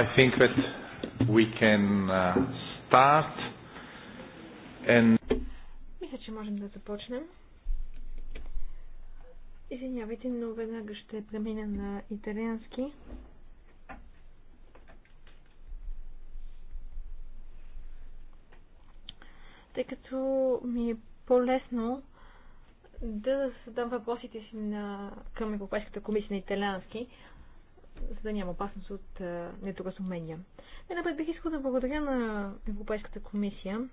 I think that we can uh, start and... Мисля, че можем да започнем. Извинявайте, но веднага ще премина на италиански. Тъй като ми е по-лесно да задам въпросите си на, към Европейската комисия на италиански, за да няма опасност от недоразумения. Най-напред бих искал да благодаря на Европейската комисия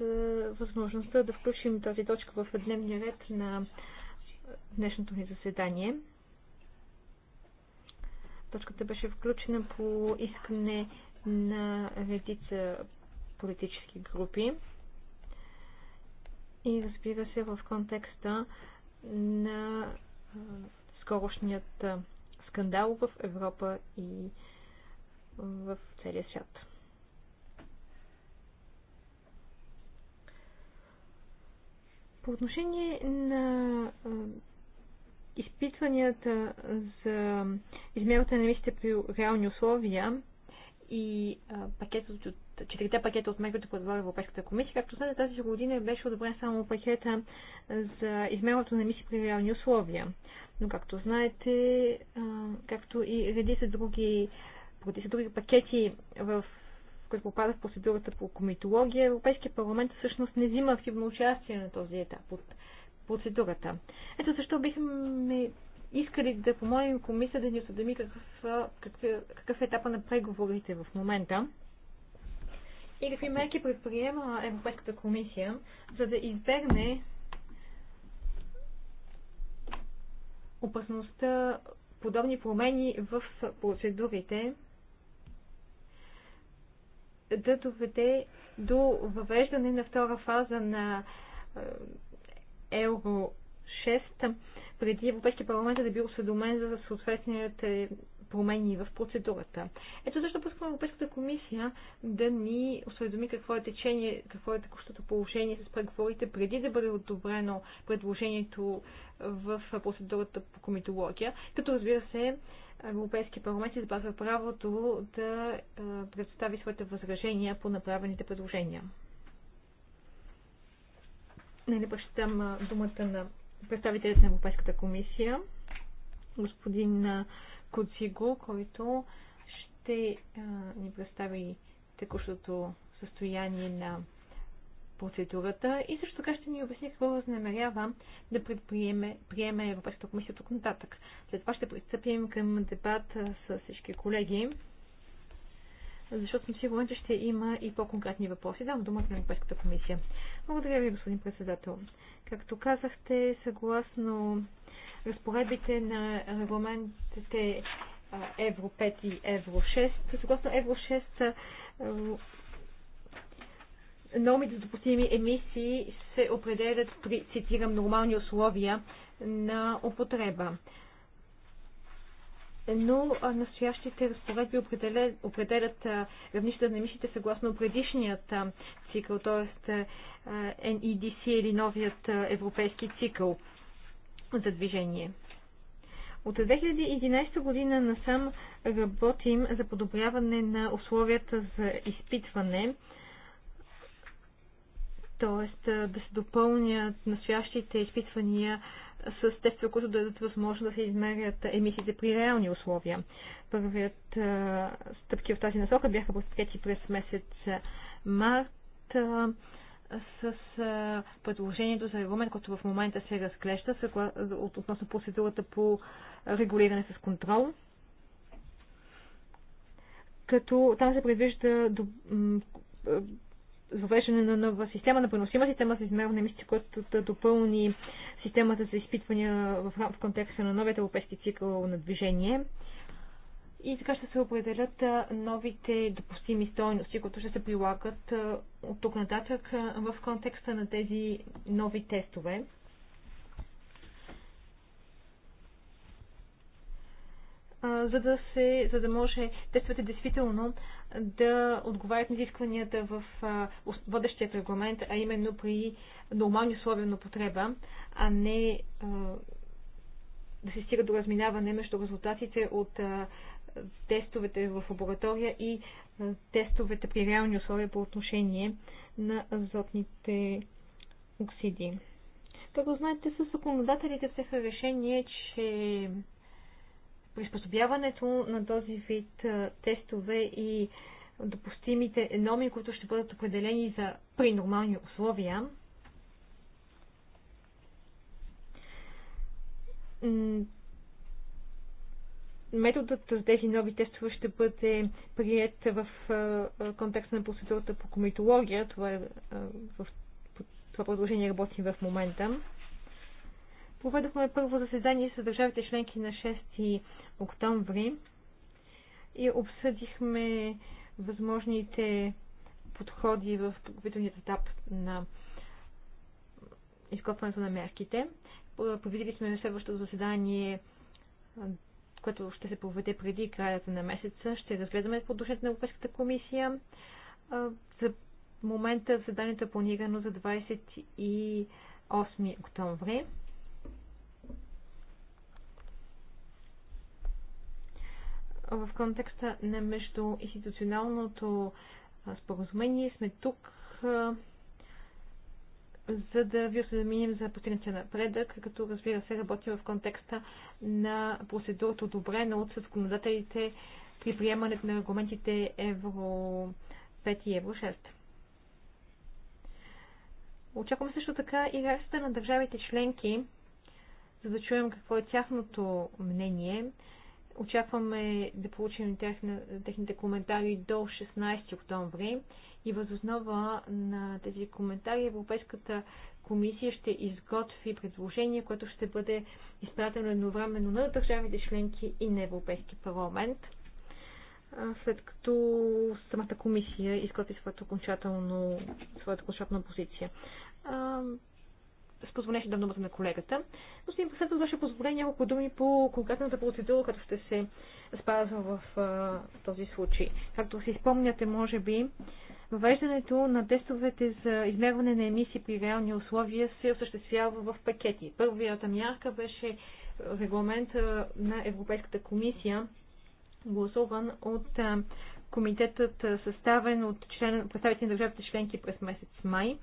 за възможността да включим тази точка в дневния ред на днешното ни заседание. Точката беше включена по искане на редица политически групи и разбира се в контекста на скорошният скандал в Европа и в целия свят. По отношение на изпитванията за измерване на емисиите при реални условия, и пакетът от четирите пакета от мерките, които предлага Европейската комисия. Както знаете, тази година беше одобрен само пакета за измерването на емисии при реални условия. Но както знаете, както и редица други, са други пакети, в които попадат в процедурата по комитология, Европейския парламент всъщност не взима активно участие на този етап от процедурата. Ето защо бихме искали да помолим комисия да ни осъдеми какъв, какъв, какъв е етапа на преговорите в момента и какви мерки предприема Европейската комисия, за да избегне опасността подобни промени в процедурите да доведе до въвеждане на втора фаза на Евро 6 преди Европейския парламент да бил осведомен за съответните промени в процедурата. Ето защо пускаме Европейската комисия да ни осведоми какво е течение, какво е текущото положение с преговорите преди да бъде одобрено предложението в процедурата по комитология, като разбира се Европейския парламент се правото да представи своите възражения по направените предложения. Не не дам думата на представителят на Европейската комисия, господин Куциго, който ще ни представи текущото състояние на процедурата и също така ще ни обясни какво възнамерява да предприеме приеме Европейската комисия тук нататък. След това ще пристъпим към дебат с всички колеги защото съм сигурен, че ще има и по-конкретни въпроси. давам думата на Европейската комисия. Благодаря ви, господин председател. Както казахте, съгласно разпоредбите на регламентите Евро 5 и Евро 6, съгласно Евро 6 нормите за допустими емисии се определят при, цитирам, нормални условия на употреба но настоящите разпоредби определят, определят равнища на емисиите съгласно предишният цикъл, т.е. NEDC или новият европейски цикъл за движение. От 2011 година насам работим за подобряване на условията за изпитване, т.е. да се допълнят настоящите изпитвания с тества, които дадат възможност да се измерят емисиите при реални условия. Първият стъпки в тази насока бяха предприяти през месец март с предложението за регламент, който в момента се разглежда относно процедурата по регулиране с контрол като там се предвижда въвеждане на нова система, на преносима система за измерване на емисии, която да допълни системата за изпитвания в, в контекста на новият европейски цикъл на движение. И така ще се определят новите допустими стойности, които ще се прилагат от тук нататък в контекста на тези нови тестове. за да, се, за да може тестовете действително да отговарят на изискванията в водещият регламент, а именно при нормални условия на потреба, а не да се стига до разминаване между резултатите от тестовете в лаборатория и тестовете при реални условия по отношение на азотните оксиди. Както знаете, с законодателите взеха решение, че приспособяването на този вид тестове и допустимите норми, които ще бъдат определени за при нормални условия. Методът за тези нови тестове ще бъде прият в контекста на процедурата по комитология. Това е в това продължение работим в момента. Проведохме първо заседание с държавите членки на 6 октомври и обсъдихме възможните подходи в подготвителният етап на изкопването на мерките. Провидели сме следващото заседание, което ще се проведе преди краята на месеца. Ще разгледаме продължението на Европейската комисия. За момента заседанието е планирано за 28 октомври. в контекста на институционалното споразумение сме тук, за да ви осъзнаменим за постигнатия напредък, като разбира се работим в контекста на процедурата одобрена от законодателите при приемането на регламентите Евро 5 и Евро 6. Очаквам също така и реакцията на държавите членки, за да чуем какво е тяхното мнение Очакваме да получим техните коментари до 16 октомври и възоснова на тези коментари Европейската комисия ще изготви предложение, което ще бъде изпратено едновременно на държавите членки и на Европейски парламент, след като самата комисия изготви своята окончателна позиция позволение ще да думата на колегата. Господин председател, беше позволение няколко думи по конкретната процедура, като ще се спазва в а, този случай. Както си спомняте, може би, въвеждането на тестовете за измерване на емисии при реални условия се осъществява в пакети. Първията мярка беше регламент на Европейската комисия, гласуван от комитетът съставен от член, представители на държавите членки през месец май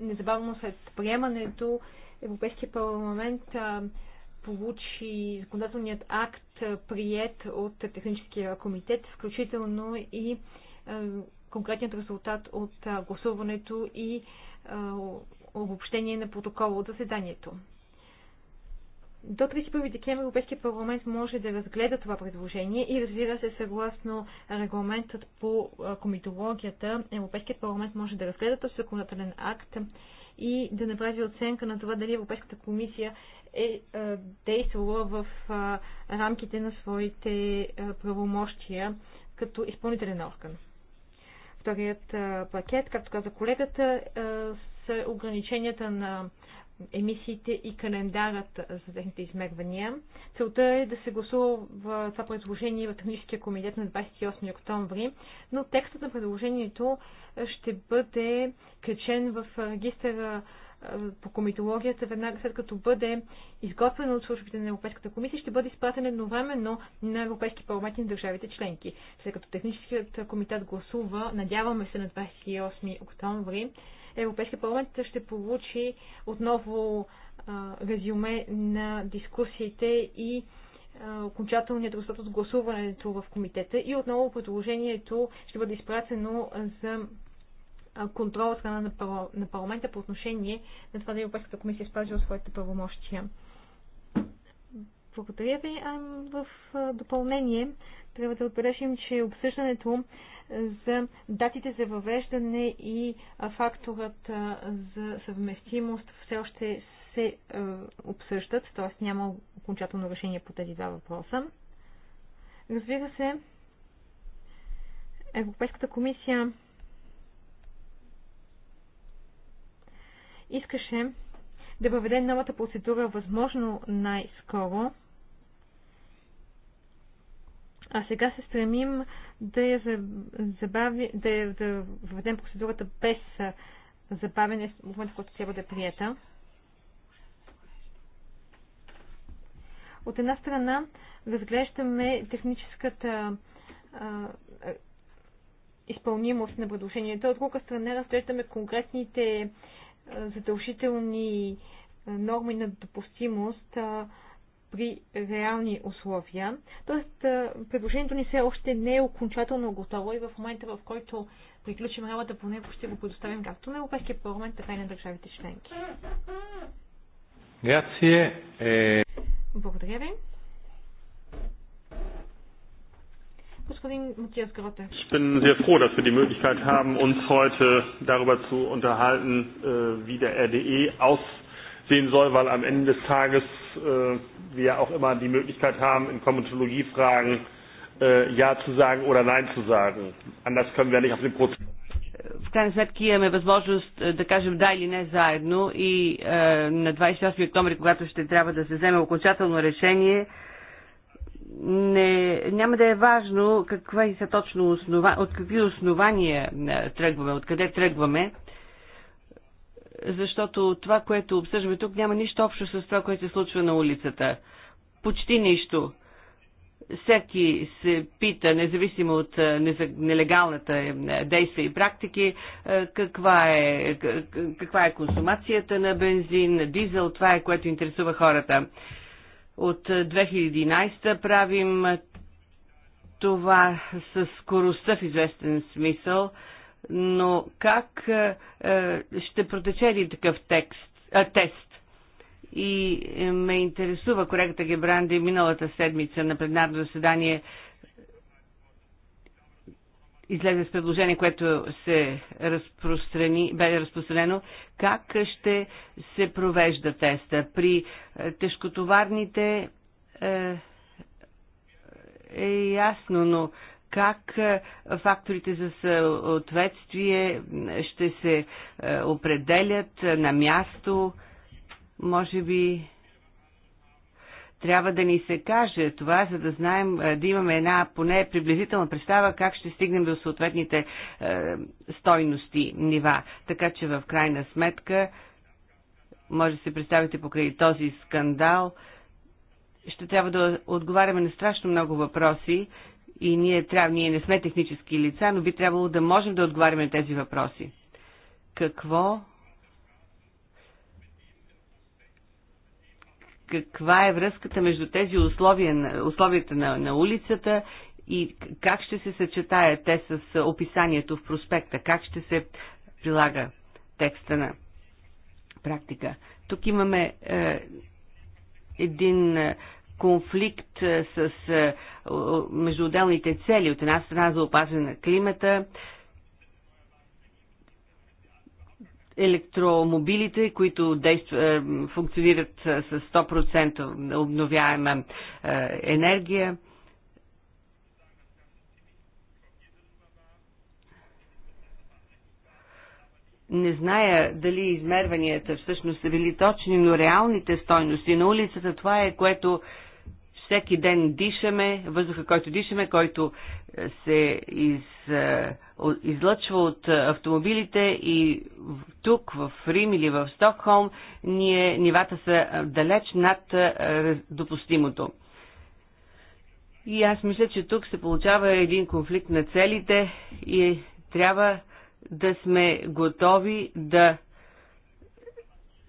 незабавно след приемането Европейския парламент а, получи законодателният акт, прият от техническия комитет, включително и а, конкретният резултат от а, гласуването и а, обобщение на протокола от заседанието. До 31 декември Европейския парламент може да разгледа това предложение и разбира се, съгласно регламентът по комитологията, Европейският парламент може да разгледа този законодателен акт и да направи оценка на това дали Европейската комисия е действала в рамките на своите правомощия като изпълнителен орган. Вторият пакет, както каза колегата, са ограниченията на емисиите и календарът за техните измервания. Целта е да се гласува в това предложение в Техническия комитет на 28 октомври, но текстът на предложението ще бъде качен в регистъра по комитологията, веднага след като бъде изготвен от службите на Европейската комисия, ще бъде изпратен едновременно на Европейски парламент и на държавите членки. След като техническият комитет гласува, надяваме се на 28 октомври, Европейския парламент ще получи отново резюме на дискусиите и окончателният резултат от гласуването в комитета и отново предложението ще бъде изпратено за контрол от страна на парламента по отношение на това да Европейската комисия спазва своите правомощия. Благодаря ви. А в допълнение трябва да отбележим, че обсъждането за датите за въвеждане и факторът за съвместимост все още се обсъждат, т.е. няма окончателно решение по тези два въпроса. Разбира се, Европейската комисия искаше да въведе новата процедура възможно най-скоро а сега се стремим да я забави, да, я, да въведем процедурата без забавене в момента, в който тя бъде приета. прията. От една страна разглеждаме техническата а, изпълнимост на предложението, от друга страна разглеждаме конкретните задължителни норми на допустимост, при реални условия. Тоест, предложението ни все още не е окончателно готово и в момента, в който приключим работа по него, ще го предоставим както на Европейския парламент, така и на държавите членки. Грация. е... Благодаря ви. Господин Матиас Grotte. Ich bin sehr froh, dass wir die Möglichkeit haben, uns heute darüber zu unterhalten, äh, wie der RDE aussehen soll, weil am Ende des Tages Äh, wir auch immer die Möglichkeit haben, in Kommentologiefragen äh, Ja zu sagen oder Nein zu sagen. Anders können wir nicht auf den Prozess. В крайна сметка имаме възможност е, да кажем да или не заедно и е, на 28 октомври, когато ще трябва да се вземе окончателно решение, не, няма да е важно каква и са точно основа, от какви основания е, тръгваме, откъде тръгваме защото това, което обсъждаме тук, няма нищо общо с това, което се случва на улицата. Почти нищо. Всеки се пита, независимо от нелегалната е, е, действия и практики, е, каква е, каква е консумацията на бензин, на дизел, това е което интересува хората. От 2011 правим това с скоростта в известен смисъл – но как е, е, ще протече ли такъв текст, а, тест? И е, ме интересува колегата Гебранди миналата седмица на пленарно заседание излезе с предложение, което се разпространи, бе разпространено, как ще се провежда теста. При тежкотоварните е, е ясно, но как е, факторите за съответствие ще се е, определят е, на място, може би трябва да ни се каже това, за да знаем, да имаме една поне приблизителна представа как ще стигнем до съответните стойности, нива. Така че в крайна сметка, може да се представите покрай този скандал, ще трябва да отговаряме на страшно много въпроси и ние, трябва, ние не сме технически лица, но би трябвало да можем да отговаряме на тези въпроси. Какво каква е връзката между тези условия, условията на, на улицата и как ще се съчетаят те с описанието в проспекта, как ще се прилага текста на практика. Тук имаме е, един е, конфликт е, с, е, между отделните цели. От една страна за опазване на климата, електромобилите, които действа, е, функционират с 100% обновяема енергия. Не зная дали измерванията всъщност са били точни, но реалните стойности на улицата, това е което всеки ден дишаме, въздуха, който дишаме, който е, се из, е, излъчва от е, автомобилите и тук, в Рим или в Стокхолм, ние, нивата са далеч над допустимото. И аз мисля, че тук се получава един конфликт на целите и трябва да сме готови да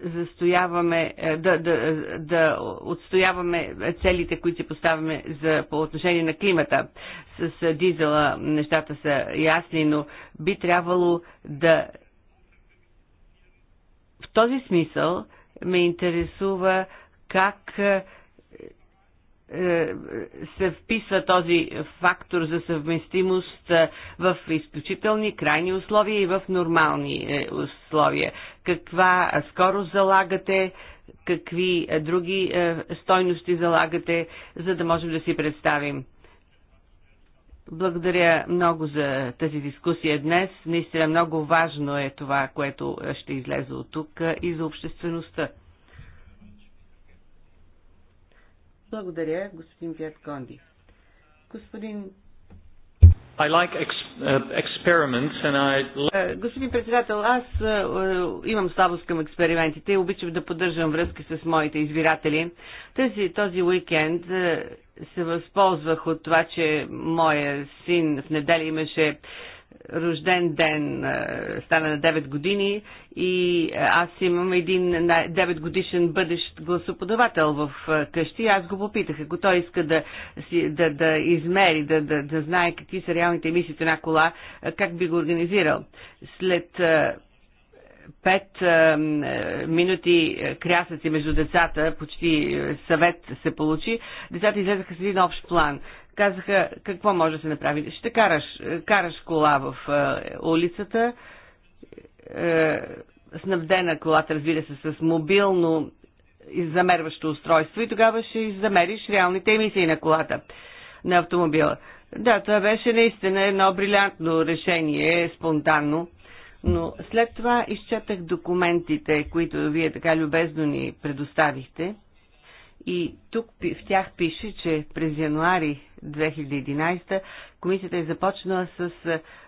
застояваме, е, да, да, да отстояваме целите, които си поставяме за, по отношение на климата. С е, дизела нещата са ясни, но би трябвало да. В този смисъл ме интересува как е, е, се вписва този фактор за съвместимост е, в изключителни крайни условия и в нормални е, условия. Каква скорост залагате, какви други стойности залагате, за да можем да си представим. Благодаря много за тази дискусия днес. Наистина много важно е това, което ще излезе от тук и за обществеността. Благодаря, господин Вият Конди. Господин I like ex- uh, experiments and I... Е, господин председател, аз е, е, имам слабост към експериментите и обичам да поддържам връзка с моите избиратели. Този, този уикенд се възползвах от това, че моя син в неделя имаше рожден ден, е, стана на 9 години и е, аз имам един 9 годишен бъдещ гласоподавател в е, къщи. Аз го попитах, ако той иска да, да, да измери, да, да, да знае какви са реалните емисиите на кола, как би го организирал. След 5 е, минути крясъци между децата, почти съвет се получи, децата излезаха с един общ план казаха какво може да се направи. Ще караш, е, караш кола в е, улицата, е, снабдена колата, разбира се, с мобилно замерващо устройство и тогава ще замериш реалните емисии на колата, на автомобила. Да, това беше наистина едно брилянтно решение, спонтанно. Но след това изчетах документите, които вие така любезно ни предоставихте. И тук в тях пише, че през януари 2011 комисията е започнала с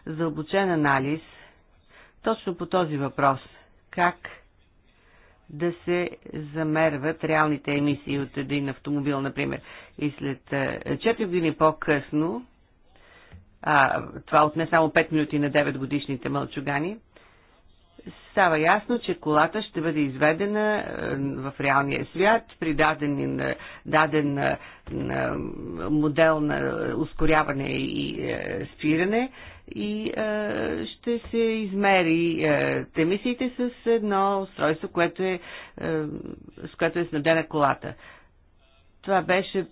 заобучен анализ точно по този въпрос. Как да се замерват реалните емисии от един автомобил, например. И след 4 години по-късно, а, това отне само 5 минути на 9 годишните мълчугани, става ясно, че колата ще бъде изведена е, в реалния свят при даден, е, даден е, модел на ускоряване и спиране и ще се измери емисиите с едно устройство, което е, с което е снабдена колата. Това беше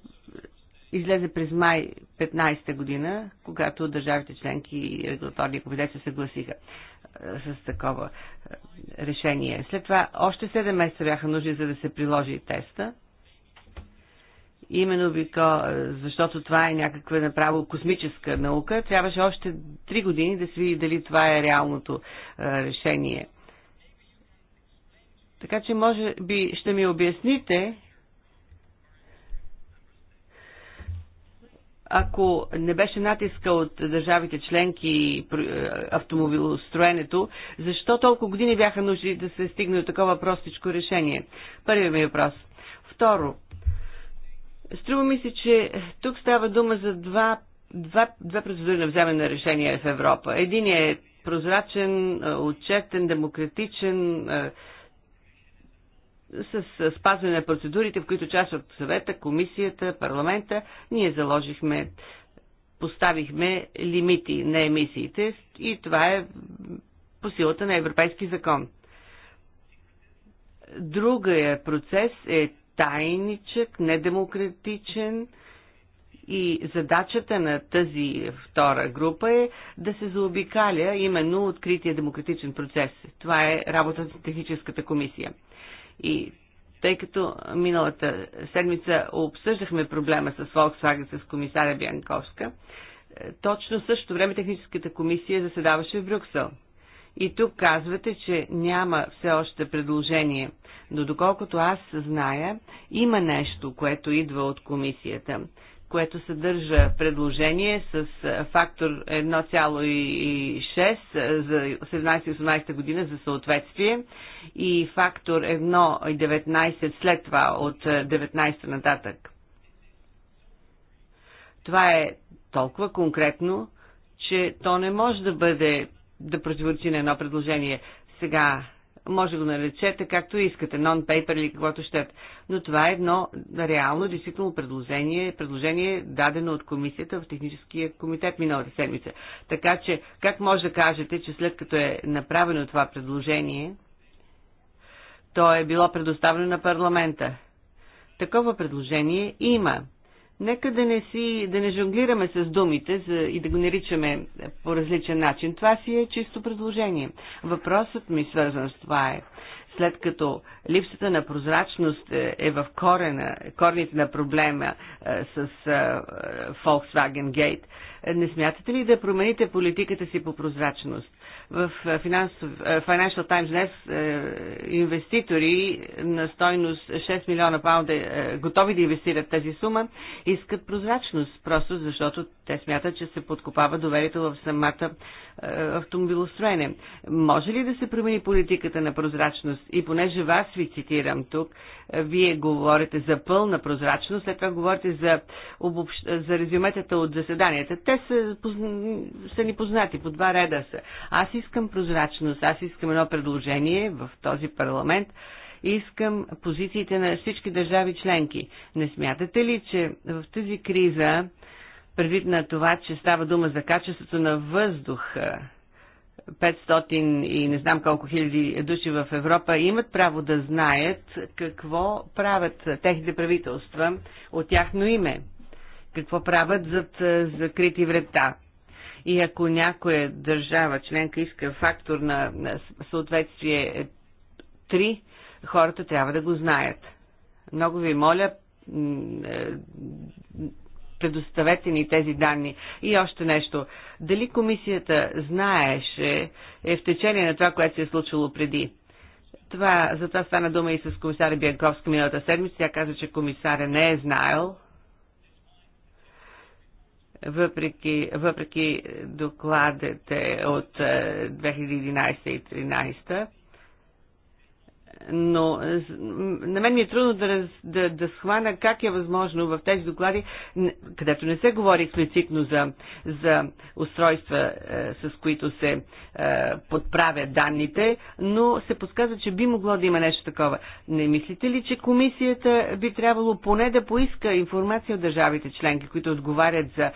излезе през май 15 година, когато държавите членки и регулаторния комитет се съгласиха с такова е, решение. След това още 7 месеца бяха нужни, за да се приложи теста. Именно е, защото това е някаква направо космическа наука, трябваше още 3 години да се види дали това е реалното е, решение. Така че може би ще ми обясните ако не беше натиска от държавите членки и е, автомобилостроенето, защо толкова години бяха нужди да се стигне до такова простичко решение? Първият ми въпрос. Второ, струва ми се, че тук става дума за два, два, два процедури на вземане на решения в Европа. Един е прозрачен, е, отчетен, демократичен, е, с спазване на процедурите, в които част от съвета, комисията, парламента, ние заложихме, поставихме лимити на емисиите и това е по силата на европейски закон. Другия процес е тайничък, недемократичен и задачата на тази втора група е да се заобикаля именно открития демократичен процес. Това е работата на техническата комисия. И тъй като миналата седмица обсъждахме проблема с Volkswagen с комисаря Бянковска, е, точно същото време техническата комисия заседаваше в Брюксел. И тук казвате, че няма все още предложение, но доколкото аз зная, има нещо, което идва от комисията което съдържа предложение с фактор 1,6 за 17-18 година за съответствие и фактор 1,19 след това от 19 нататък. Това е толкова конкретно, че то не може да бъде да противоречи на едно предложение. Сега може го наречете както искате, non-paper или каквото щете. Но това е едно реално, действително предложение, предложение дадено от комисията в техническия комитет миналата седмица. Така че, как може да кажете, че след като е направено това предложение, то е било предоставено на парламента? Такова предложение има. Нека да не, си, да не жонглираме с думите за, и да го наричаме по различен начин. Това си е чисто предложение. Въпросът ми свързан с това е, след като липсата на прозрачност е, е в корена, корените на проблема е, с е, Volkswagen Gate, не смятате ли да промените политиката си по прозрачност? В е, е, Financial Times днес инвеститори на стойност 6 милиона паунда, е, готови да инвестират тази сума, искат прозрачност, просто защото те смятат, че се подкопава доверието в самата автомобилостроене. Може ли да се промени политиката на прозрачност? И понеже вас ви цитирам тук, вие говорите за пълна прозрачност, след това говорите за, обобщ... за резюметата от заседанията. Те са, са ни познати, по два реда са. Аз искам прозрачност, аз искам едно предложение в този парламент искам позициите на всички държави членки. Не смятате ли, че в тази криза, предвид на това, че става дума за качеството на въздуха, 500 и не знам колко хиляди души в Европа имат право да знаят какво правят техните правителства от тяхно име. Какво правят зад е, закрити врата. И ако някоя държава членка иска фактор на съответствие 3, хората трябва да го знаят. Много ви моля, е, предоставете ни тези данни. И още нещо. Дали комисията знаеше, е в течение на това, което се е случило преди? Това, за това стана дума и с комисаря Бянковска миналата седмица. Тя каза, че комисаря не е знаел, въпреки, въпреки докладите от 2011 е, и 2013 но е, на мен ми е трудно да, раз, да, да схвана как е възможно в тези доклади, където не се говори експлицитно за, за устройства, е, с които се е, подправят данните, но се подсказва, че би могло да има нещо такова. Не мислите ли, че комисията би трябвало поне да поиска информация от държавите членки, които отговарят за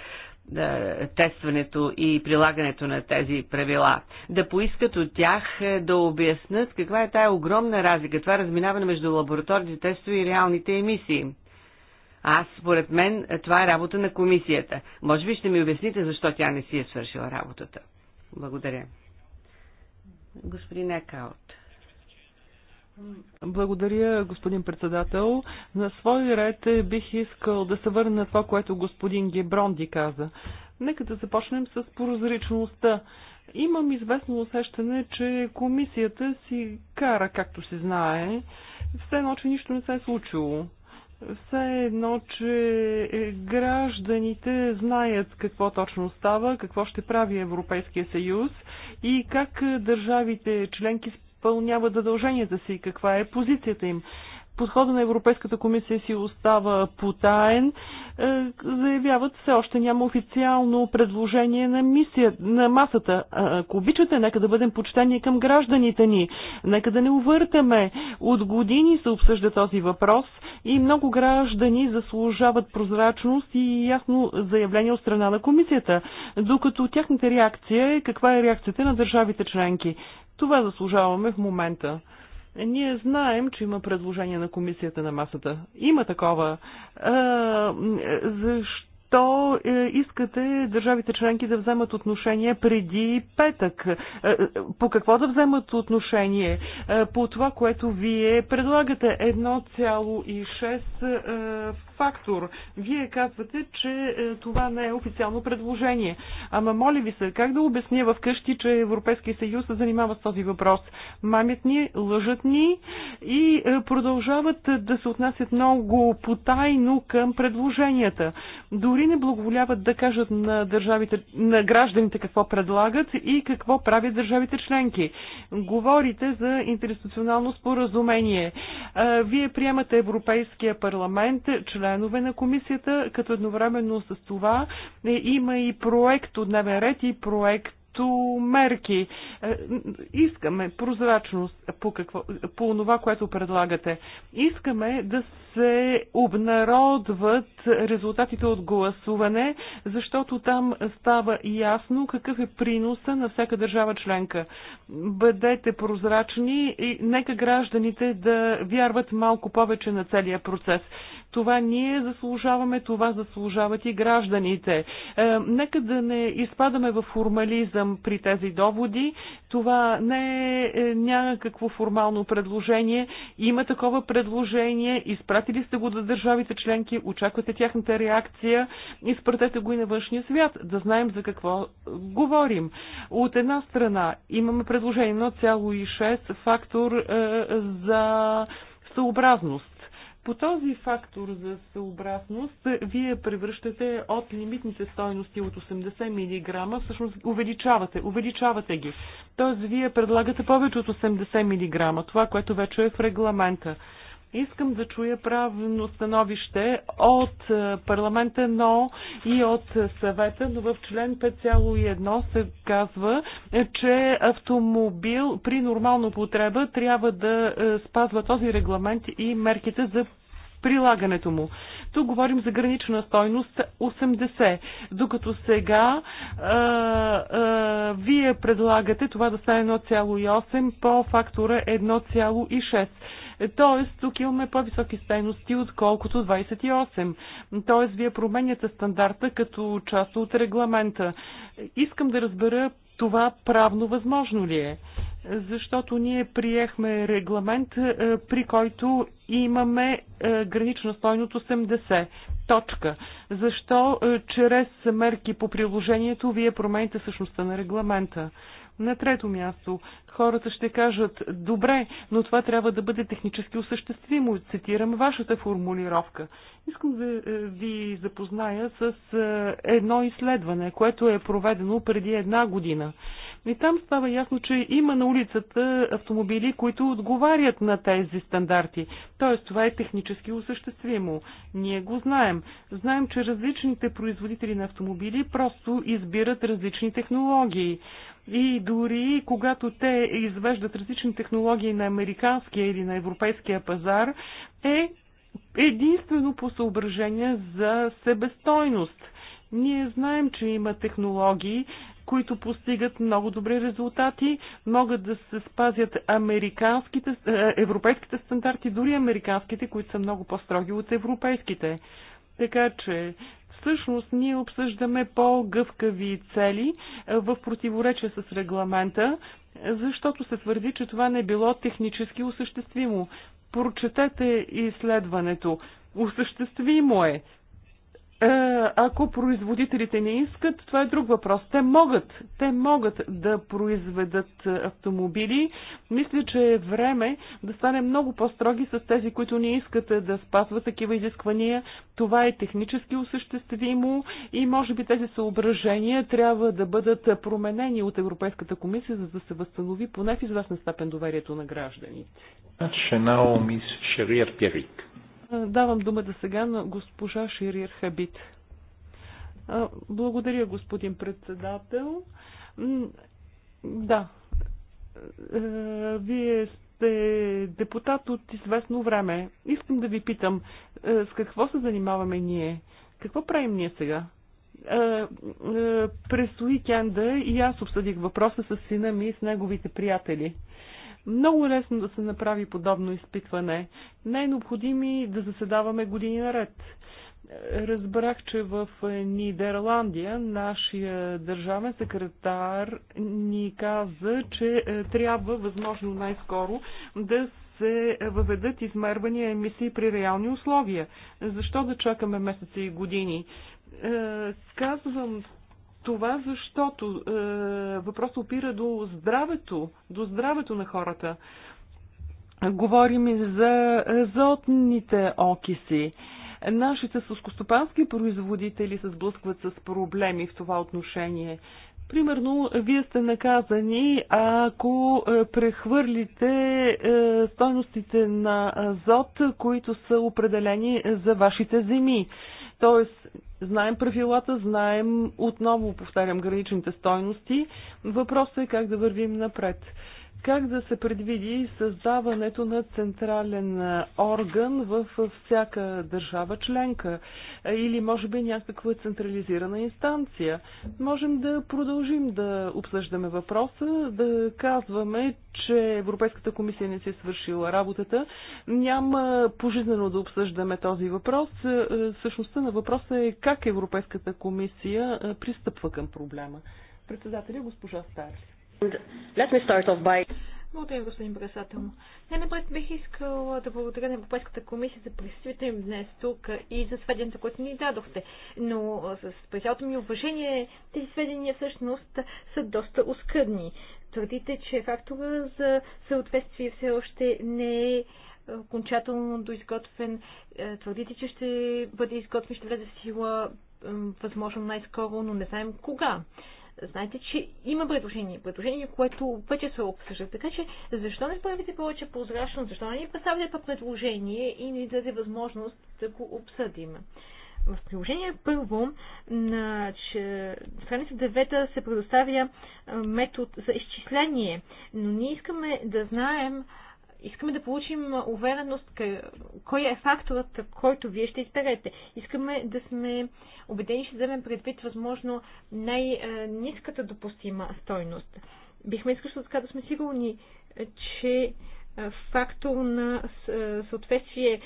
е, тестването и прилагането на тези правила. Да поискат от тях е, да обяснат каква е тая огромна разлика, това разминаване между лабораторните тестове и реалните емисии. Аз, според мен, е, това е работа на комисията. Може би ще ми обясните защо тя не си е свършила работата. Благодаря. Господин Екаут. Благодаря, господин председател. На свой ред бих искал да се върна на това, което господин Гебронди каза. Нека да започнем с прозрачността. Имам известно усещане, че комисията си кара, както се знае, все едно, че нищо не се е случило. Все едно, че гражданите знаят какво точно става, какво ще прави Европейския съюз и как държавите членки изпълняват задълженията си и каква е позицията им. Подхода на Европейската комисия си остава потаен. Е, заявяват, все още няма официално предложение на, мисия, на масата. Ако обичате, нека да бъдем почтени към гражданите ни. Нека да не увъртаме. От години се обсъжда този въпрос и много граждани заслужават прозрачност и ясно заявление от страна на комисията, докато тяхната реакция е каква е реакцията на държавите членки. Това заслужаваме в момента. Ние знаем, че има предложение на комисията на масата. Има такова. Е, защо? то е, искате държавите членки да вземат отношение преди петък. Е, по какво да вземат отношение? Е, по това, което вие предлагате 1,6 е, фактор. Вие казвате, че е, това не е официално предложение. Ама моля ви се, как да обясня вкъщи, че Европейския съюз се занимава с този въпрос? Мамят ни, лъжат ни и е, продължават да се отнасят много потайно към предложенията. Дори не благоволяват да кажат на държавите, на гражданите какво предлагат и какво правят държавите членки. Говорите за институционално споразумение. Е, вие приемате Европейския парламент, член членове на комисията, като едновременно с това е, има и проект от дневен ред и проект мерки. Е, искаме прозрачност по, какво, по това, което предлагате. Искаме да се обнародват резултатите от гласуване, защото там става ясно какъв е приноса на всяка държава членка. Бъдете прозрачни и нека гражданите да вярват малко повече на целия процес. Това ние заслужаваме, това заслужават и гражданите. Е, нека да не изпадаме в формализъм при тези доводи. Това не е, е някакво формално предложение. Има такова предложение. Изпратили сте го до държавите членки, очаквате тяхната реакция. Изпратете го и на външния свят, да знаем за какво говорим. От една страна имаме предложение 1,6 фактор е, за съобразност. По този фактор за съобразност, вие превръщате от лимитните стойности от 80 мг, всъщност увеличавате, увеличавате ги. Тоест, вие предлагате повече от 80 мг, това, което вече е в регламента. Искам да чуя правилно становище от е, парламента, но и от съвета, но в член 5.1 се казва, е, че автомобил при нормална употреба трябва да е, спазва този регламент и мерките за прилагането му. Тук говорим за гранична стойност 80, докато сега а, а, вие предлагате това да стане 1,8 по фактора 1,6. Тоест, тук имаме по-високи стойности, отколкото 28. Тоест, вие променяте стандарта като част от регламента. Искам да разбера това правно възможно ли е? защото ние приехме регламент, е, при който имаме е, гранична стойност 80. Точка. Защо е, чрез мерки по приложението вие промените същността на регламента? На трето място, хората ще кажат, добре, но това трябва да бъде технически осъществимо. Цитирам вашата формулировка. Искам да ви запозная с едно изследване, което е проведено преди една година. И там става ясно, че има на улицата автомобили, които отговарят на тези стандарти. Тоест, това е технически осъществимо. Ние го знаем. Знаем, че различните производители на автомобили просто избират различни технологии. И дори когато те извеждат различни технологии на американския или на европейския пазар, е единствено по съображение за себестойност. Ние знаем, че има технологии, които постигат много добри резултати, могат да се спазят американските, е, европейските стандарти, дори американските, които са много по-строги от европейските. Така че всъщност ние обсъждаме по-гъвкави цели е, в противоречие с регламента, защото се твърди, че това не е било технически осъществимо. Прочетете изследването. Осъществимо е. Е, ако производителите не искат, това е друг въпрос. Те могат, те могат да произведат автомобили. Мисля, че е време да станем много по-строги с тези, които не искат да спазват такива изисквания. Това е технически осъществимо и може би тези съображения трябва да бъдат променени от Европейската комисия, за да се възстанови поне в известна степен доверието на гражданите. Шенао значи, е мис Шериер Перик. Е, давам думата сега на госпожа Ширир Хабит. Е, благодаря, господин председател. Да, е, вие сте депутат от известно време. Искам да ви питам, с какво се занимаваме ние? Какво правим ние сега? През уикенда и аз обсъдих въпроса с сина ми и с неговите приятели. Много лесно да се направи подобно изпитване. Не е необходимо да заседаваме години наред. Разбрах, че в Нидерландия нашия държавен секретар ни каза, че е, трябва възможно най-скоро да се въведат измервания емисии при реални условия. Защо да чакаме месеци и години? Е, казвам това защото е, въпросът опира до здравето, до здравето на хората. Говорим и за азотните окиси. Нашите сускостопански производители се сблъскват с проблеми в това отношение. Примерно, вие сте наказани, ако е, прехвърлите е, стойностите на азот, които са определени за вашите земи. Тоест, знаем правилата, знаем, отново повтарям, граничните стойности. Въпросът е как да вървим напред как да се предвиди създаването на централен орган в всяка държава членка или може би някаква централизирана инстанция. Можем да продължим да обсъждаме въпроса, да казваме, че Европейската комисия не си е свършила работата. Няма пожизнено да обсъждаме този въпрос. Същността на въпроса е как Европейската комисия пристъпва към проблема. Председателя госпожа Старли. Благодаря, господин председател. Не, напред бих искал да благодаря на Европейската комисия за присъствието им днес тук и за сведенията, които ни дадохте. Но с цялото ми уважение, тези сведения всъщност са доста оскъдни. Твърдите, че фактора за съответствие все още не е окончателно доизготвен. Е, твърдите, че ще бъде изготвен, ще влезе в сила възможно най-скоро, но не знаем кога. Знаете, че има предложение, предложение, което вече се обсъжда. Така че, защо не правите повече прозрачно, защо не ни представите по предложение и ни даде възможност да го обсъдим? В приложение първо на че, страница 9 се предоставя метод за изчисление, но ние искаме да знаем искаме да получим увереност кой е факторът, който вие ще изберете. Искаме да сме убедени, ще вземем предвид възможно най-низката допустима стойност. Бихме искали така да сме сигурни, че фактор на съответствие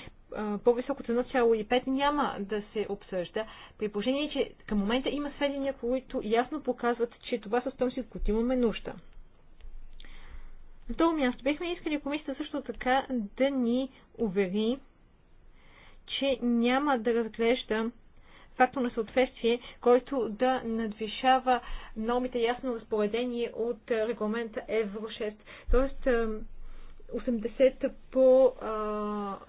по-високо от 1,5 няма да се обсъжда. При положение, че към момента има сведения, които ясно показват, че това са стоености, от които имаме нужда. На второ място бихме искали комисията също така да ни увери, че няма да разглежда фактор на съответствие, който да надвишава нормите ясно разпоредение от регламента Евро 6. Тоест 80 по 80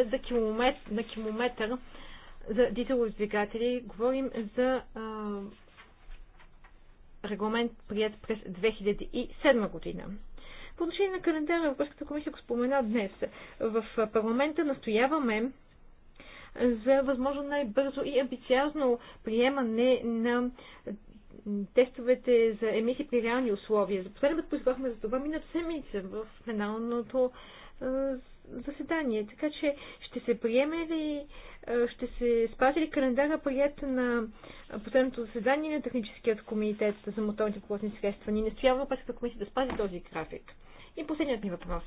е, за километр, на километър за дизелови двигатели. Говорим за регламент прият през 2007 година. По отношение на календара, Европейската комисия го спомена днес. В парламента настояваме за възможно най-бързо и амбициозно приемане на тестовете за емисии при реални условия. За последен път позвахме за това минат седмица в пленалното заседание. Така че ще се приеме ли, ще се спази ли календара прият на последното заседание на техническият комитет за моторните полотни средства? Ни настоява Европейската комисия да спази този график. И последният ми въпрос.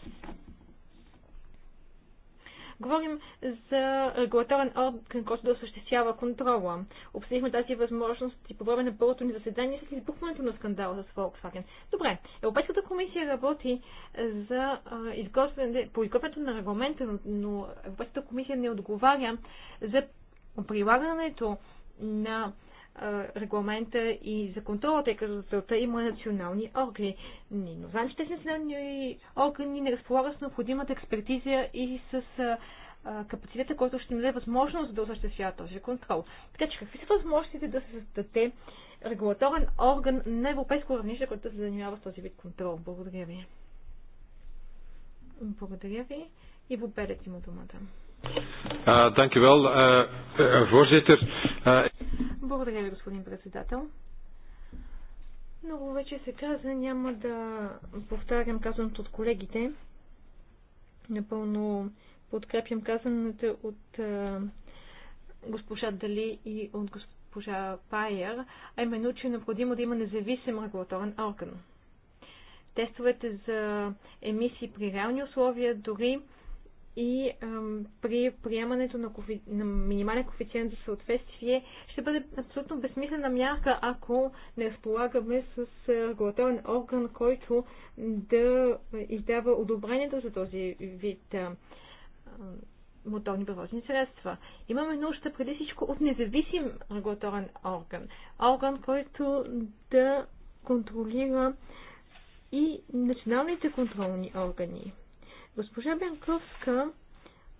Говорим за регулаторен орган, който да осъществява контрола. Обсъдихме тази възможност и по време на първото ни заседание след избухването на скандала с Volkswagen. Добре, Европейската комисия работи за изготвяне, по изготвянето на регламента, но Европейската комисия не отговаря за прилагането на регламента и за контрола, тъй като за целта има национални органи. но знам, че тези национални органи не разполагат с необходимата експертиза и с капацитета, който ще даде възможност да осъществява този контрол. Така че какви са възможностите да се създаде регулаторен орган на европейско равнище, който се занимава с този вид контрол? Благодаря ви. Благодаря ви. И Перец има думата. Uh, well, uh, uh, voorzitter. Uh... Благодаря ви, господин председател. Много вече се каза, няма да повтарям казаното от колегите. Напълно подкрепям казаното от госпожа Дали и от госпожа Пайер, а именно, че е необходимо да има независим регулаторен орган. Тестовете за емисии при реални условия дори и ам, при приемането на, кофи, на минимален коефициент за съответствие ще бъде абсолютно безсмислена мярка, ако не разполагаме с регулаторен орган, който да издава одобрението за този вид ам, моторни превозни средства. Имаме нужда преди всичко от независим регулаторен орган. Орган, който да контролира и националните контролни органи. Госпожа Бенковска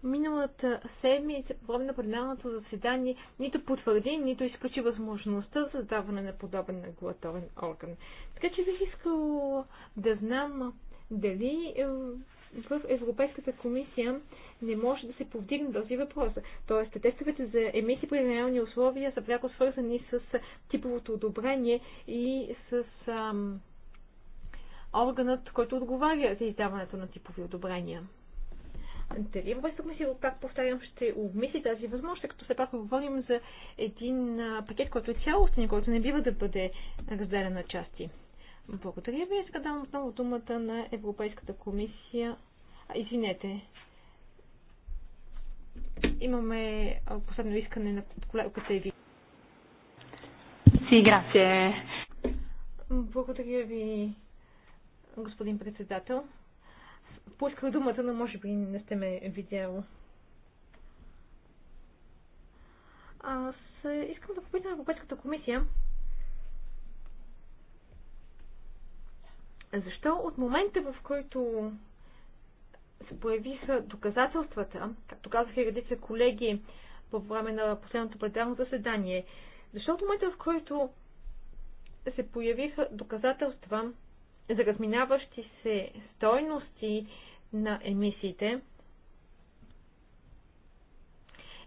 миналата седмица по време на пленарното заседание нито потвърди, нито изключи възможността за създаване на подобен регулаторен орган. Така че бих искал да знам дали е, в Европейската комисия не може да се повдигне този въпрос. Тоест, тестовете за емисии при реални условия са пряко свързани с типовото одобрение и с ам, органът, който отговаря за издаването на типови одобрения. Дали Европейската комисия, пак повтарям, ще обмисли тази възможност, като все пак говорим за един пакет, който е цялостен, който не бива да бъде разделен на части. Благодаря ви. Сега давам отново думата на Европейската комисия. А, извинете. Имаме последно искане на колегата Еви. Си, грация. Благодаря ви, господин председател. Поисках думата, но може би не сте ме видял. Аз искам да попитам Европейската комисия. Защо от момента, в който се появиха доказателствата, както казаха и редица колеги по време на последното пределно заседание, защо от момента, в който се появиха доказателства, за разминаващи се стойности на емисиите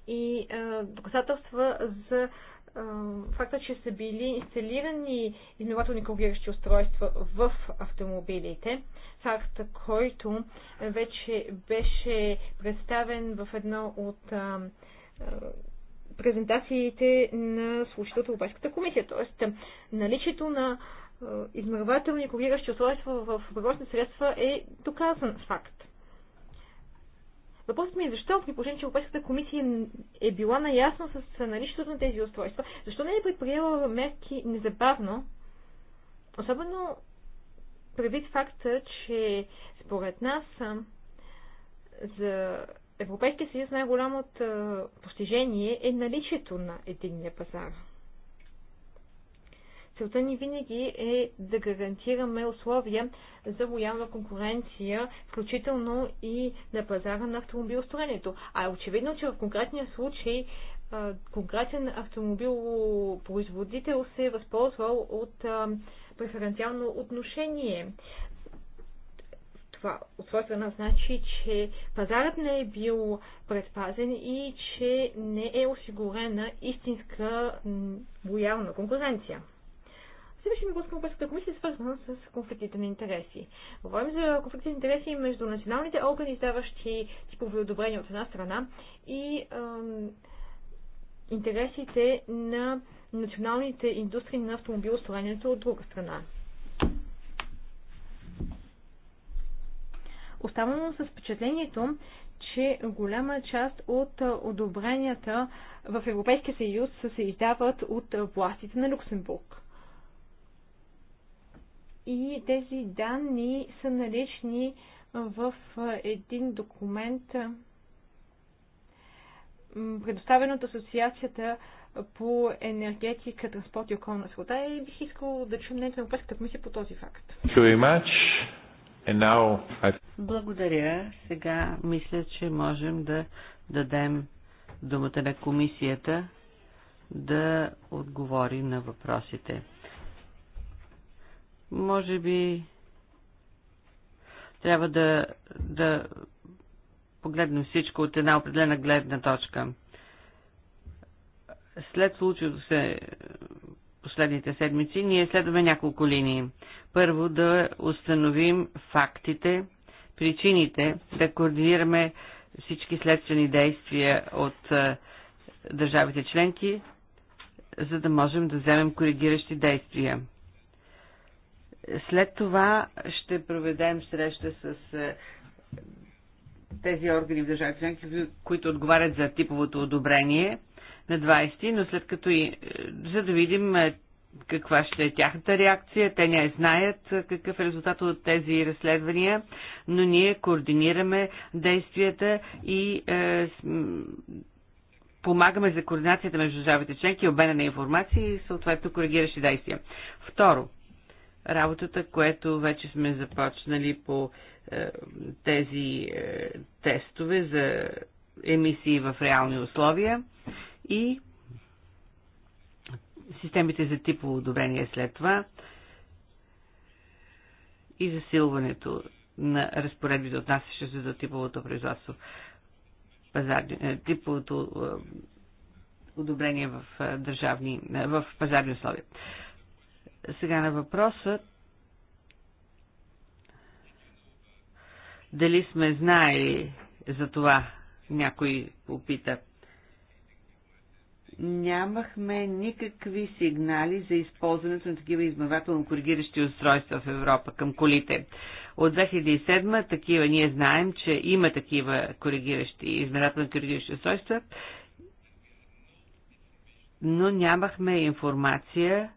и а, доказателства за факта, че са били инсталирани изнователни кругиращи устройства в автомобилите, факт, който вече беше представен в едно от а, презентациите на служителите от Европейската комисия. Тоест, наличието на е, измервателни коригащи устройства в превозни средства е доказан факт. Въпросът ми е защо, при положение, че Европейската комисия е била наясно с наличието на тези устройства, защо не е предприела мерки незабавно, особено предвид факта, че според нас за Европейския съюз най-голямото постижение е наличието на единния пазар. Целта ни винаги е да гарантираме условия за лоялна конкуренция, включително и на пазара на автомобилостроението. А е очевидно, че в конкретния случай конкретен автомобилопроизводител се е възползвал от преференциално отношение. Това от своя страна значи, че пазарът не е бил предпазен и че не е осигурена истинска лоялна конкуренция. Следващия въпрос към Европейската комисия е свързан с конфликтите на интереси. Говорим за конфликтите на интереси между националните органи, издаващи типови одобрения от една страна и ам, интересите на националните индустрии на автомобилостроенето от друга страна. Оставам с впечатлението, че голяма част от одобренията в Европейския съюз се издават от властите на Люксембург и тези данни са налични в един документ, предоставен от Асоциацията по енергетика, транспорт и околна среда и бих искал да чуем мнението на Европейската комисия по този факт. Благодаря. Сега мисля, че можем да дадем думата на комисията да отговори на въпросите. Може би трябва да, да погледнем всичко от една определена гледна точка. След случилото се последните седмици, ние следваме няколко линии. Първо да установим фактите, причините, да координираме всички следствени действия от държавите членки, за да можем да вземем коригиращи действия. След това ще проведем среща с е, тези органи в държавите членки, които отговарят за типовото одобрение на 20, но след като и, е, за да видим е, каква ще е тяхната реакция. Те не знаят какъв е резултат от тези разследвания, но ние координираме действията и е, помагаме за координацията между държавите членки, обмена на информация и съответно коригиращи действия. Второ, работата, което вече сме започнали по е, тези е, тестове за емисии в реални условия и системите за типово одобрение след това и засилването на разпоредбите, отнасящи се за типовото производство, пазар, е, типовото е, одобрение в, е, държавни, в пазарни условия. Сега на въпроса дали сме знаели за това, някой попита. Нямахме никакви сигнали за използването на такива измъвателно коригиращи устройства в Европа към колите. От 2007 такива ние знаем, че има такива коригиращи, измерателно коригиращи устройства, но нямахме информация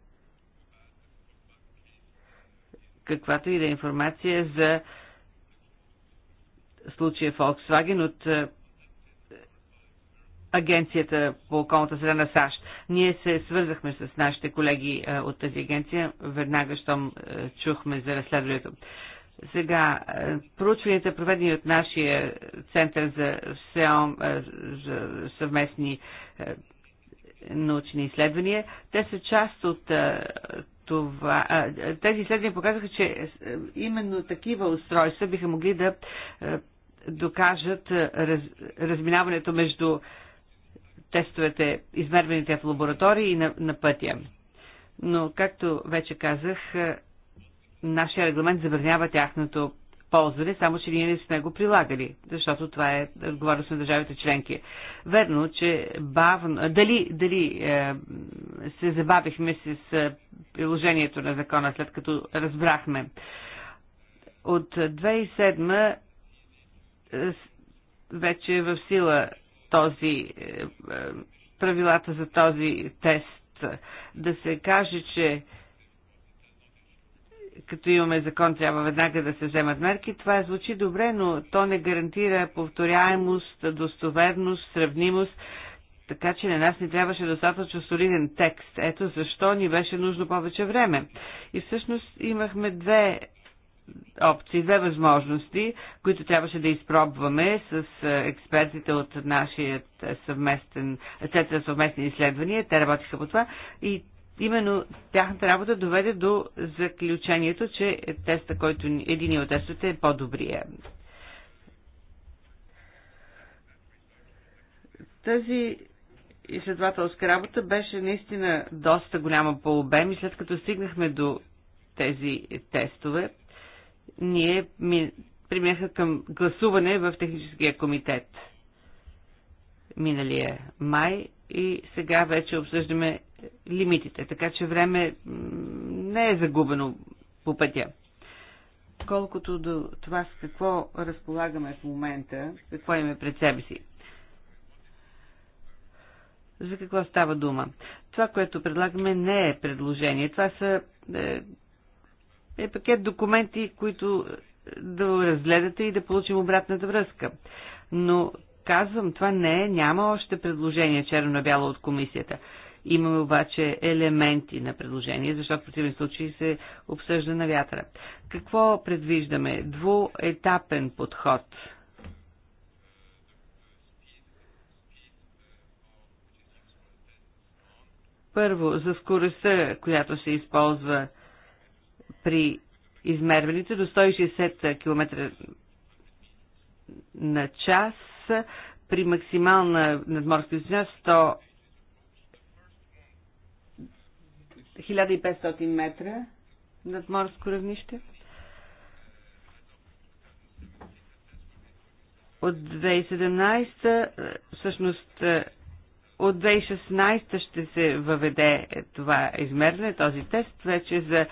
каквато и да е информация за случая Volkswagen от е, Агенцията по околната среда на САЩ. Ние се свързахме с нашите колеги е, от тази агенция, веднага, щом е, чухме за разследването. Сега, проучванията, проведени от нашия Център за, СЕОМ, за съвместни научни изследвания, те са част от това, тези изследвания показаха, че е, именно такива устройства биха могли да е, докажат е, раз, разминаването между тестовете, измерваните в лаборатории и на, на пътя. Но, както вече казах, нашия регламент забранява тяхното ползване, само че ние не сме го прилагали, защото това е отговорност на държавите членки. Верно, че бавно, дали, дали е, се забавихме с е, приложението на закона, след като разбрахме. От 2007 е, вече е в сила този, е, е, правилата за този тест. Да се каже, че като имаме закон, трябва веднага да се вземат мерки. Това звучи добре, но то не гарантира повторяемост, достоверност, сравнимост. Така че на нас ни трябваше достатъчно солиден текст. Ето защо ни беше нужно повече време. И всъщност имахме две опции, две възможности, които трябваше да изпробваме с е, експертите от нашия е, съвместен, е, Център съвместни изследвания. Те работиха по това. И именно тяхната работа доведе до заключението, че теста, който един от тестовете е по-добрия. Тази изследователска работа беше наистина доста голяма по обем и след като стигнахме до тези тестове, ние ми преминаха към гласуване в техническия комитет миналия май и сега вече обсъждаме лимитите, така че време не е загубено по пътя. Колкото до това с какво разполагаме в момента, какво имаме пред себе си. За какво става дума? Това, което предлагаме, не е предложение. Това са, е, е пакет документи, които е, да разгледате и да получим обратната връзка. Но казвам, това не е, няма още предложение черно бяло от комисията. Имаме обаче елементи на предложение, защото в противен случай се обсъжда на вятъра. Какво предвиждаме? Двуетапен подход. Първо, за скоростта, която се използва при измерваните до 160 км на час при максимална надморска височина 1500 метра над морско равнище. От 2017, е, всъщност е, от 2016 ще се въведе е, това измерване, този тест, вече за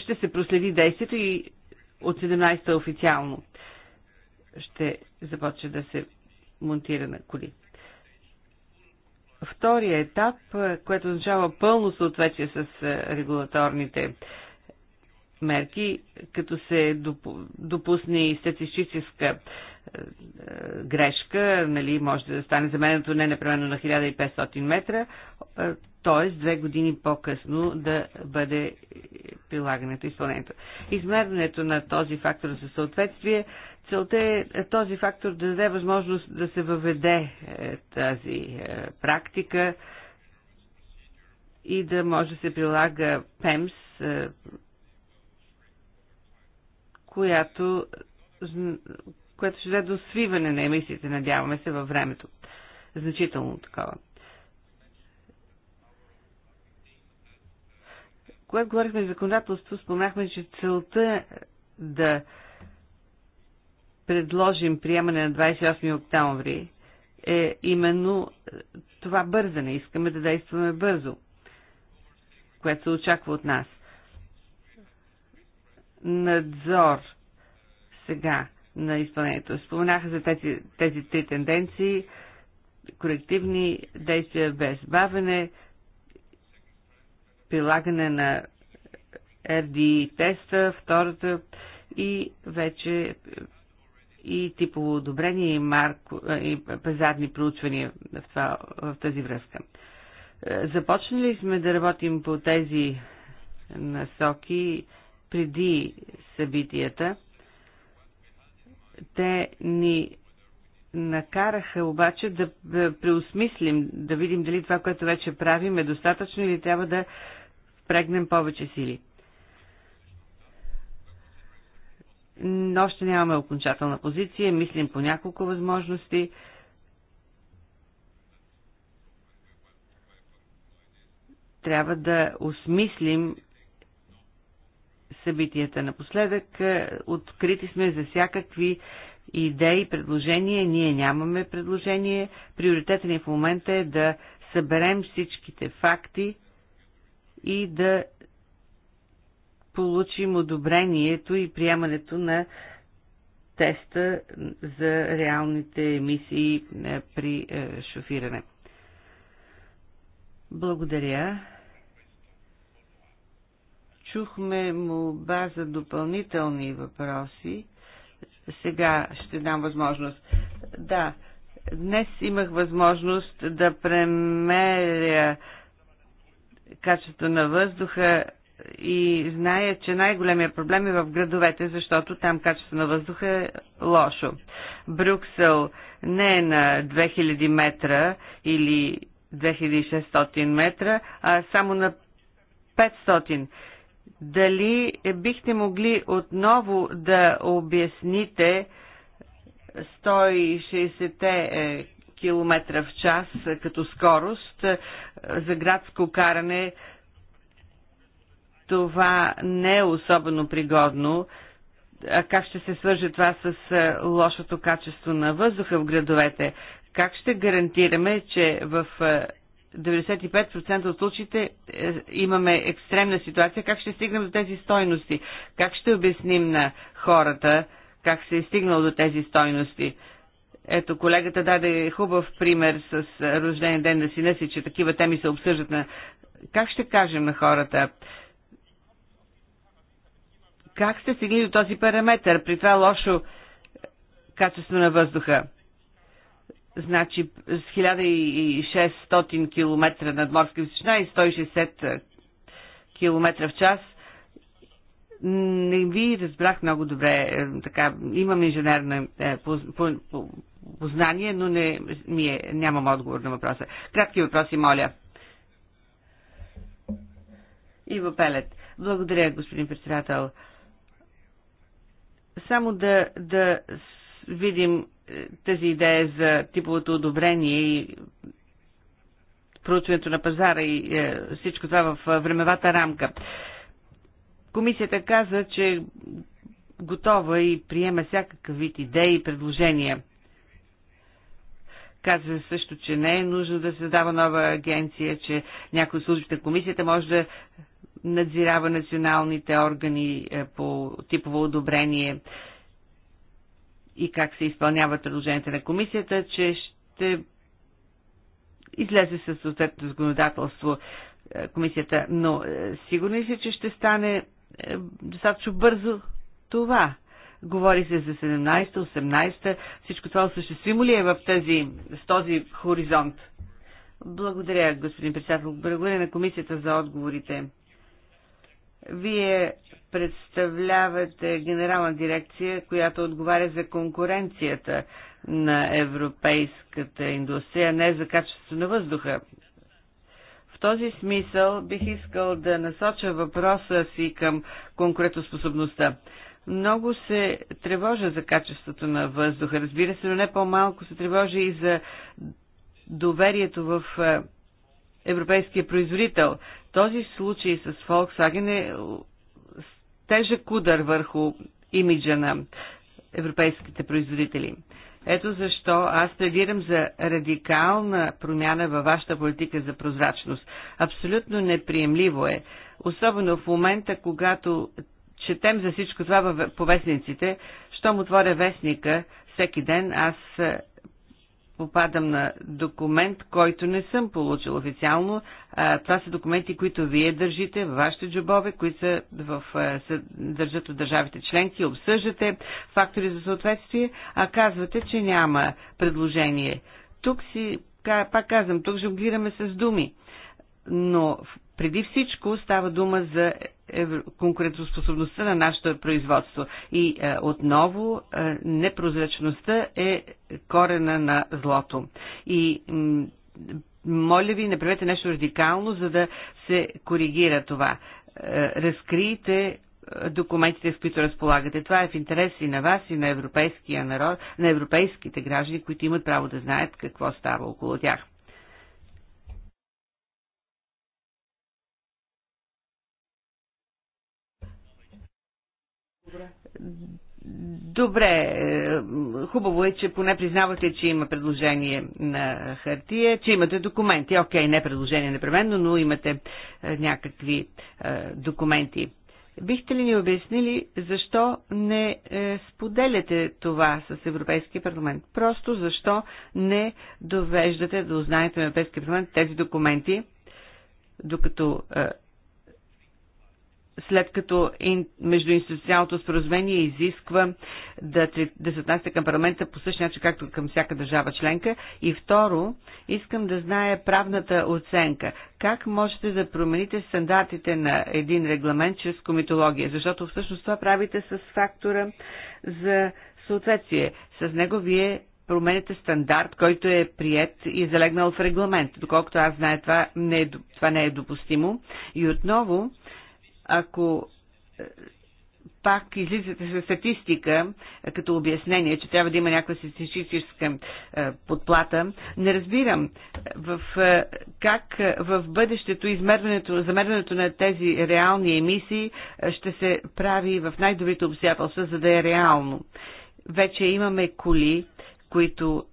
ще се проследи действието и от 17 официално ще започне да се монтира на коли втория етап, е, което означава пълно съответствие с е, регулаторните мерки, като се допусне и статистическа е, грешка, нали, може да стане заменето не непременно на 1500 метра, т.е. две години по-късно да бъде прилагането и изпълнението. Измерването на този фактор за съответствие, целта е този фактор да даде възможност да се въведе е, тази е, практика и да може да се прилага ПЕМС, е, която, която ще даде до свиване на емисиите, надяваме се, във времето. Значително такова. Когато говорихме за законодателство, споменахме, че целта да предложим приемане на 28 октомври е именно това бързане. Искаме да действаме бързо, което се очаква от нас. Надзор сега на изпълнението. Споменаха за тези, тези три тенденции. корективни действия без бавене, прилагане на RDI теста, втората и вече и типово одобрение и, марко, и пазарни проучвания в, това, в тази връзка. Е, започнали сме да работим по тези насоки преди събитията. Те ни накараха обаче да преосмислим, да видим дали това, което вече правим е достатъчно или трябва да впрегнем повече сили. Но още нямаме окончателна позиция, мислим по няколко възможности. Трябва да осмислим събитията напоследък. Открити сме за всякакви идеи, предложения. Ние нямаме предложение. Приоритетът ни в момента е да съберем всичките факти, и да получим одобрението и приемането на теста за реалните емисии е, при е, шофиране. Благодаря. Чухме му база допълнителни въпроси. Сега ще дам възможност. Да, днес имах възможност да премеря качеството на въздуха и зная, че най-големия проблем е в градовете, защото там качеството на въздуха е лошо. Брюксел не е на 2000 метра или 2600 метра, а само на 500. Дали бихте могли отново да обясните 160 км в час е, като скорост е, за градско каране. Това не е особено пригодно. А как ще се свърже това с е, лошото качество на въздуха в градовете? Как ще гарантираме, че в 95% от случаите имаме екстремна ситуация. Как ще стигнем до тези стойности? Как ще обясним на хората как се е стигнал до тези стойности? Ето, колегата даде хубав пример с рожден ден на сина си, че такива теми се обсъждат на... Как ще кажем на хората? Как сте стигнали до този параметр при това лошо качество на въздуха? Значи с 1600 км морска височина и 160 км в час – не ви разбрах много добре. Е, така, имам инженерна е, познание, но не, ми е, нямам отговор на въпроса. Кратки въпроси, моля. Иво Пелет. Благодаря, господин председател. Само да, да видим е, тази идея за типовото одобрение и проучването на пазара и е, всичко това в е, времевата рамка. Комисията каза, че готова и приема всякакъв вид идеи и предложения. Каза също, че не е нужно да се дава нова агенция, че някои служби на комисията може да надзирава националните органи е, по типово одобрение и как се изпълняват предложенията на комисията, че ще излезе със съответно законодателство е, комисията. Но е, сигурни си, че ще стане достатъчно бързо това? Говори се за 17-та, 18-та. Всичко това осъществимо ли е в тези, с този хоризонт? Благодаря, господин председател. Благодаря на комисията за отговорите. Вие представлявате генерална дирекция, която отговаря за конкуренцията на европейската индустрия, не за качеството на въздуха. В този смисъл бих искал да насоча въпроса си към конкурентоспособността. Много се тревожа за качеството на въздуха, разбира се, но не по-малко се тревожа и за доверието в е, европейския производител. Този случай с Volkswagen е тежък удар върху имиджа на европейските производители. Ето защо аз пледирам за радикална промяна във вашата политика за прозрачност. Абсолютно неприемливо е, особено в момента, когато четем за всичко това във, по вестниците. Щом отворя вестника всеки ден, аз е, попадам на документ, който не съм получил официално. А, това са документи, които вие държите в вашите джобове, които са в, е, са, държат от държавите членки, обсъждате фактори за съответствие, а казвате, че няма предложение. Тук си, пак казвам, тук жонглираме с думи. Но преди всичко става дума за конкурентоспособността на нашето производство. И е, отново е, непрозрачността е корена на злото. И моля ви, направете нещо радикално, за да се коригира това. Е, разкрийте е, документите, с които разполагате. Това е в интерес и на вас, и на европейския народ, на европейските граждани, които имат право да знаят какво става около тях. Добре, е, хубаво е, че поне признавате, че има предложение на хартия, че имате документи. Окей, не предложение непременно, но имате е, някакви е, документи. Бихте ли ни обяснили защо не споделяте това с Европейския парламент? Просто защо не довеждате до знанието на Европейския парламент тези документи, докато след като междуинституционалното споразумение изисква да, да се отнася към парламента по същия начин, както към всяка държава членка. И второ, искам да знае правната оценка. Как можете да промените стандартите на един регламент чрез комитология? Защото всъщност това правите с фактора за съответствие. С него вие променяте стандарт, който е прият и залегнал в регламент. Доколкото аз знае, това не е, това не е допустимо. И отново, ако е, пак излизате с статистика, е, като обяснение, че трябва да има някаква статистическа е, подплата, не разбирам в, как в бъдещето измерването, замерването на тези реални емисии ще се прави в най-добрите обстоятелства, за да е реално. Вече имаме коли, които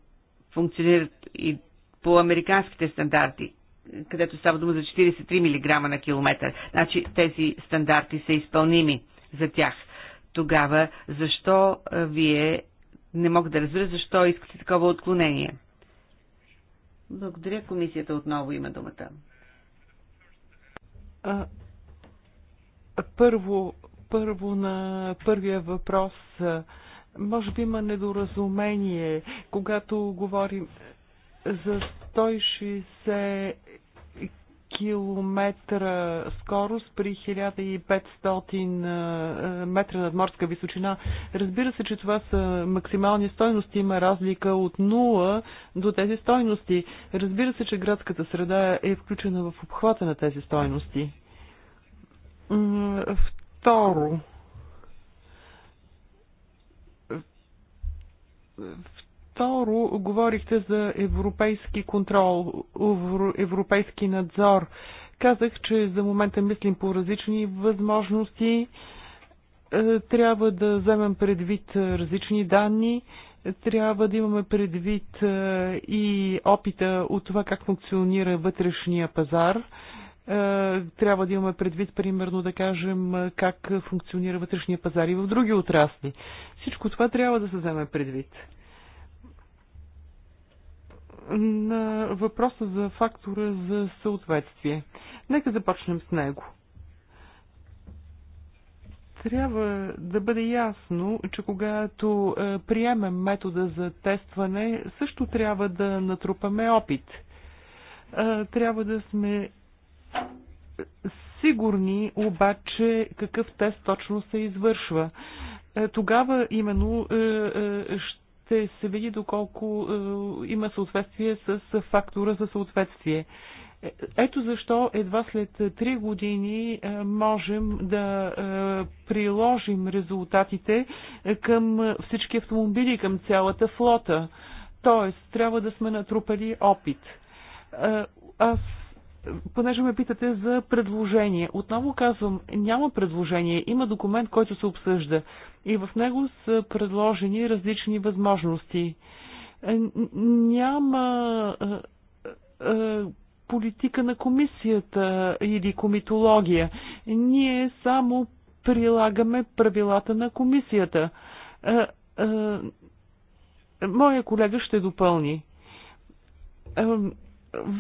функционират и по американските стандарти където става дума за 43 мг на километър. Значи тези стандарти са изпълними за тях. Тогава защо вие не мога да разбера защо искате такова отклонение? Благодаря. Комисията отново има думата. А, първо, първо на първия въпрос. Може би има недоразумение, когато говорим за 160 километра скорост при 1500 метра морска височина. Разбира се, че това са максимални стойности. Има разлика от 0 до тези стойности. Разбира се, че градската среда е включена в обхвата на тези стойности. Второ. Второ, говорихте за европейски контрол, европейски надзор. Казах, че за момента мислим по различни възможности. Е, трябва да вземем предвид различни данни. Трябва да имаме предвид е, и опита от това как функционира вътрешния пазар е, трябва да имаме предвид, примерно, да кажем, как функционира вътрешния пазар и в други отрасли. Всичко това трябва да се вземе предвид на въпроса за фактора за съответствие. Нека започнем с него. Трябва да бъде ясно, че когато е, приемем метода за тестване, също трябва да натрупаме опит. Е, трябва да сме сигурни обаче какъв тест точно се извършва е, тогава именно ще ще се види доколко е, има съответствие с фактора за съответствие. Е, ето защо едва след 3 години е, можем да приложим резултатите към всички автомобили, към цялата флота. Тоест, трябва да сме натрупали опит. Аз понеже ме питате за предложение. Отново казвам, няма предложение. Има документ, който се обсъжда и в него са предложени различни възможности. Е, няма е, е, политика на комисията или комитология. Ние само прилагаме правилата на комисията. Моя колега ще допълни.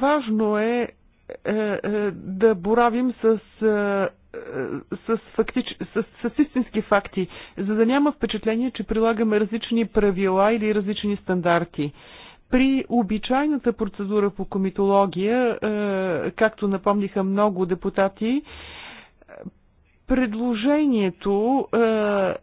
Важно е да боравим с с, фактич, с, с истински факти, за да няма впечатление, че прилагаме различни правила или различни стандарти. При обичайната процедура по комитология, е, както напомниха много депутати, предложението е, е,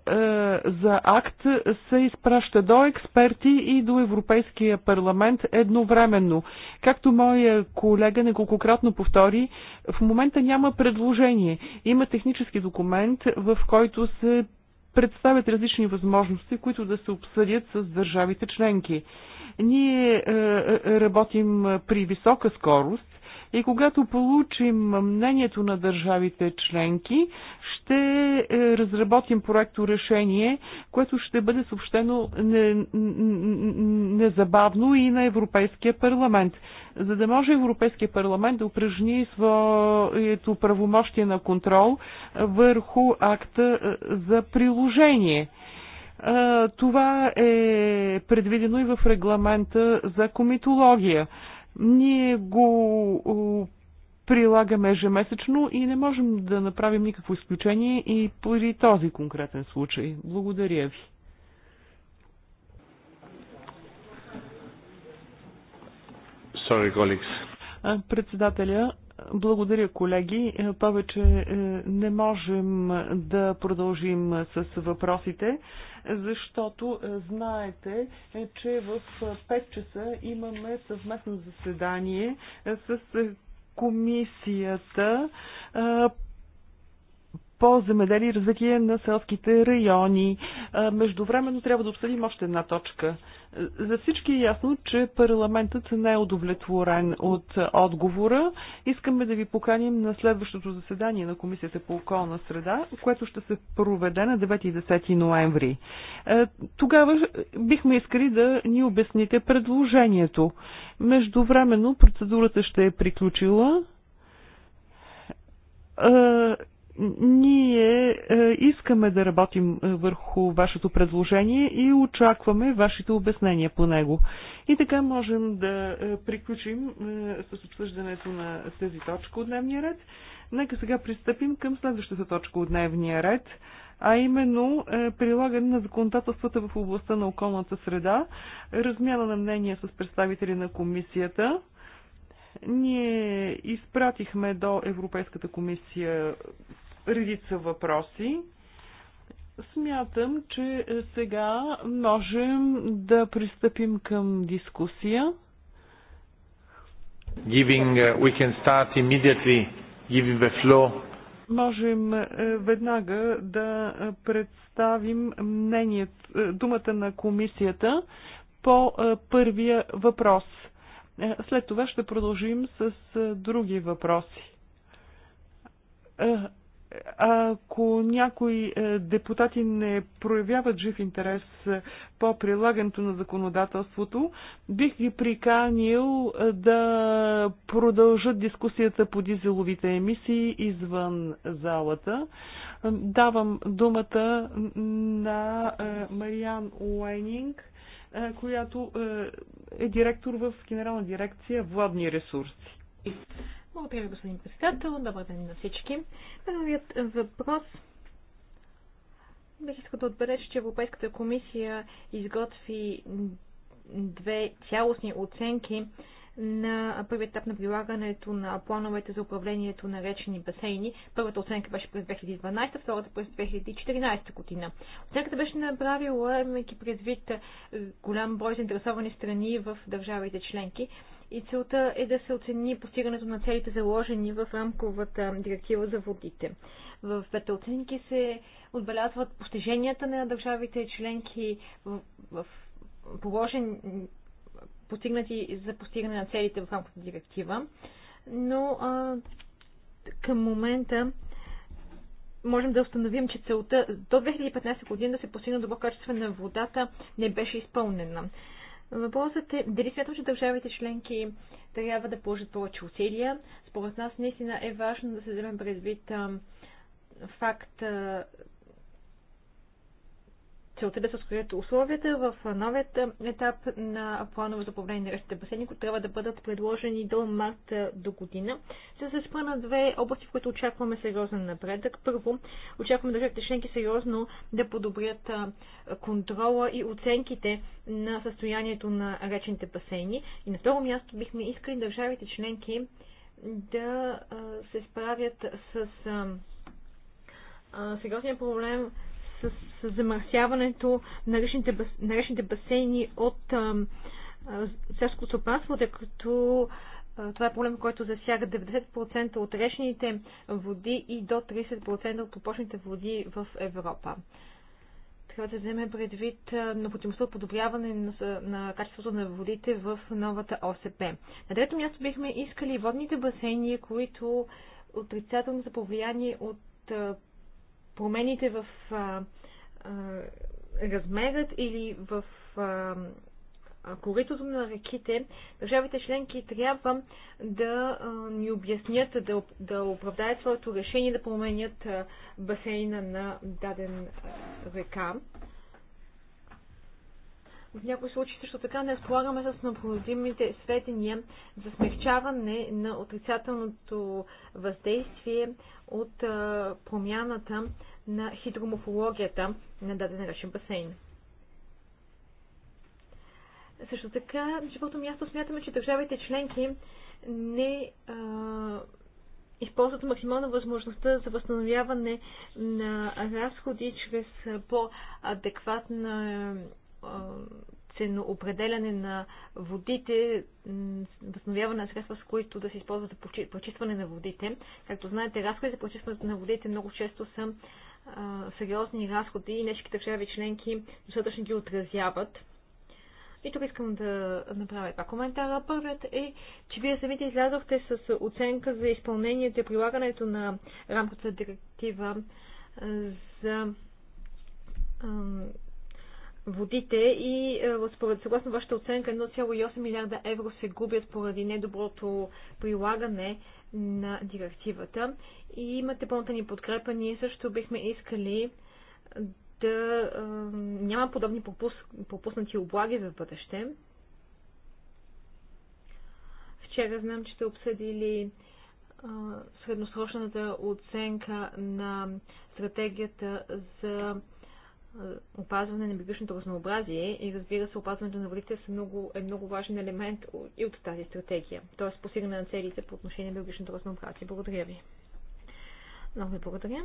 за акт се изпраща до експерти и до Европейския парламент едновременно. Както моя колега неколкократно повтори, в момента няма предложение. Има технически документ, в който се представят различни възможности, които да се обсъдят с държавите членки. Ние е, е работим при висока скорост и когато получим мнението на държавите членки, ще е, разработим проекто решение, което ще бъде съобщено незабавно и на Европейския парламент. За да може Европейския парламент да упражни своето правомощие на контрол върху акта е, за приложение. Е, това е предвидено и в регламента за комитология. Ние го прилагаме ежемесечно и не можем да направим никакво изключение и при този конкретен случай. Благодаря ви. Sorry, Председателя, благодаря, колеги. Е, повече е, не можем да продължим с въпросите, защото е, знаете, че в 5 часа имаме съвместно заседание с комисията по земеделие и развитие на селските райони. Междувременно трябва да обсъдим още една точка. За всички е ясно, че парламентът не е удовлетворен от отговора. Искаме да ви поканим на следващото заседание на Комисията по околна среда, което ще се проведе на 9 и 10 ноември. Е, тогава бихме искали да ни обясните предложението. Междувременно процедурата ще е приключила е, ние е, искаме да работим е, върху вашето предложение и очакваме вашите обяснения по него. И така можем да е, приключим с обсъждането на тези точка от дневния ред. Нека сега пристъпим към следващата точка от дневния ред, а именно прилагане на законодателствата в областта на околната среда, размяна на мнения с представители на комисията ние изпратихме до Европейската комисия редица въпроси. Смятам, че сега можем да пристъпим към дискусия. Giving, uh, we can start immediately giving the floor можем е, веднага да представим мнението, думата на комисията по е, първия въпрос. Е, след това ще продължим с други въпроси ако някои е, депутати не проявяват жив интерес е, по прилагането на законодателството, бих ги приканил е, да продължат дискусията по дизеловите емисии извън залата. Давам думата на Мариан Уайнинг, която е директор в Генерална дирекция Владни ресурси. Благодаря господин председател. Добър ден на всички. Първият въпрос бих искал да отбележа, че Европейската комисия изготви две цялостни оценки на първият етап на прилагането на плановете за управлението на речени басейни. Първата оценка беше през 2012, втората през 2014 година. Оценката беше направила, имайки предвид голям брой заинтересовани страни в държавите членки и целта е да се оцени постигането на целите заложени в рамковата директива за водите. В пета оценки се отбелязват постиженията на държавите членки в, в положен, постигнати за постигане на целите в рамковата директива, но а, към момента можем да установим, че целта до 2015 година да се постигне добро качество на водата не беше изпълнена. Въпросът е дали смятам, че държавите членки трябва да положат повече усилия. Според нас наистина е важно да се вземе предвид факт, целта да се ускорят условията в новият етап на планове за управление на речните басейни, които трябва да бъдат предложени до март до година. Ще се спра на две области, в които очакваме сериозен напредък. Първо, очакваме държавите членки сериозно да подобрят контрола и оценките на състоянието на речните басейни. И на второ място бихме искали държавите членки да се справят с сериозния проблем с, с замърсяването на речните, бас, на речните басейни от селското стопанство, тъй като това е проблем, който засяга 90% от речните води и до 30% от попочните води в Европа. Трябва да вземе предвид необходимостта от подобряване на, на качеството на водите в новата ОСП. На трето място бихме искали водните басейни, които отрицателно са повлияни от промените в а, а, размерът или в а, коритото на реките, държавите членки трябва да а, ни обяснят, да, да оправдаят своето решение да променят басейна на даден река. В някои случаи също така не разполагаме с необходимите сведения за смягчаване на отрицателното въздействие от промяната на хидромофологията на даден речен басейн. Също така, на четвърто място смятаме, че държавите членки не а, използват максимална възможността за възстановяване на разходи чрез по-адекватна ценоопределяне на водите, възстановяване на средства, с които да се използва за почистване на водите. Както знаете, разходите за прочистването на водите много често са а, сериозни разходи и нещите държави членки достатъчно ги отразяват. И тук искам да направя два коментара. Първият е, че вие самите излязохте с оценка за изпълнението и прилагането на рамката директива за водите и е, според, съгласно вашата оценка 1,8 милиарда евро се губят поради недоброто прилагане на директивата. И имате пълната ни подкрепа. Ние също бихме искали да е, няма подобни пропус, пропуснати облаги за бъдеще. Вчера знам, че сте обсъдили е, средносрочната оценка на стратегията за е, опазване на биологичното разнообразие и разбира се, опазването на водите са много, е много важен елемент и от тази стратегия, т.е. постигане на целите по отношение на биологичното разнообразие. Благодаря ви. Много ви благодаря.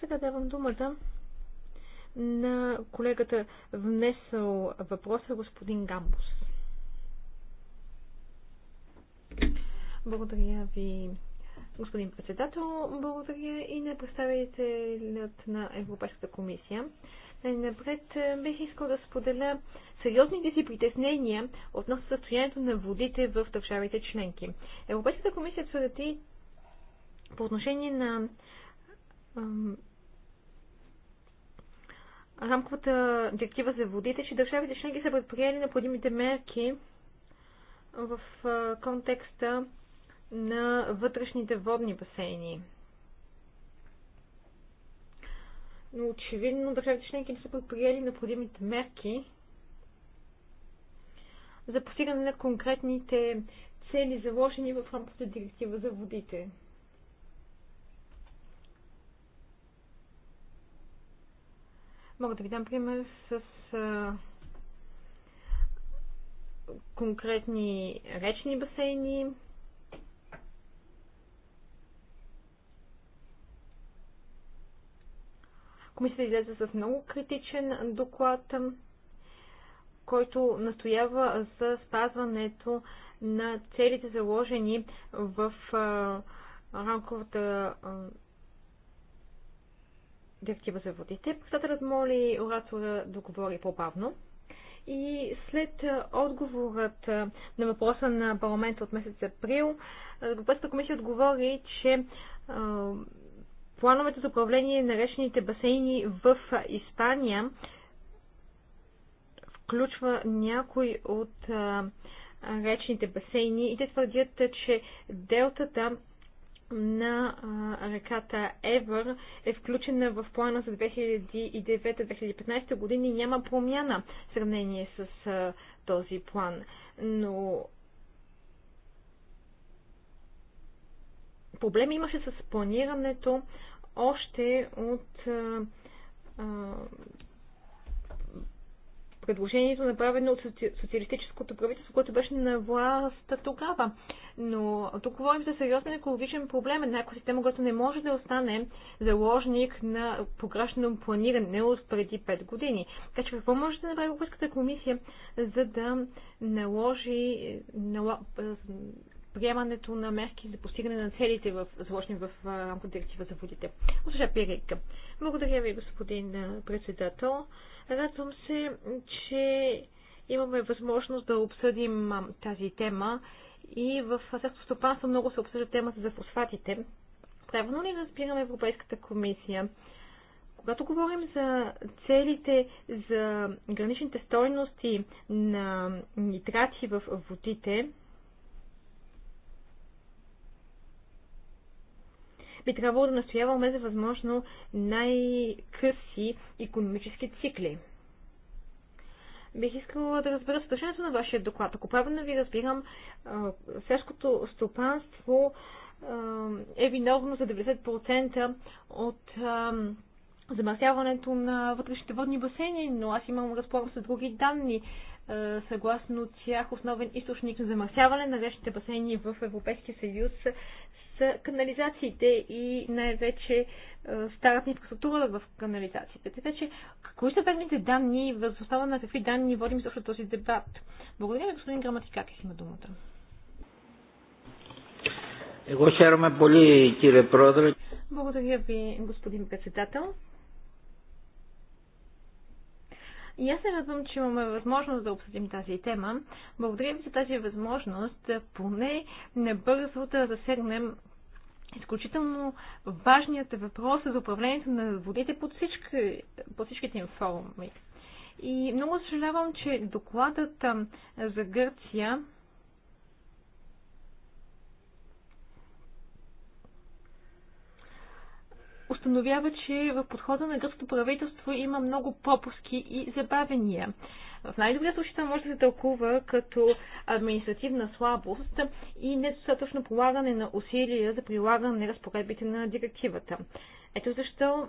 Сега давам думата на колегата внесъл въпроса господин Гамбус. Благодаря ви, господин председател. Благодаря и на представителят на Европейската комисия. Напред е, бих искал да споделя сериозните си притеснения относно състоянието на водите в държавите членки. Европейската комисия твърди по отношение на рамковата директива за водите, че държавите членки са предприели необходимите мерки в контекста на вътрешните водни басейни. но очевидно държавите членки не са предприели необходимите мерки за постигане на конкретните цели, заложени в рамката директива за водите. Мога да ви дам пример с а, конкретни речни басейни, Комисията излезе с много критичен доклад, който настоява за спазването на целите заложени в рамковата директива за водите. Председателят моли оратора да говори по-бавно. И след отговорът на въпроса на парламента от месец април, Европейската комисия отговори, че плановете за управление на речните басейни в Испания включва някой от речните басейни и те твърдят, че делтата на реката Евър е включена в плана за 2009-2015 години и няма промяна в сравнение с този план. Но проблеми имаше с планирането още от а, а, предложението, направено от социалистическото правителство, което беше на власт тогава. Но тук говорим за сериозен екологичен проблем, една екосистема, която не може да остане заложник на погрешно планиране от преди 5 години. Така че какво може да направи Европейската комисия, за да наложи приемането на мерки за постигане на целите в, заложени в рамко директива за водите. Госпожа Пирейка. Благодаря ви, господин председател. Радвам се, че имаме възможност да обсъдим тази тема и в Състо стопанство много се обсъжда темата за фосфатите. Правилно ли разбираме Европейската комисия? Когато говорим за целите за граничните стойности на нитрати в водите, би трябвало да настояваме за възможно най-къси економически цикли. Бих искала да разбера съдържанието на вашия доклад. Ако правилно ви разбирам, селското стопанство е виновно за 90% от замърсяването на вътрешните водни басейни, но аз имам разполагам с други данни. Съгласно тях, основен източник на замърсяване на речните басейни в Европейския съюз за канализациите и най-вече е, старата инфраструктура в канализациите. Така че, какво са верните данни, възоснова на какви данни водим също този дебат? Благодаря ви, господин Граматикакис, има думата. Εγώ χαίρομαι πολύ, Благодаря ви, господин председател. И аз се радвам, че имаме възможност да обсъдим тази тема. Благодаря ви за тази възможност, поне набързо да засегнем изключително важният е въпрос за управлението на водите под, всички, под всичките им форуми. И много съжалявам, че докладът за Гърция установява, че в подхода на гръцкото правителство има много пропуски и забавения в най-добрия случай това може да се тълкува като административна слабост и недостатъчно полагане на усилия за прилагане на разпоредбите на директивата. Ето защо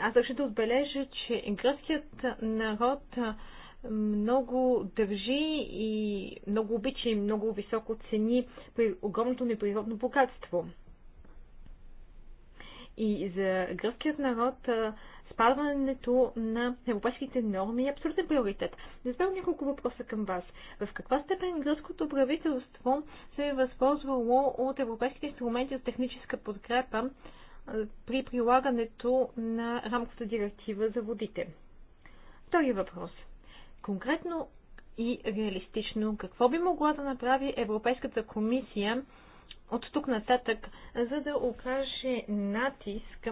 аз държа да отбележа, че гръцкият народ много държи и много обича и много високо цени при огромното неприродно богатство. И за гръцкият народ спазването на европейските норми е абсолютен приоритет. Задавам няколко въпроса към вас. В каква степен гръцкото правителство се е възползвало от европейските инструменти за техническа подкрепа при прилагането на рамковата директива за водите? Втори въпрос. Конкретно и реалистично, какво би могла да направи Европейската комисия от тук нататък, за да окаже натиск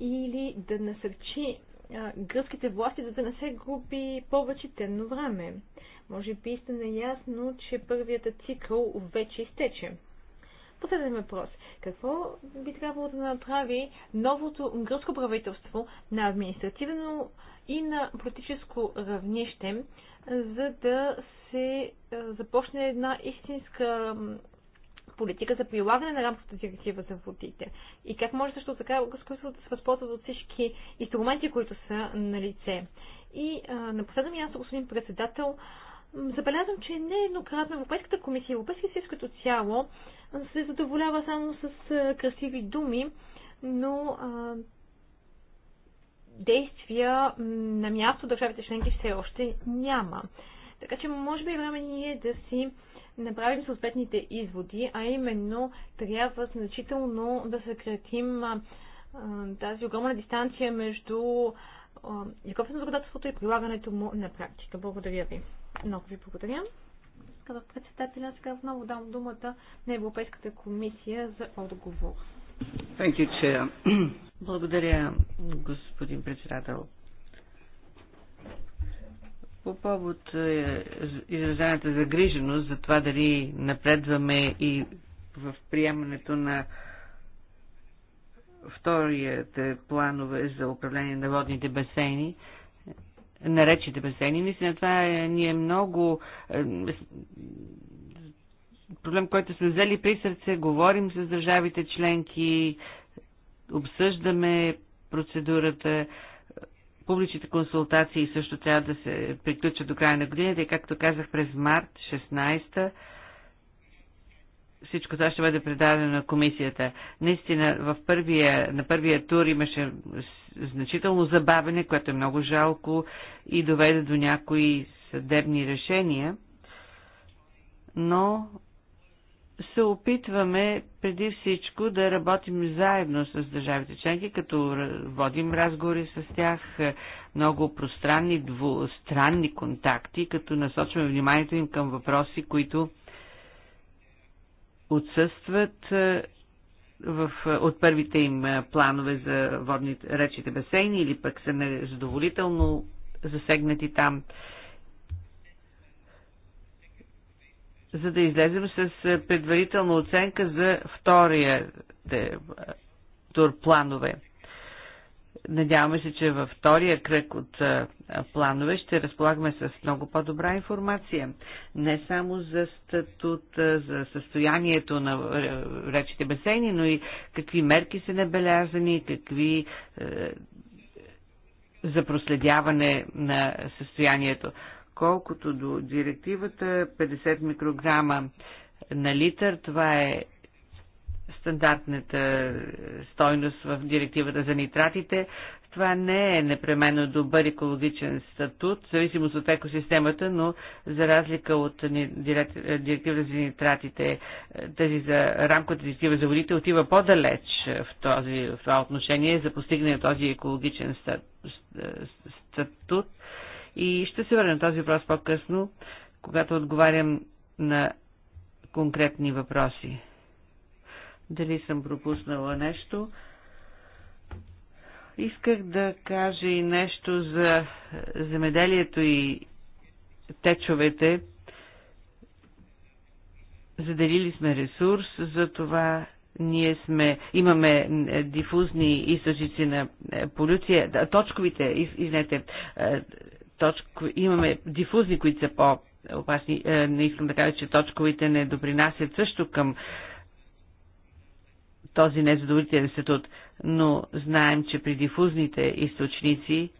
или да насърчи гръцките власти, за да не се губи повече темно време. Може би сте наясно, че първият цикъл вече изтече. Последен въпрос. Какво би трябвало да направи новото гръцко правителство на административно и на политическо равнище, за да се започне една истинска политика за прилагане на рамката директива за водите и как може също така Българското да се възползват от всички инструменти, които са на лице. И а, на последно място, господин председател, забелязвам, че нееднократно Европейската комисия, Европейския съюз като цяло се задоволява само с а, красиви думи, но а, действия на място държавите членки все още няма. Така че може би е време ние да си направим съответните изводи, а именно трябва значително да съкратим тази огромна дистанция между Яков законодателството и прилагането му на практика. Благодаря ви. Много ви благодаря. Казах председателя, сега отново дам думата на Европейската комисия за отговор. Thank you, Chair. Благодаря, господин председател. По повод е, изразената загриженост за това дали напредваме и в приемането на вторията планове за управление на водните басейни, на речите басейни, наистина това е, ни е много е, проблем, който сме взели при сърце, говорим с държавите членки, обсъждаме процедурата, Публичните консултации също трябва да се приключат до края на годината и както казах през март 16-та всичко това ще бъде предадено на комисията. Наистина, в първия, на първия тур имаше значително забавене, което е много жалко и доведе до някои съдебни решения, но се опитваме преди всичко да работим заедно с държавите членки, като водим разговори с тях, много пространни, двустранни контакти, като насочваме вниманието им към въпроси, които отсъстват е, в, от първите им е, планове за водните речите басейни или пък са незадоволително засегнати там. за да излезем с е, предварителна оценка за втория е, тур планове. Надяваме се, че във втория кръг от е, планове ще разполагаме с много по-добра информация. Не само за статут, за състоянието на речите басейни, но и какви мерки са набелязани, какви за проследяване на състоянието. Колкото до директивата, 50 микрограма на литър, това е стандартната стойност в директивата за нитратите. Това не е непременно добър екологичен статут, в зависимост от екосистемата, но за разлика от директива за нитратите, тази за рамката директива за водите отива по-далеч в, този, в това отношение за постигане на този екологичен статут, и ще се върнем този въпрос по-късно, когато отговарям на конкретни въпроси. Дали съм пропуснала нещо? Исках да кажа и нещо за земеделието и течовете. Заделили сме ресурс, за това ние сме, имаме дифузни източници на полюция, точковите, извинете, е, точко, имаме дифузни, които са по-опасни. Е, не искам да кажа, че точковите не допринасят също към този незадоволителен статут, но знаем, че при дифузните източници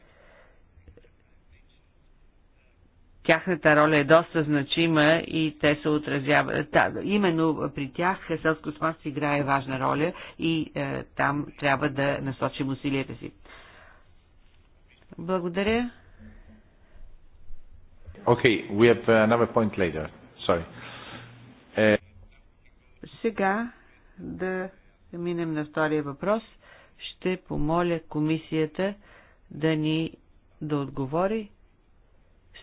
тяхната роля е доста значима и те се отразяват. именно при тях селско стопанство играе важна роля и е, там трябва да насочим усилията си. Благодаря. Okay, we have uh, another point later. Sorry. Uh... Сега да минем на втория въпрос. Ще помоля комисията да ни да отговори.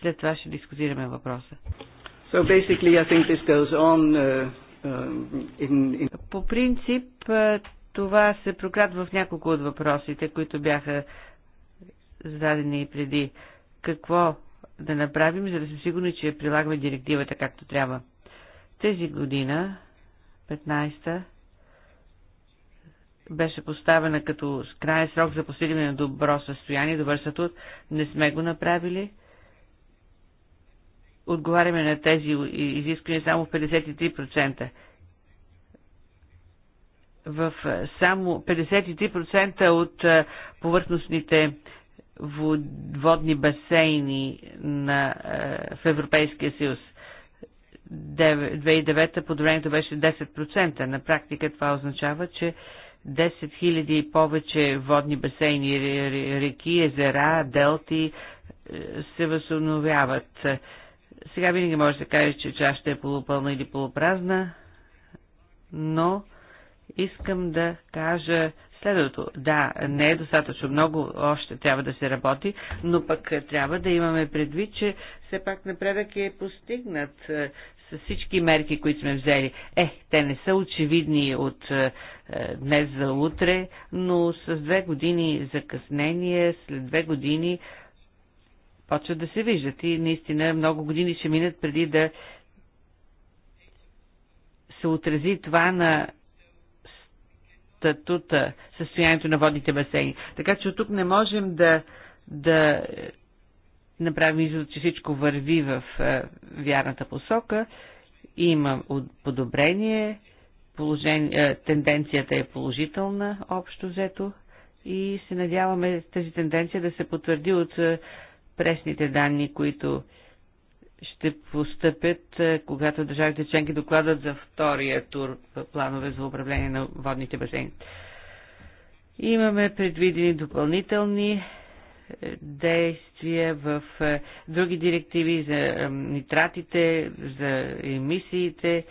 След това ще дискутираме въпроса. So basically, I think this goes on uh, uh, in, in... По принцип, uh, това се прокрадва в няколко от въпросите, които бяха зададени преди. Какво да направим, за да сме сигурни, че прилагаме директивата както трябва. Тези година, 15-та, беше поставена като крайен срок за постигане на добро състояние, добър статут. Не сме го направили. Отговаряме на тези изисквания само в 53%. В е, само 53% от е, повърхностните водни басейни на, е, в Европейския съюз. 2009 подобрението беше 10%. На практика това означава, че 10 000 и повече водни басейни, реки, езера, делти е, се възобновяват. Сега винаги може да каже, че чашата е полупълна или полупразна, но искам да кажа Следвато, да, не е достатъчно много, още трябва да се работи, но пък трябва да имаме предвид, че все пак напредък е постигнат е, с всички мерки, които сме взели. Е, те не са очевидни от е, днес за утре, но с две години закъснение, след две години почват да се виждат и наистина много години ще минат преди да се отрази това на статута, състоянието на водните басейни. Така че от тук не можем да, да направим извод, че всичко върви в е, вярната посока. Има подобрение, е, тенденцията е положителна, общо взето, и се надяваме тази тенденция да се потвърди от е, пресните данни, които ще постъпят, е, когато държавите членки докладат за втория тур планове за управление на водните басейни. Имаме предвидени допълнителни е, действия в е, други директиви за нитратите, за емисиите.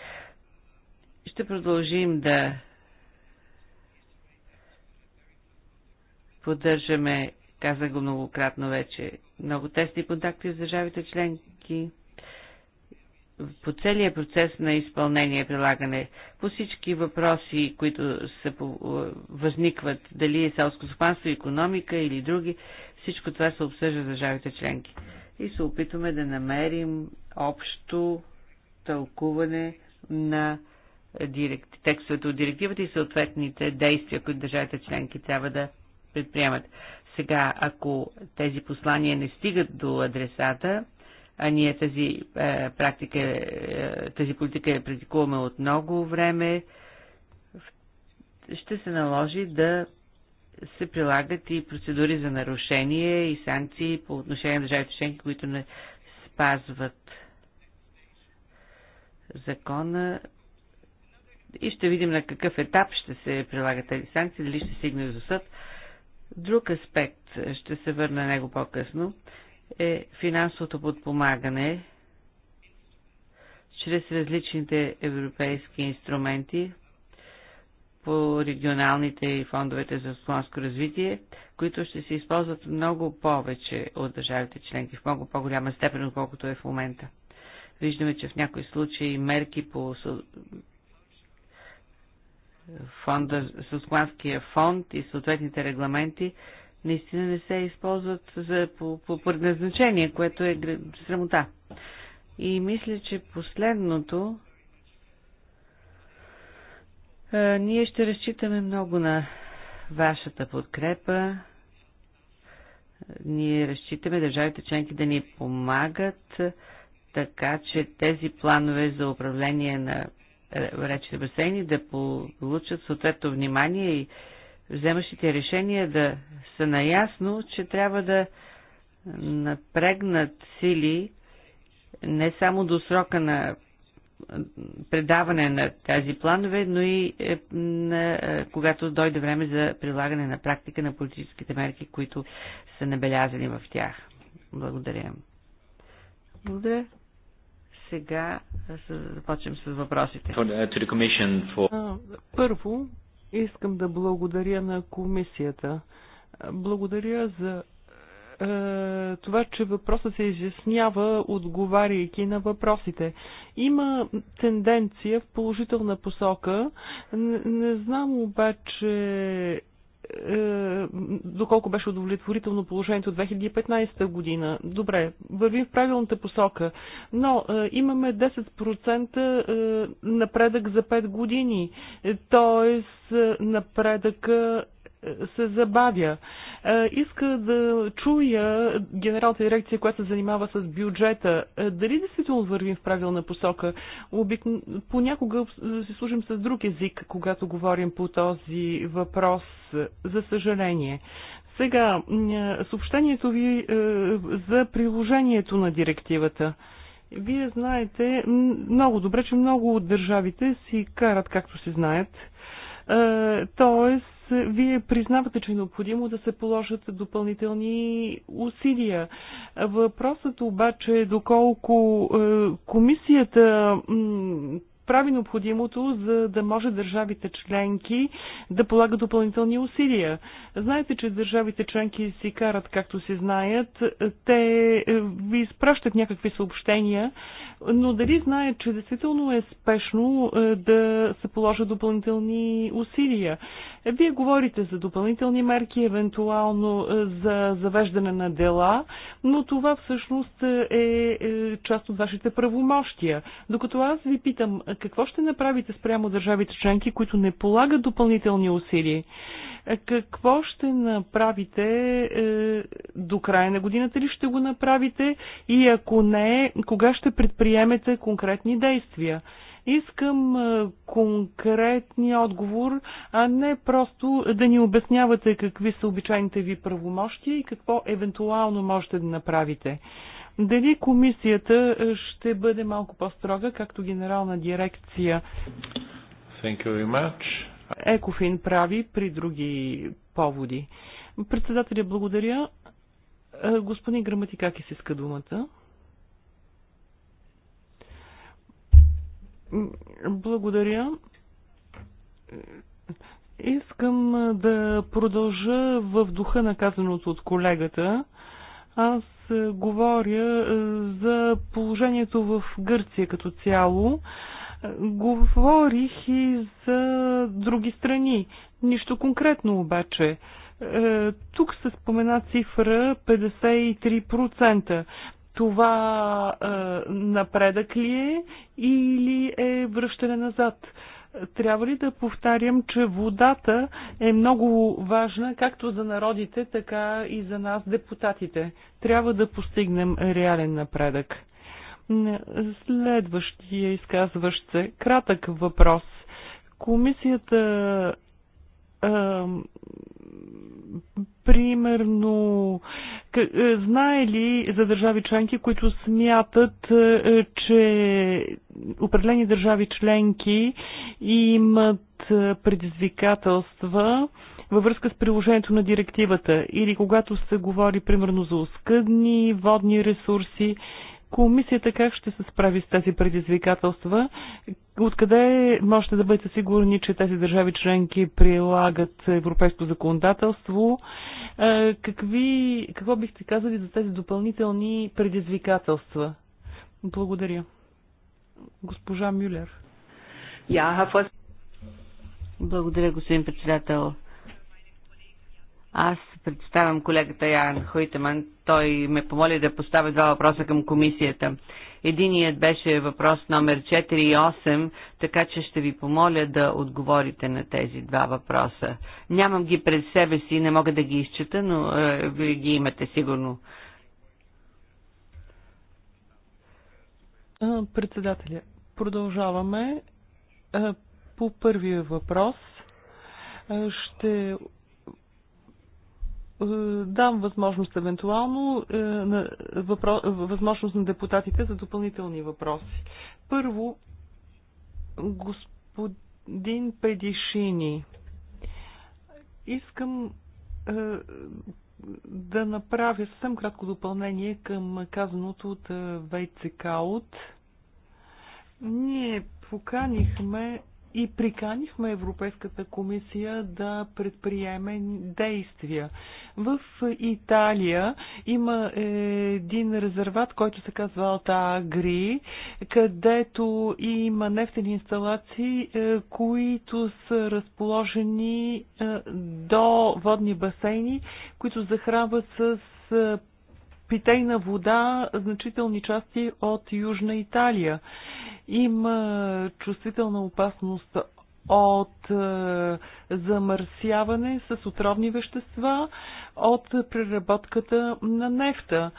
Ще продължим да поддържаме, казах го многократно вече, много тесни контакти с държавите членки по целия процес на изпълнение и прилагане, по всички въпроси, които се възникват, дали е селско стопанство, економика или други, всичко това се обсъжда с държавите членки. И се опитваме да намерим общо тълкуване на текстовете от директивата и съответните действия, които държавите членки трябва да предприемат. Сега, ако тези послания не стигат до адресата, а ние тази е, практика, е, тази политика я практикуваме от много време, ще се наложи да се прилагат и процедури за нарушение и санкции по отношение на държавите членки, които не спазват закона. И ще видим на какъв етап ще се прилагат тези санкции, дали ще стигне до съд. Друг аспект, ще се върна него по-късно, е финансовото подпомагане чрез различните европейски инструменти по регионалните и фондовете за слонско развитие, които ще се използват много повече от държавите членки, в много по-голяма степен, отколкото е в момента. Виждаме, че в някои случаи мерки по фонда, Сусманския фонд и съответните регламенти наистина не се използват за, по, по предназначение, което е срамота. И мисля, че последното а, ние ще разчитаме много на вашата подкрепа. Ние разчитаме държавите членки да ни помагат, така че тези планове за управление на речни басейни да получат съответно внимание и вземащите решения да са наясно, че трябва да напрегнат сили не само до срока на предаване на тези планове, но и е, на, е, когато дойде време за прилагане на практика на политическите мерки, които са набелязани в тях. Благодаря. Благодаря сега започнем с въпросите. Първо, искам да благодаря на комисията. Благодаря за това, че въпросът се изяснява, отговаряйки на въпросите. Има тенденция в положителна посока. Не, не знам обаче е, доколко беше удовлетворително положението 2015 година. Добре, вървим в правилната посока, но е, имаме 10% е, напредък за 5 години, т.е. напредъка се забавя. Е, иска да чуя генералната дирекция, която се занимава с бюджета, е, дали действително вървим в правилна посока. Обикн... Понякога се служим с друг език, когато говорим по този въпрос, за съжаление. Сега, е, съобщението ви за приложението на директивата. Вие знаете много добре, че много от държавите си карат както си знаят. Тоест, вие признавате, че е необходимо да се положат допълнителни усилия. Въпросът обаче е доколко е, комисията прави необходимото, за да може държавите членки да полагат допълнителни усилия. Знаете, че държавите членки си карат както си знаят. Те е, ви изпращат някакви съобщения, но дали знае, че действително е спешно е, да се положат допълнителни усилия? Вие говорите за допълнителни мерки, евентуално е, за завеждане на дела, но това всъщност е, е част от вашите правомощия. Докато аз ви питам, какво ще направите спрямо държавите членки, които не полагат допълнителни усилия? Какво ще направите е, до края на годината ли ще го направите и ако не, кога ще предприемете конкретни действия? Искам е, конкретни отговор, а не просто да ни обяснявате какви са обичайните ви правомощия и какво евентуално можете да направите. Дали комисията е, ще бъде малко по-строга, както генерална дирекция? Thank you very much. Екофин прави при други поводи. Председателя, благодаря. Е, господин Грамати, как се иска думата. Благодаря. Искам е, да продължа в духа на казаното от колегата. Аз е, говоря за положението в Гърция като цяло. Говорих и за други страни. Нищо конкретно обаче. Е, тук се спомена цифра 53%. Това е, напредък ли е или е връщане назад? Трябва ли да повтарям, че водата е много важна както за народите, така и за нас, депутатите? Трябва да постигнем реален напредък. Следващия изказващ се. Кратък въпрос. Комисията а, примерно, е, знае ли за държави членки, които смятат, е, че определени държави членки имат е, предизвикателства във връзка с приложението на директивата или когато се говори примерно за оскъдни водни ресурси Комисията как ще се справи с тези предизвикателства? Откъде можете да бъдете сигурни, че тези държави членки прилагат европейско законодателство? Е, какви, какво бихте казали за тези допълнителни предизвикателства? Благодаря. Госпожа Мюлер. Благодаря, господин председател. Аз представям колегата Ян Хойтеман, той ме помоли да поставя два въпроса към комисията. Единият беше въпрос номер 4 и 8, така че ще ви помоля да отговорите на тези два въпроса. Нямам ги пред себе си, не мога да ги изчета, но е, вие ги имате сигурно. Председателя, продължаваме. Е, по първия въпрос е, ще е, дам възможност евентуално е, на въпрос, възможност на депутатите за допълнителни въпроси. Първо, господин Педишини, искам е, да направя съвсем кратко допълнение към казаното от Вейцекаут. Ние поканихме и приканихме Европейската комисия да предприеме действия. В Италия има един резерват, който се казва Алта Агри, където има нефтени инсталации, е, които са разположени е, до водни басейни, които захранват с е, питейна вода значителни части от Южна Италия. Има чувствителна опасност от е, замърсяване с отровни вещества, от преработката на нефта.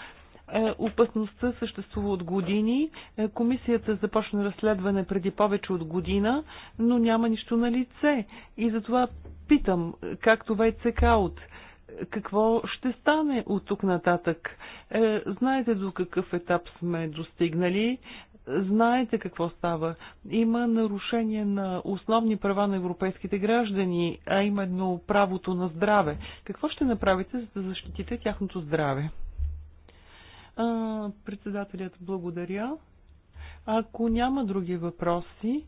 Е, опасността съществува от години. Е, комисията започна разследване преди повече от година, но няма нищо на лице. И затова питам, както ВЦК от какво ще стане от тук нататък. Е, знаете до какъв етап сме достигнали, знаете какво става. Има нарушение на основни права на европейските граждани, а именно правото на здраве. Какво ще направите, за да защитите тяхното здраве? председателят благодаря. Ако няма други въпроси,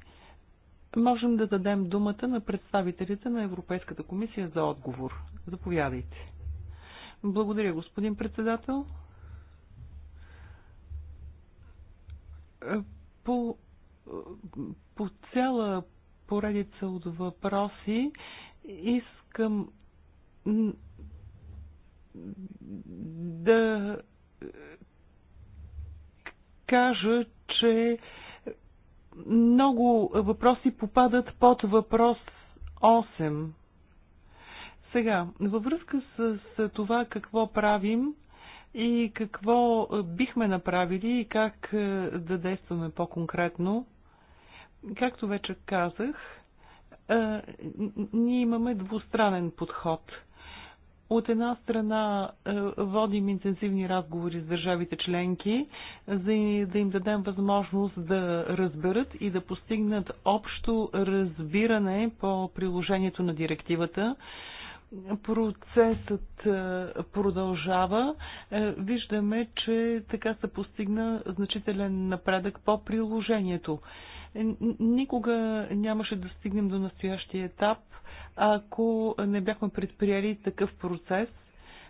можем да дадем думата на представителите на Европейската комисия за отговор. Заповядайте. Благодаря, господин председател. По, по цяла поредица от въпроси искам да кажа, че много въпроси попадат под въпрос 8. Сега, във връзка с, с това какво правим и какво бихме направили и как е, да действаме по-конкретно, както вече казах, е, ние имаме двустранен подход – от една страна е, водим интенсивни разговори с държавите членки, за да им дадем възможност да разберат и да постигнат общо разбиране по приложението на директивата. Процесът е, продължава. Е, виждаме, че така се постигна значителен напредък по приложението. Е, никога нямаше да стигнем до настоящия етап, ако не бяхме предприели такъв процес –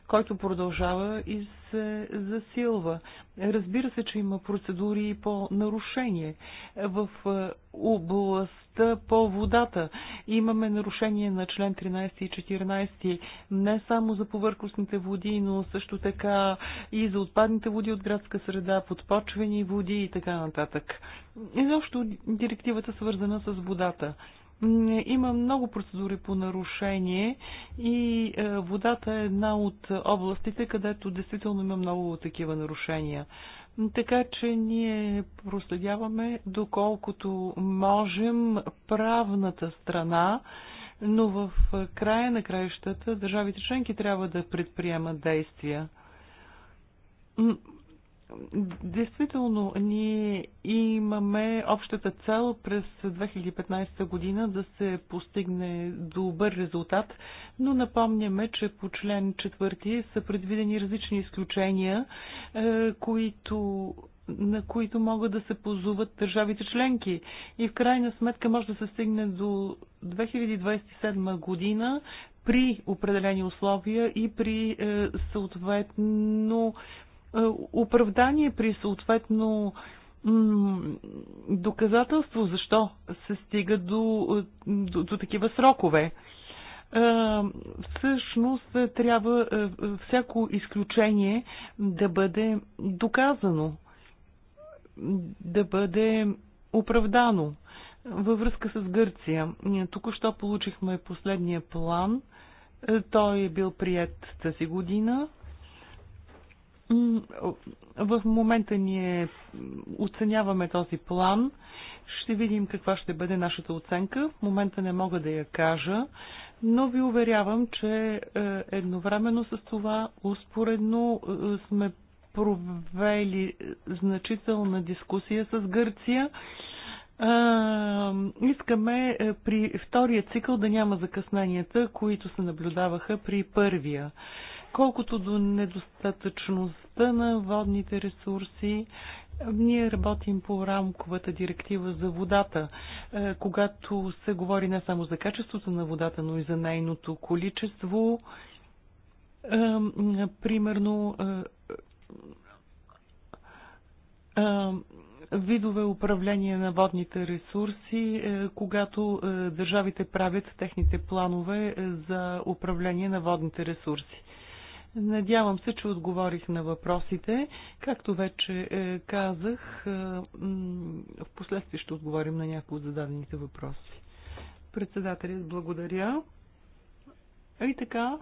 който продължава и се засилва. Разбира се, че има процедури и по нарушение. В е, областта по водата имаме нарушение на член 13 и 14 не само за повърхностните води, но също така и за отпадните води от градска среда, подпочвени води и така нататък. Изобщо директивата свързана с водата. Има много процедури по нарушение и е, водата е една от областите, където действително има много такива нарушения. Така че ние проследяваме доколкото можем правната страна, но в края на краищата държавите членки трябва да предприемат действия. Действително, ние имаме общата цел през 2015 година да се постигне добър резултат, но напомняме, че по член 4 са предвидени различни изключения, е, които на които могат да се позуват държавите членки. И в крайна сметка може да се стигне до 2027 година при определени условия и при е, съответно е, оправдание при съответно доказателство, защо се стига до, е, до, до такива срокове. Е, всъщност трябва всяко изключение да бъде доказано, да бъде оправдано. Във връзка с Гърция, току-що получихме последния план. Той е бил прият тази година в момента ние оценяваме този план. Ще видим каква ще бъде нашата оценка. В момента не мога да я кажа, но ви уверявам, че е, едновременно с това, успоредно е, сме провели значителна дискусия с Гърция. Е, искаме при втория цикъл да няма закъсненията, които се наблюдаваха при първия. Колкото до недостатъчността на водните ресурси, ние работим по рамковата директива за водата, е, когато се говори не само за качеството на водата, но и за нейното количество. Примерно, е, е, видове управление на водните ресурси, когато държавите правят техните планове за управление на водните ресурси. Надявам се, че отговорих на въпросите. Както вече е, казах, е, в последствие ще отговорим на някои от зададените въпроси. Председателят, благодаря. И така,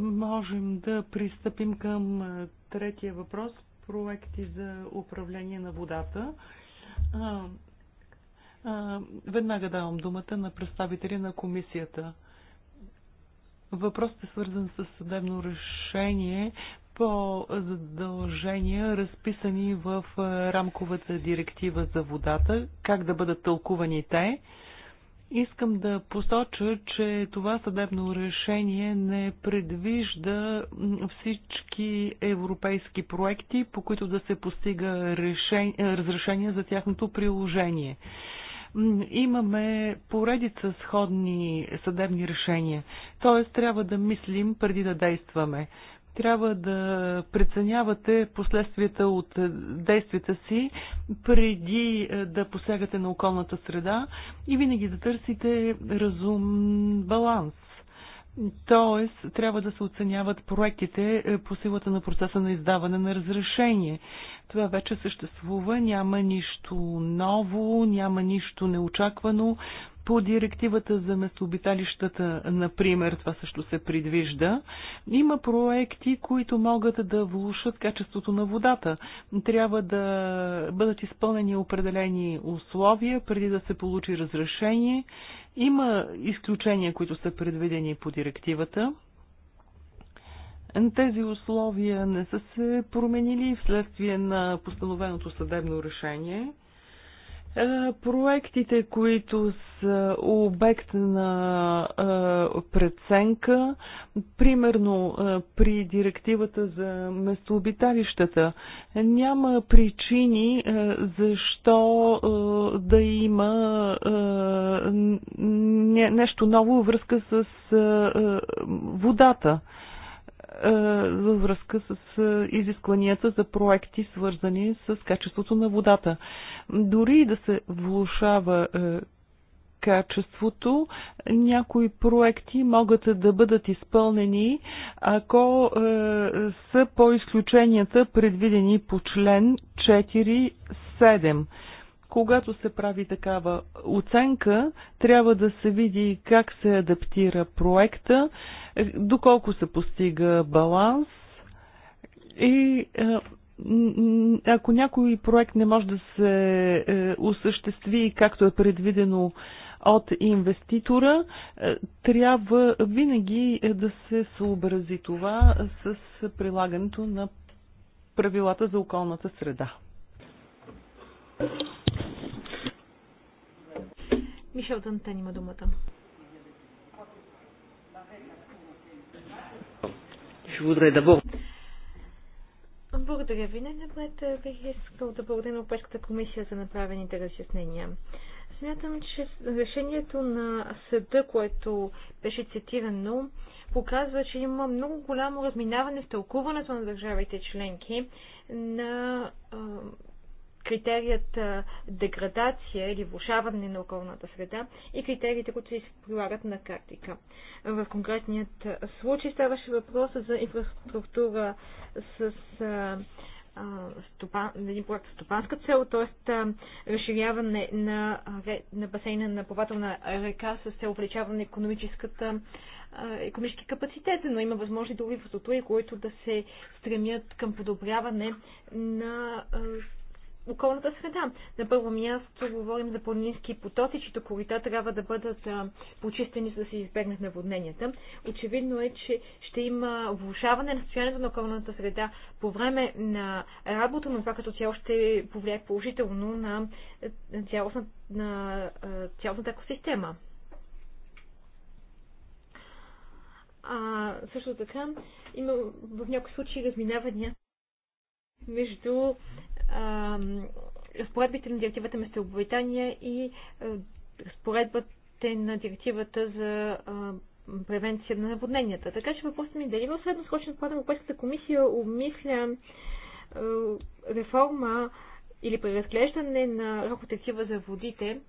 можем да пристъпим към е, третия въпрос. Проекти за управление на водата. Веднага давам думата на представители на комисията. Въпросът е свързан с съдебно решение по задължения, разписани в рамковата директива за водата, как да бъдат тълкувани те. Искам да посоча, че това съдебно решение не предвижда всички европейски проекти, по които да се постига решение, разрешение за тяхното приложение. Имаме поредица сходни съдебни решения. Тоест, трябва да мислим преди да действаме. Трябва да преценявате последствията от е, действията си преди е, да посягате на околната среда и винаги да търсите разум баланс. Тоест, трябва да се оценяват проектите е, по силата на процеса на издаване на разрешение. Това вече съществува, няма нищо ново, няма нищо неочаквано. По директивата за местообиталищата, например, това също се предвижда. Има проекти, които могат да влушат качеството на водата. Трябва да бъдат изпълнени определени условия преди да се получи разрешение има изключения, които са предведени по директивата. Тези условия не са се променили вследствие на постановеното съдебно решение. Е, проектите, които са обект на е, преценка, примерно е, при директивата за местообиталищата, няма причини защо да има нещо ново връзка с водата. Е, във връзка с е, изискванията за проекти, свързани с качеството на водата. Дори да се влушава е, качеството, някои проекти могат да бъдат изпълнени, ако са по изключенията предвидени по член 4.7. Когато се прави такава оценка, трябва да се види как се адаптира проекта, доколко се постига баланс и е, ако някой проект не може да се е, осъществи както е предвидено от инвеститора, е, трябва винаги да се съобрази това с прилагането на правилата за околната среда. Мишел Дантен има думата. Благодаря ви. Най-напред е, бих искал да благодаря на Европейската комисия за направените разяснения. Смятам, че решението на съда, което беше цитирано, показва, че има много голямо разминаване в тълкуването на държавите членки на критерият деградация или влушаване на околната среда и критериите, които се прилагат на практика. В конкретният случай ставаше въпрос за инфраструктура с стопан, един проект с стопанска цел, т.е. разширяване на, на басейна на плавателна река с цел увеличаване на економическата економически капацитет, но има възможни други инфраструктури, които да се стремят към подобряване на околната среда. На първо място говорим за планински потоци, чието корита трябва да бъдат а, почистени, за да се избегнат наводненията. Очевидно е, че ще има влушаване на състоянието на околната среда по време на работа, но това като цяло ще повлияе положително на, е, цялостна, на е, цялостната екосистема. А, също така има в някои случаи разминавания между разпоредбите на директивата Местообитания и е, разпоредбата на директивата за превенция на наводненията. Така че въпросът ми е дали в средносрочен план Европейската комисия обмисля е, реформа или преразглеждане на рокотектива за водите,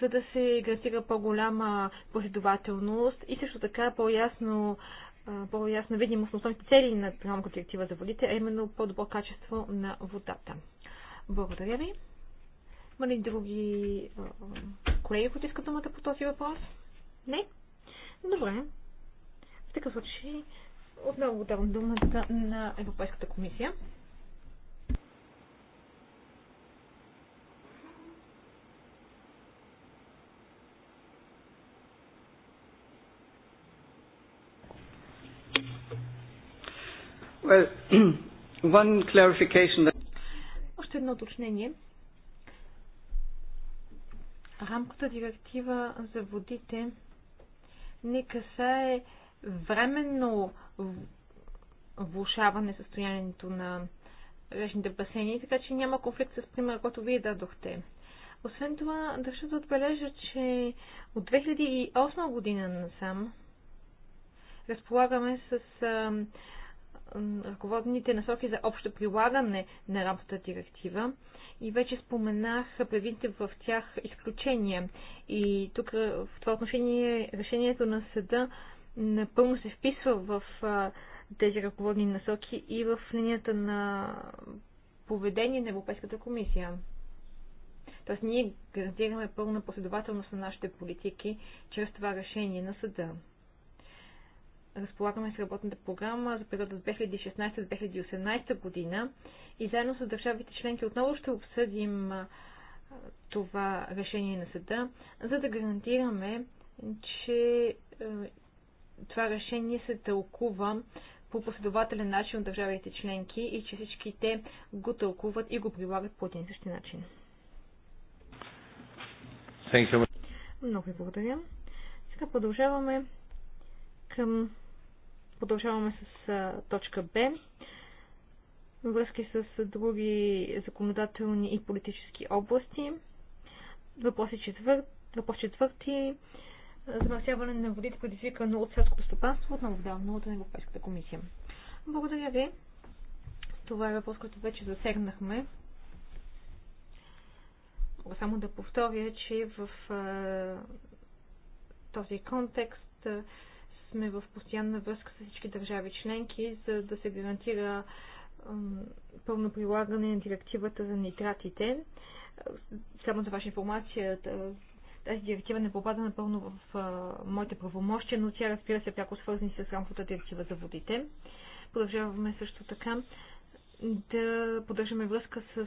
за да се гарантира по-голяма последователност и също така по-ясно по-ясна видимост на основните цели на рамковата директива за водите, а именно по-добро качество на водата. Благодаря ви. Има ли други колеги, които искат думата по този въпрос? Не? Добре. В такъв случай отново давам думата на Европейската комисия. Well, one clarification Още едно уточнение. Рамката директива за водите не касае временно влушаване състоянието на речните басейни, така че няма конфликт с примера, който вие дадохте. Освен това, държа да отбележа, че от 2008 година насам разполагаме с ръководните насоки за общо прилагане на работата директива и вече споменах предвидите в тях изключения. И тук е, в това отношение решението на съда напълно се вписва в тези ръководни насоки и в линията на поведение на Европейската комисия. Тоест ние гарантираме пълна последователност на нашите политики чрез това решение на съда разполагаме с работната програма за периода 2016-2018 година и заедно с държавите членки отново ще обсъдим това решение на съда, за да гарантираме, че това решение се тълкува по последователен начин от държавите членки и че всички те го тълкуват и го прилагат по един същи начин. Много ви благодаря. Сега продължаваме към Продължаваме с точка Б. Връзки с други законодателни и политически области. Въпрос въпрос четвърти. Замърсяване на водите, предизвикано от селското стопанство, отново давно от Европейската комисия. Благодаря ви. Това е въпрос, който вече засегнахме. Само да повторя, че в този контекст сме в постоянна връзка с всички държави членки, за да се гарантира пълно прилагане на директивата за нитратите. Само за ваша информация, тази директива не попада напълно в моите правомощия, но тя разбира се е пряко свързани с рамковата директива за водите. Продължаваме също така да поддържаме връзка с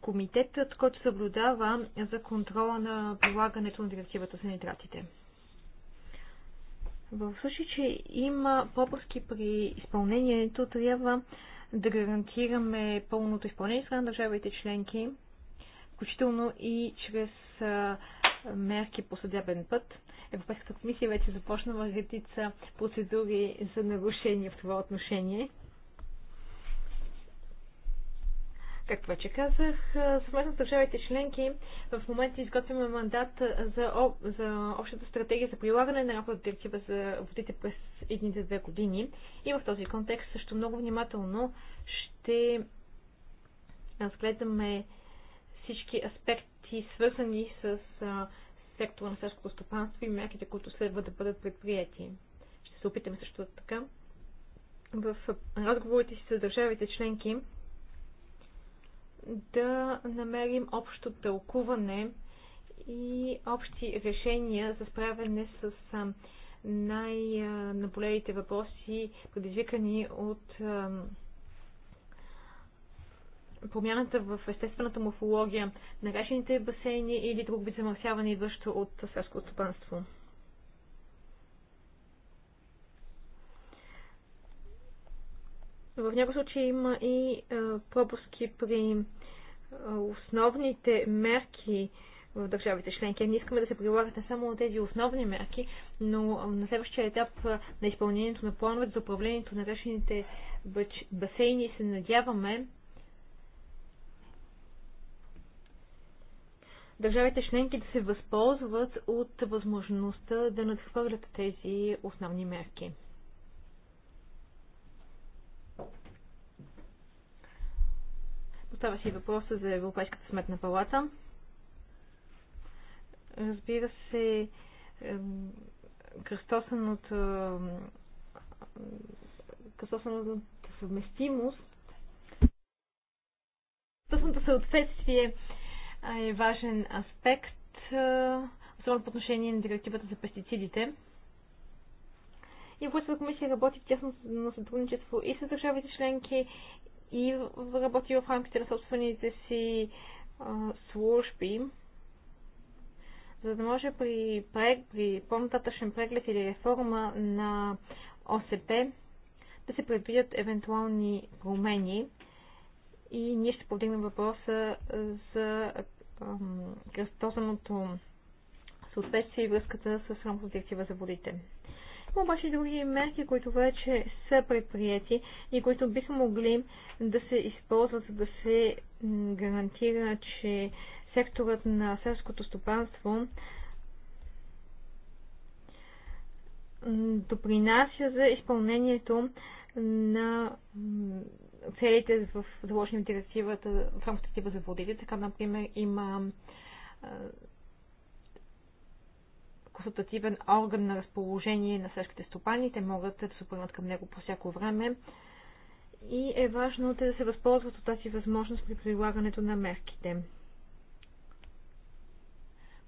комитетът, който съблюдава за контрола на прилагането на директивата за нитратите. В случай, че има пропуски при изпълнението, трябва да гарантираме пълното изпълнение страна на държавите членки, включително и чрез мерки по съдебен път. Европейската комисия вече започнала редица процедури за нарушение в това отношение. Както вече казах, съвместно с държавите членки в момента изготвяме мандат за, за общата стратегия за прилагане на рамкова директива за водите през едните две години. И в този контекст също много внимателно ще разгледаме всички аспекти, свързани с сектора на селското стопанство и мерките, които следва да бъдат предприяти. Ще се опитаме също така в разговорите си с държавите членки да намерим общо тълкуване и общи решения за справяне с най-наболелите въпроси, предизвикани от промяната в естествената морфология на речните басейни или друг вид замърсяване, идващо от селското стопанство. В някои случаи има и пропуски при основните мерки в държавите членки. Ние искаме да се прилагат не само на тези основни мерки, но на следващия етап на изпълнението на плановете за управлението на решените басейни се надяваме държавите членки да се възползват от възможността да надхвърлят тези основни мерки. Остава си въпроса за Европейската сметна палата. Разбира се, кръстосаната съвместимост Тъсното съответствие е важен аспект, е, особено по отношение на директивата за пестицидите. И Европейската комисия работи в тясно на сътрудничество и с държавите членки, и работи в рамките на собствените си а, служби, за да може при, при по-нататъчен преглед или реформа на ОСП да се предвидят евентуални промени и ние ще повдигнем въпроса за кръстозаното съответствие и връзката с рамковата директива за водите. Има обаче други мерки, които вече са предприяти и които биха могли да се използват, за да се гарантира, че секторът на селското стопанство допринася за изпълнението на целите в заложени в директивата, в рамките за водите. Така, например, има консултативен орган на разположение на същите стопани. Те могат да се обърнат към него по всяко време. И е важно те да се възползват от тази възможност при прилагането на мерките.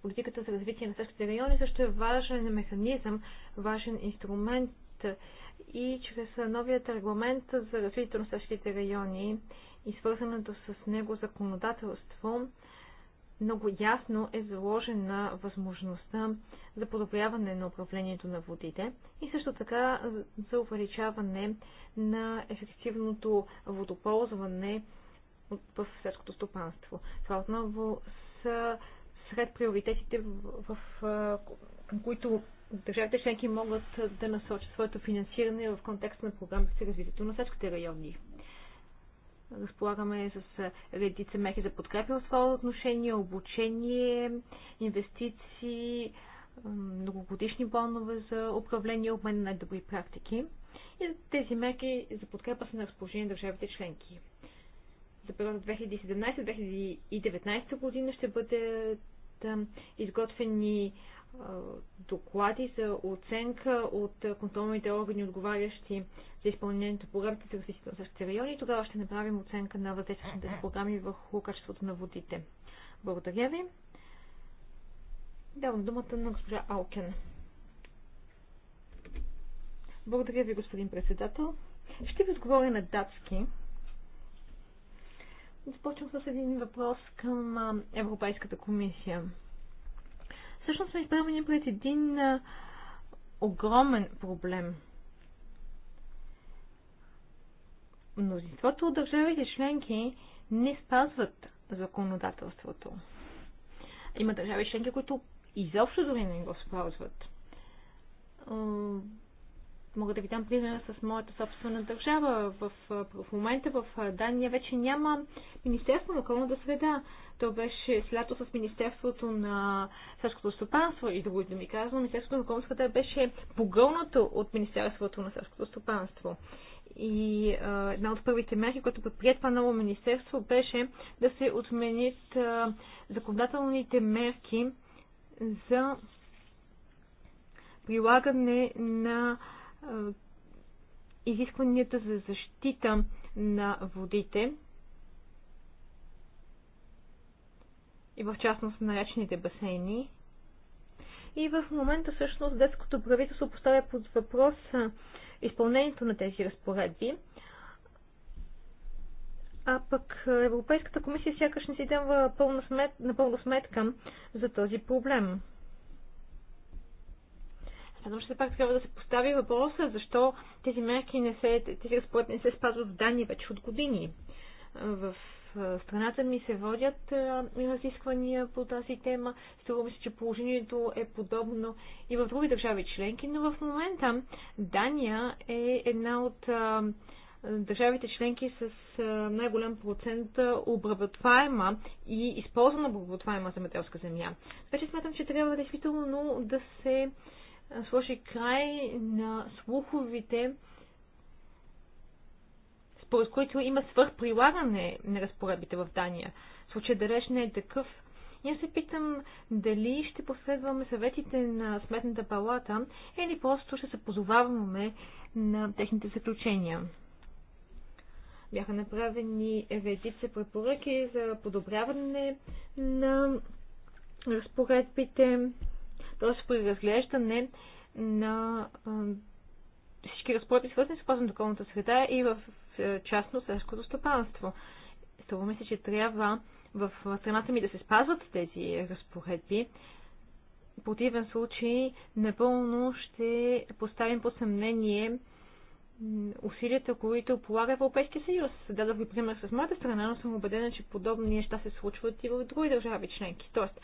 Политиката за развитие на същите райони също е важен механизъм, важен инструмент и чрез новият регламент за развитието на същите райони и свързаното с него законодателство много ясно е заложена възможността за подобряване на управлението на водите и също така за увеличаване на ефективното водоползване в селското стопанство. Това отново са сред приоритетите, в, в които държавите членки могат да насочат своето финансиране в контекст на програмите за развитието на селските райони разполагаме с редица мерки за подкрепа в това отношение, обучение, инвестиции, многогодишни бонове за управление, обмен на добри практики. И тези мерки за подкрепа са на разположение на държавите членки. За периода 2017-2019 година ще бъдат изготвени доклади за оценка от контролните органи, отговарящи за изпълнението по програмите за развитие на същите райони. тогава ще направим оценка на въздействащите програми върху качеството на водите. Благодаря ви. Давам думата на госпожа Алкен. Благодаря ви, господин председател. Ще ви отговоря на датски. Започвам с един въпрос към Европейската комисия всъщност сме изправени пред един а, огромен проблем. Мнозинството от държавите членки не спазват законодателството. Има държави членки, които изобщо дори не го спазват. Мога да ви дам пример с моята собствена държава. В, в момента в Дания вече няма Министерство на околната среда. То беше слято с Министерството на селското стопанство и друго да ми казвам. Министерството на околната среда беше погълнато от Министерството на селското стопанство. И а, една от първите мерки, които предприе това ново министерство, беше да се отменят а, законодателните мерки за прилагане на а, е, изискванията за защита на водите и в частност на речните басейни. И в момента всъщност детското правителство поставя под въпрос изпълнението на тези разпоредби. А пък Европейската комисия сякаш не си дава пълна смет, напълно сметка за този проблем. Но че все пак трябва да се постави въпроса защо тези мерки не се, тези разпоредби не се спазват в данни вече от години. В страната ми се водят разисквания по тази тема. Струва ми се, че положението е подобно и в други държави членки, но в момента Дания е една от държавите членки с най-голям процент обработваема и използвана обработваема земеделска земя. Вече смятам, че трябва действително да се сложи край на слуховите, според които има свърхприлагане на разпоредбите в Дания. Случай далеч не е такъв. И аз се питам дали ще последваме съветите на Сметната палата или просто ще се позоваваме на техните заключения. Бяха направени редица препоръки за подобряване на разпоредбите, т.е. преразглежда не на всички разпоредби, свързани с опазването на околната среда и в частно селското стопанство. Това ми се, че трябва в страната ми да се спазват тези разпоредби. В противен случай напълно ще поставим по съмнение усилията, които полага Европейския съюз. Дадох ви пример с моята страна, но съм убедена, че подобни неща се случват и в други държави членки. Тоест,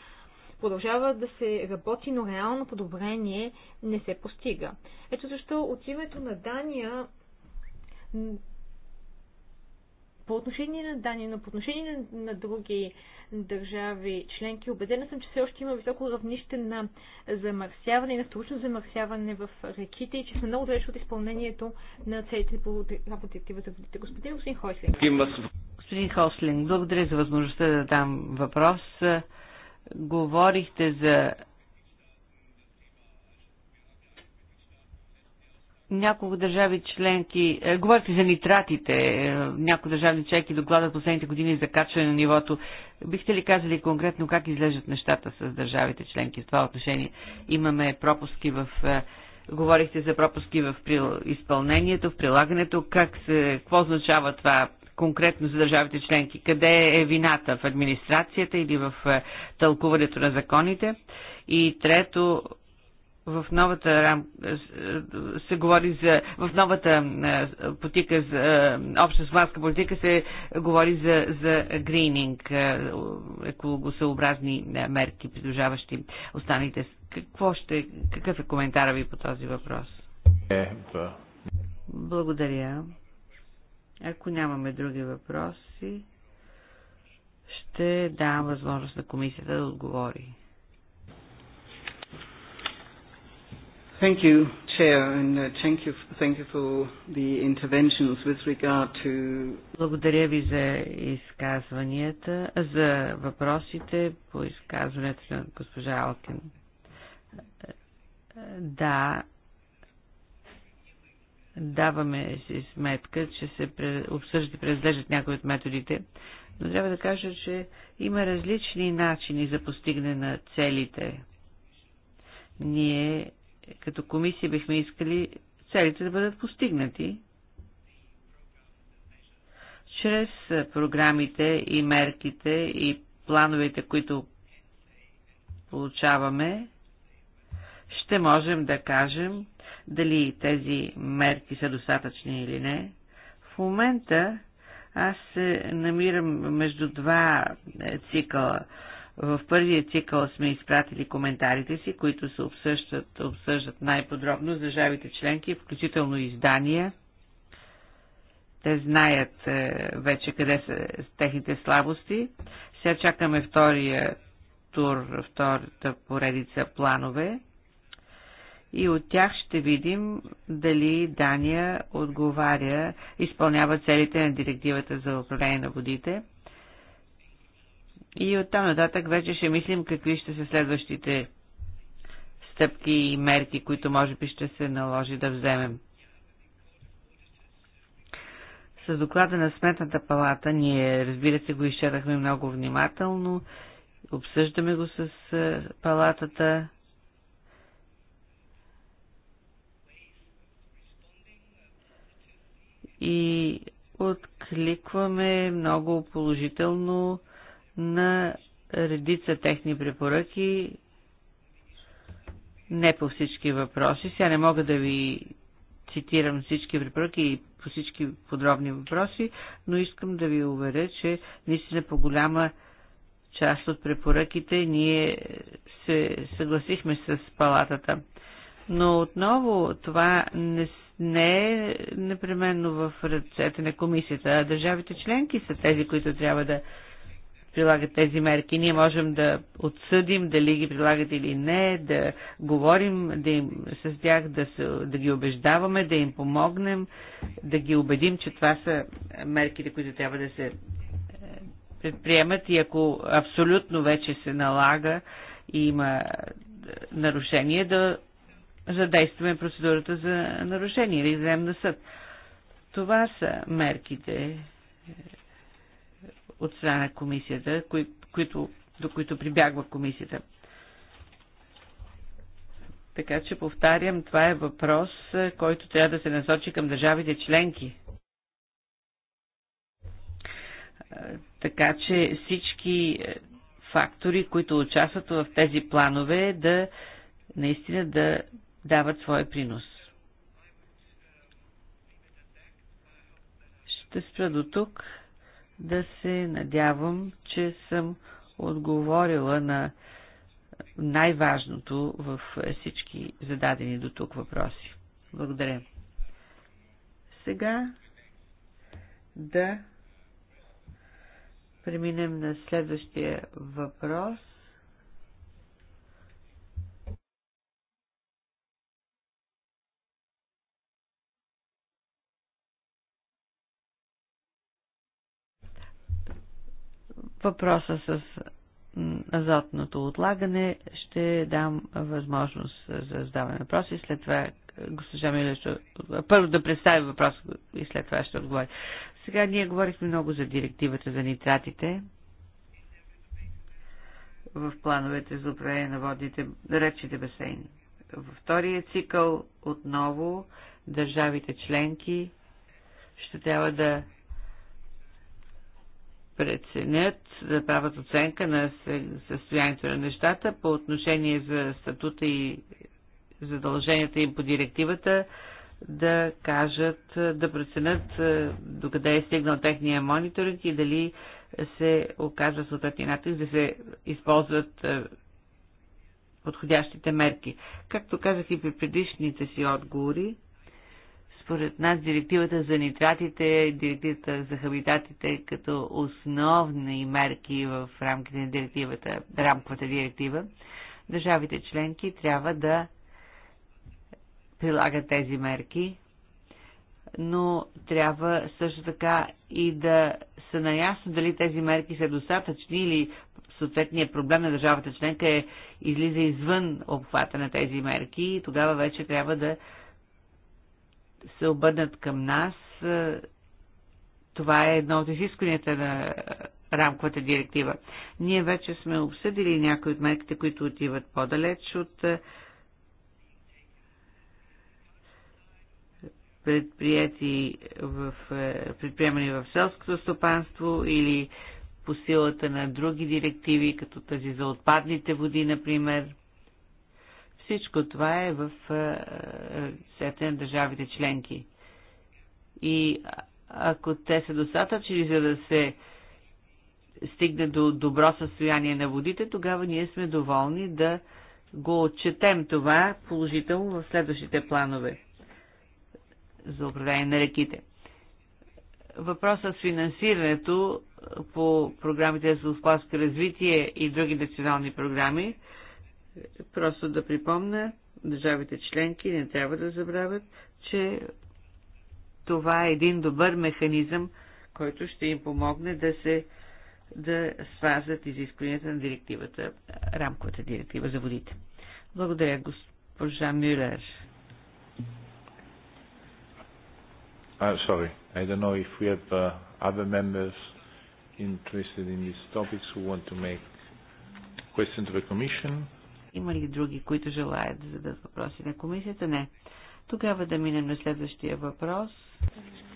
Продължава да се работи, но реално подобрение не се постига. Ето защо от името на Дания по отношение на Дания, но по отношение на, други държави членки, убедена съм, че все още има високо равнище на замърсяване и на вторично замърсяване в реките и че сме много далеч от изпълнението на целите по директива за водите. Господин Господин Господин Хослинг, благодаря за възможността да дам въпрос говорихте за няколко държави членки, е, говорите за нитратите, е, някои държави членки докладат последните години за качване на нивото. Бихте ли казали конкретно как излежат нещата с държавите членки в това отношение? Имаме пропуски в... Е, говорихте за пропуски в изпълнението, в прилагането. Как се, какво означава това конкретно за държавите членки. Къде е вината? В администрацията или в е, тълкуването на законите? И трето, в новата рам... Е, е, се говори за в новата потика за обща смарска политика се говори за, за грининг, екологосъобразни мерки, придружаващи останалите. Какво ще, какъв е коментара ви по този въпрос? Благодаря. Ако нямаме други въпроси, ще дам възможност на комисията да отговори. Thank you, Chair, and uh, thank you, thank you for the interventions with regard to... Благодаря ви за изказванията, за въпросите по изказването на госпожа Алкин. Е, е, да, Даваме си сметка, че се обсъждат и преразглеждат някои от методите, но трябва да кажа, че има различни начини за постигане на целите. Ние като комисия бихме искали целите да бъдат постигнати чрез програмите и мерките и плановете, които получаваме, ще можем да кажем дали тези мерки са достатъчни или не. В момента аз се намирам между два е, цикъла. В първия цикъл сме изпратили коментарите си, които се обсъждат, обсъждат най-подробно с държавите членки, включително издания. Те знаят е, вече къде са техните слабости. Сега чакаме втория тур, втората поредица планове и от тях ще видим дали Дания отговаря, изпълнява целите на директивата за управление на водите. И оттам нататък вече ще мислим какви ще са следващите стъпки и мерки, които може би ще се наложи да вземем. С доклада на Сметната палата ние, разбира се, го изчерахме много внимателно, обсъждаме го с е, палатата и откликваме много положително на редица техни препоръки, не по всички въпроси. Сега не мога да ви цитирам всички препоръки и по всички подробни въпроси, но искам да ви уверя, че наистина по голяма част от препоръките ние се съгласихме с палатата. Но отново това не не е непременно в ръцете на комисията, а държавите членки са тези, които трябва да прилагат тези мерки. Ние можем да отсъдим дали ги прилагат или не, да говорим да им, с тях, да, се, да ги убеждаваме, да им помогнем, да ги убедим, че това са мерките, които трябва да се е, предприемат и ако абсолютно вече се налага и има е, нарушение, да задействаме процедурата за нарушение или излем на съд. Това са мерките е, от страна на комисията, кои, които, до които прибягва комисията. Така че повтарям, това е въпрос, е, който трябва да се насочи към държавите членки. Е, така че всички фактори, които участват в тези планове, да наистина да дават своя принос. Ще спра до тук да се надявам, че съм отговорила на най-важното в всички зададени до тук въпроси. Благодаря. Сега да преминем на следващия въпрос. Въпроса с азотното отлагане ще дам възможност за задаване въпроси. След това госпожа Милешо, Първо да представи въпрос и след това ще отговори. Сега ние говорихме много за директивата за нитратите в плановете за управление на водните речните басейни. Във втория цикъл отново държавите членки ще трябва да преценят, да правят оценка на състоянието на нещата по отношение за статута и задълженията им по директивата, да кажат, да преценят е, докъде е стигнал техния мониторинг и дали се оказва съответния натиск да се използват е, подходящите мерки. Както казах и при предишните си отговори, според нас директивата за нитратите, директивата за хабитатите като основни мерки в рамките на директивата, рамковата директива, държавите членки трябва да прилагат тези мерки, но трябва също така и да са наясно дали тези мерки са достатъчни или съответният проблем на държавата членка е излиза извън обхвата на тези мерки и тогава вече трябва да се обърнат към нас. Това е едно от изискванията на рамковата директива. Ние вече сме обсъдили някои от мерките, които отиват по-далеч от е, предприяти в, е, предприемани в селското стопанство или по силата на други директиви, като тази за отпадните води, например. Всичко това е в сърце е, на държавите членки. И ако те са достатъчни, за да се стигне до добро състояние на водите, тогава ние сме доволни да го отчетем това положително в следващите планове за управление на реките. Въпросът с финансирането по програмите за селскостопанско развитие и други национални програми Просто да припомня, държавите членки не трябва да забравят, че това е един добър механизъм, който ще им помогне да се да спазят изискванията на директивата, рамковата директива за водите. Благодаря, госпожа Мюллер. Uh, sorry, I don't know if we have uh, other members interested in these topics who want to make questions to the Commission. Има ли други, които желаят да зададат въпроси на комисията? Не. Тогава да минем на следващия въпрос.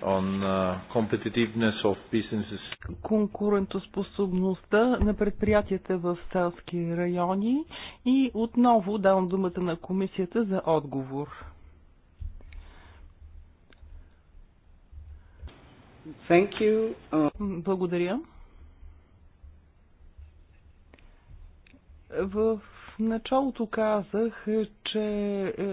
On uh, competitiveness of businesses. Конкурентоспособността на предприятията в селски райони и отново давам думата на комисията за отговор. Thank you. Благодаря. В началото казах, че е,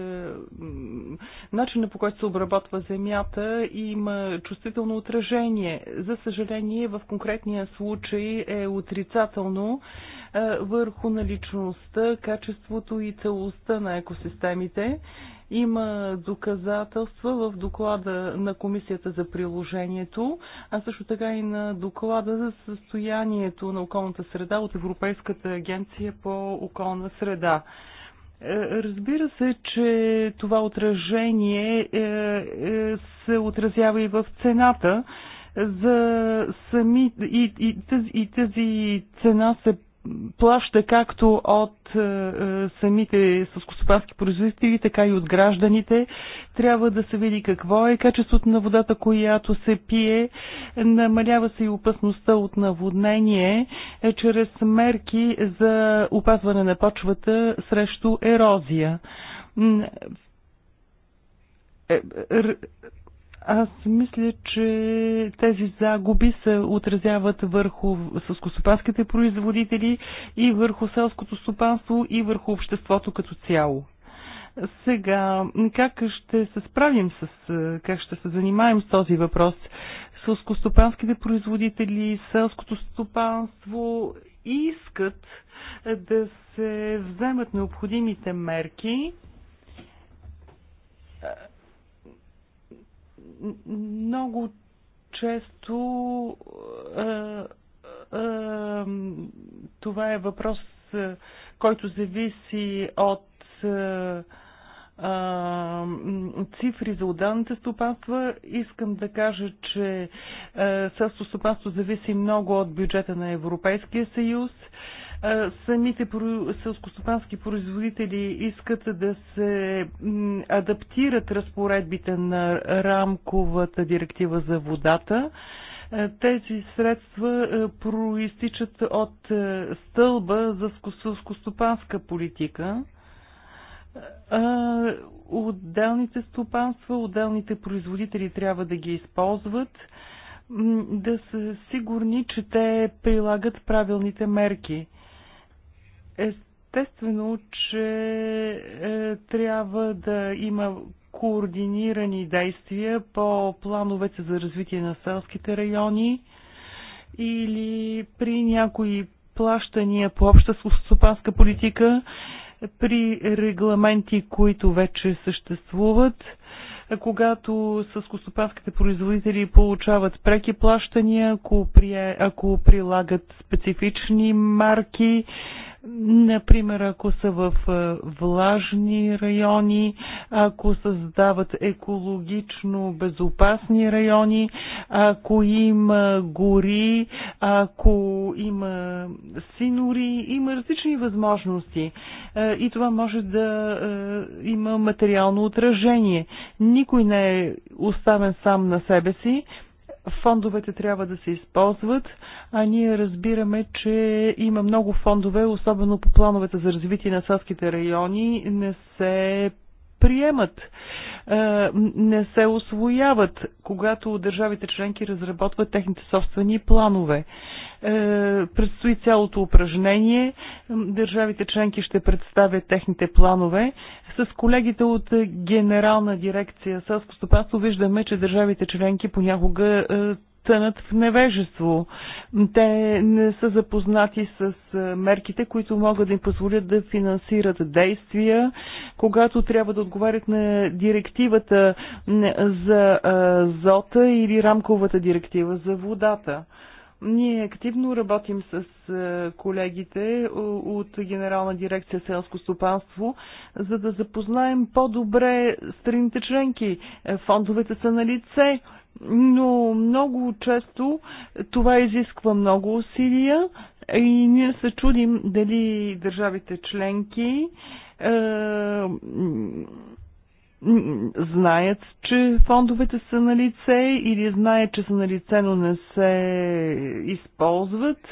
начинът по който се обработва земята има чувствително отражение. За съжаление, в конкретния случай е отрицателно. Е, е, върху наличността, качеството и целостта на екосистемите. Има доказателства в доклада на Комисията за приложението, а също така и на доклада за състоянието на околната среда от Европейската агенция по околна среда. Е, разбира се, че това отражение е, се отразява и в цената за сами и, и, и, тази, и тази цена се плаща както от е, е самите съскостопански производители, така и от гражданите. Трябва да се види какво е качеството на водата, която се пие. Намалява се и опасността от наводнение е, чрез мерки за опазване на почвата срещу ерозия е, е, аз мисля, че тези загуби се отразяват върху съскосопанските производители и върху селското стопанство и върху обществото като цяло. Сега, как ще се справим с, как ще се занимаем с този въпрос? Сълскостопанските производители, селското стопанство искат да се вземат необходимите мерки много често е, е, това е въпрос, е, който зависи от цифри за отделните стопанства. Искам да кажа, че селско стопанство зависи много от бюджета на Европейския съюз. Самите селскостопански производители искат да се адаптират разпоредбите на рамковата директива за водата. Тези средства проистичат от стълба за селскостопанска политика а, отделните стопанства, отделните производители трябва да ги използват, да са сигурни, че те прилагат правилните мерки. Естествено, че е, трябва да има координирани действия по плановете за развитие на селските райони или при някои плащания по обща стопанска политика, при регламенти, които вече съществуват, когато съскостопанските производители получават преки плащания, ако, при, ако прилагат специфични марки, Например, ако са в е, влажни райони, ако създават екологично безопасни райони, ако има е, гори, ако има е, синори, има различни възможности. И това може да има материално отражение. Никой не е оставен сам на себе си фондовете трябва да се използват, а ние разбираме, че има много фондове, особено по плановете за развитие на селските райони, не се приемат, е, не се освояват, когато държавите членки разработват техните собствени планове. Е, предстои цялото упражнение. Държавите членки ще представят техните планове. С колегите от Генерална дирекция Селско стопанство виждаме, че държавите членки понякога е, тънат в невежество. Те не са запознати с е, мерките, които могат да им позволят да финансират действия, когато трябва да отговарят на директивата за зота или рамковата директива за водата. Ние активно работим с е, колегите е, от Генерална дирекция селско стопанство, за да запознаем по-добре страните членки. Е, фондовете са на лице, но много често това изисква много усилия и ние се чудим дали държавите членки знаят, че фондовете са на лице или знаят, че са на лице, но не се използват.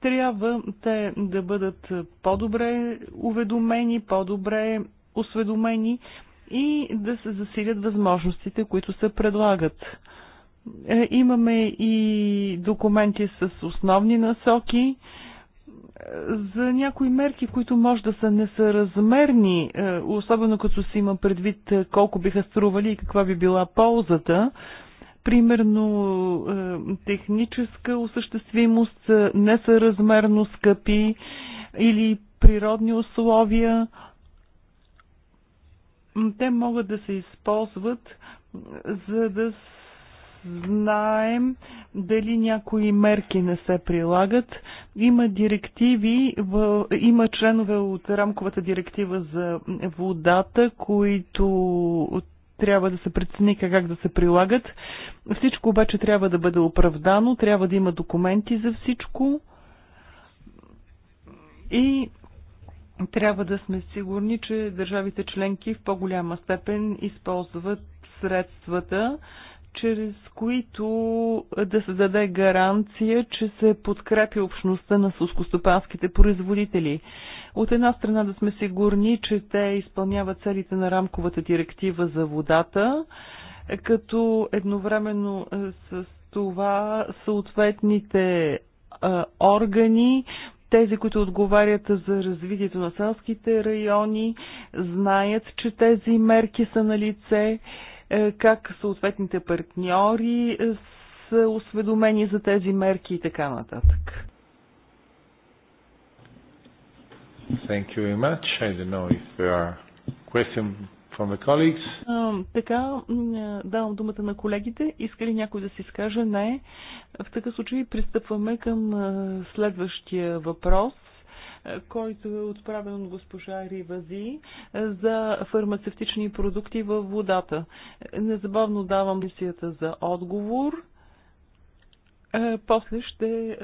Трябва те да бъдат по-добре уведомени, по-добре осведомени и да се засилят възможностите, които се предлагат. Е, имаме и документи с основни насоки, за някои мерки, които може да са несъразмерни, е, особено като си има предвид е, колко биха стрували и каква би била ползата. Примерно е, техническа осъществимост, несъразмерно скъпи или природни условия. Те могат да се използват, за да знаем дали някои мерки не се прилагат. Има директиви, има членове от рамковата директива за водата, които трябва да се прецени как да се прилагат. Всичко обаче трябва да бъде оправдано, трябва да има документи за всичко и трябва да сме сигурни, че държавите членки в по-голяма степен използват средствата, чрез които да се даде гаранция, че се подкрепи общността на сускостопанските производители. От една страна да сме сигурни, че те изпълняват целите на рамковата директива за водата, като едновременно е, с това съответните е, органи тези, които отговарят за развитието на селските райони, знаят, че тези мерки са на лице е, как съответните партньори е, са осведомени за тези мерки и така нататък. Thank you very much. I don't know if there are questions from the colleagues. Uh, така, е, давам думата на колегите. Иска ли някой да се изкаже? Не. В такъв случай пристъпваме към следващия въпрос – който е отправен от госпожа Ривази е, за фармацевтични продукти във водата. Незабавно давам мисията за отговор. Е, после ще е,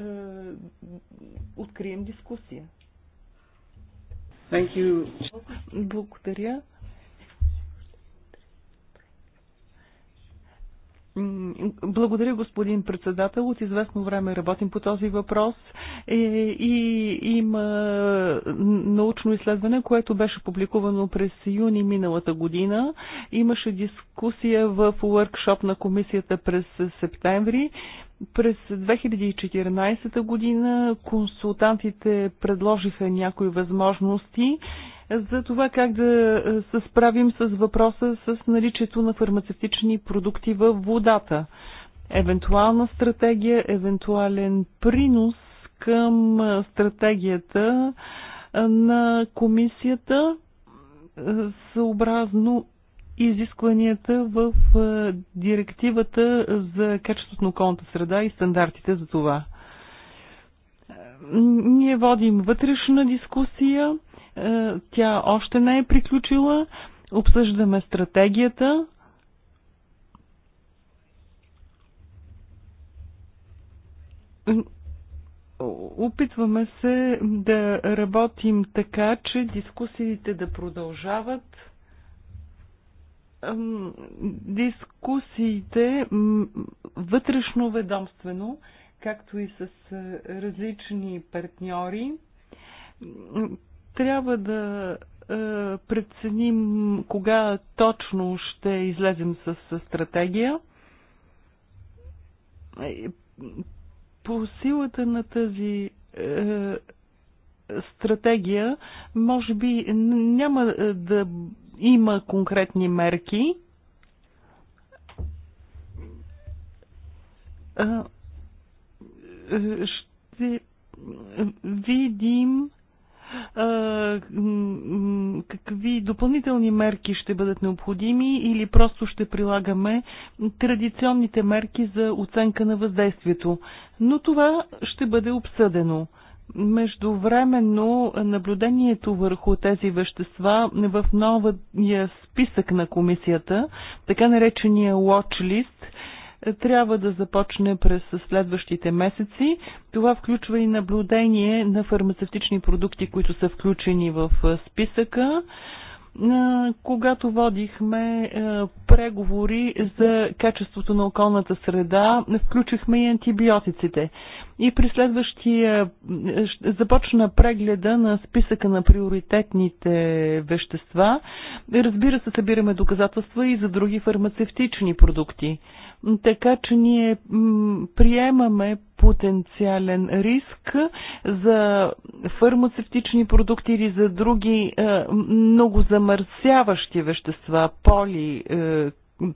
открием дискусия. Thank you. Благодаря. Благодаря, господин председател. От известно време работим по този въпрос е, и има научно изследване, което беше публикувано през юни миналата година. Имаше дискусия в уъркшоп на комисията през септември. През 2014 година консултантите предложиха някои възможности за това как да е, се справим с въпроса с наличието на фармацевтични продукти в водата. Евентуална стратегия, евентуален принос към е, стратегията е, на комисията съобразно изискванията в директивата за качеството на околната среда и стандартите за това. Ние водим вътрешна дискусия е, тя още не е приключила. Обсъждаме стратегията. Опитваме се да работим така, че дискусиите да продължават. Дискусиите вътрешно ведомствено, както и с е, различни партньори, трябва да е, преценим кога точно ще излезем с стратегия. Е, по силата на тази е, стратегия, може би няма да има конкретни мерки. Ще видим какви допълнителни мерки ще бъдат необходими или просто ще прилагаме традиционните мерки за оценка на въздействието. Но това ще бъде обсъдено. Междувременно наблюдението върху тези вещества в новия списък на комисията, така наречения watch list, трябва да започне през следващите месеци. Това включва и наблюдение на фармацевтични продукти, които са включени в списъка когато водихме преговори за качеството на околната среда, включихме и антибиотиците. И при следващия започна прегледа на списъка на приоритетните вещества. Разбира се, събираме доказателства и за други фармацевтични продукти така че ние приемаме потенциален риск за фармацевтични продукти или за други е, много замърсяващи вещества, поли, е,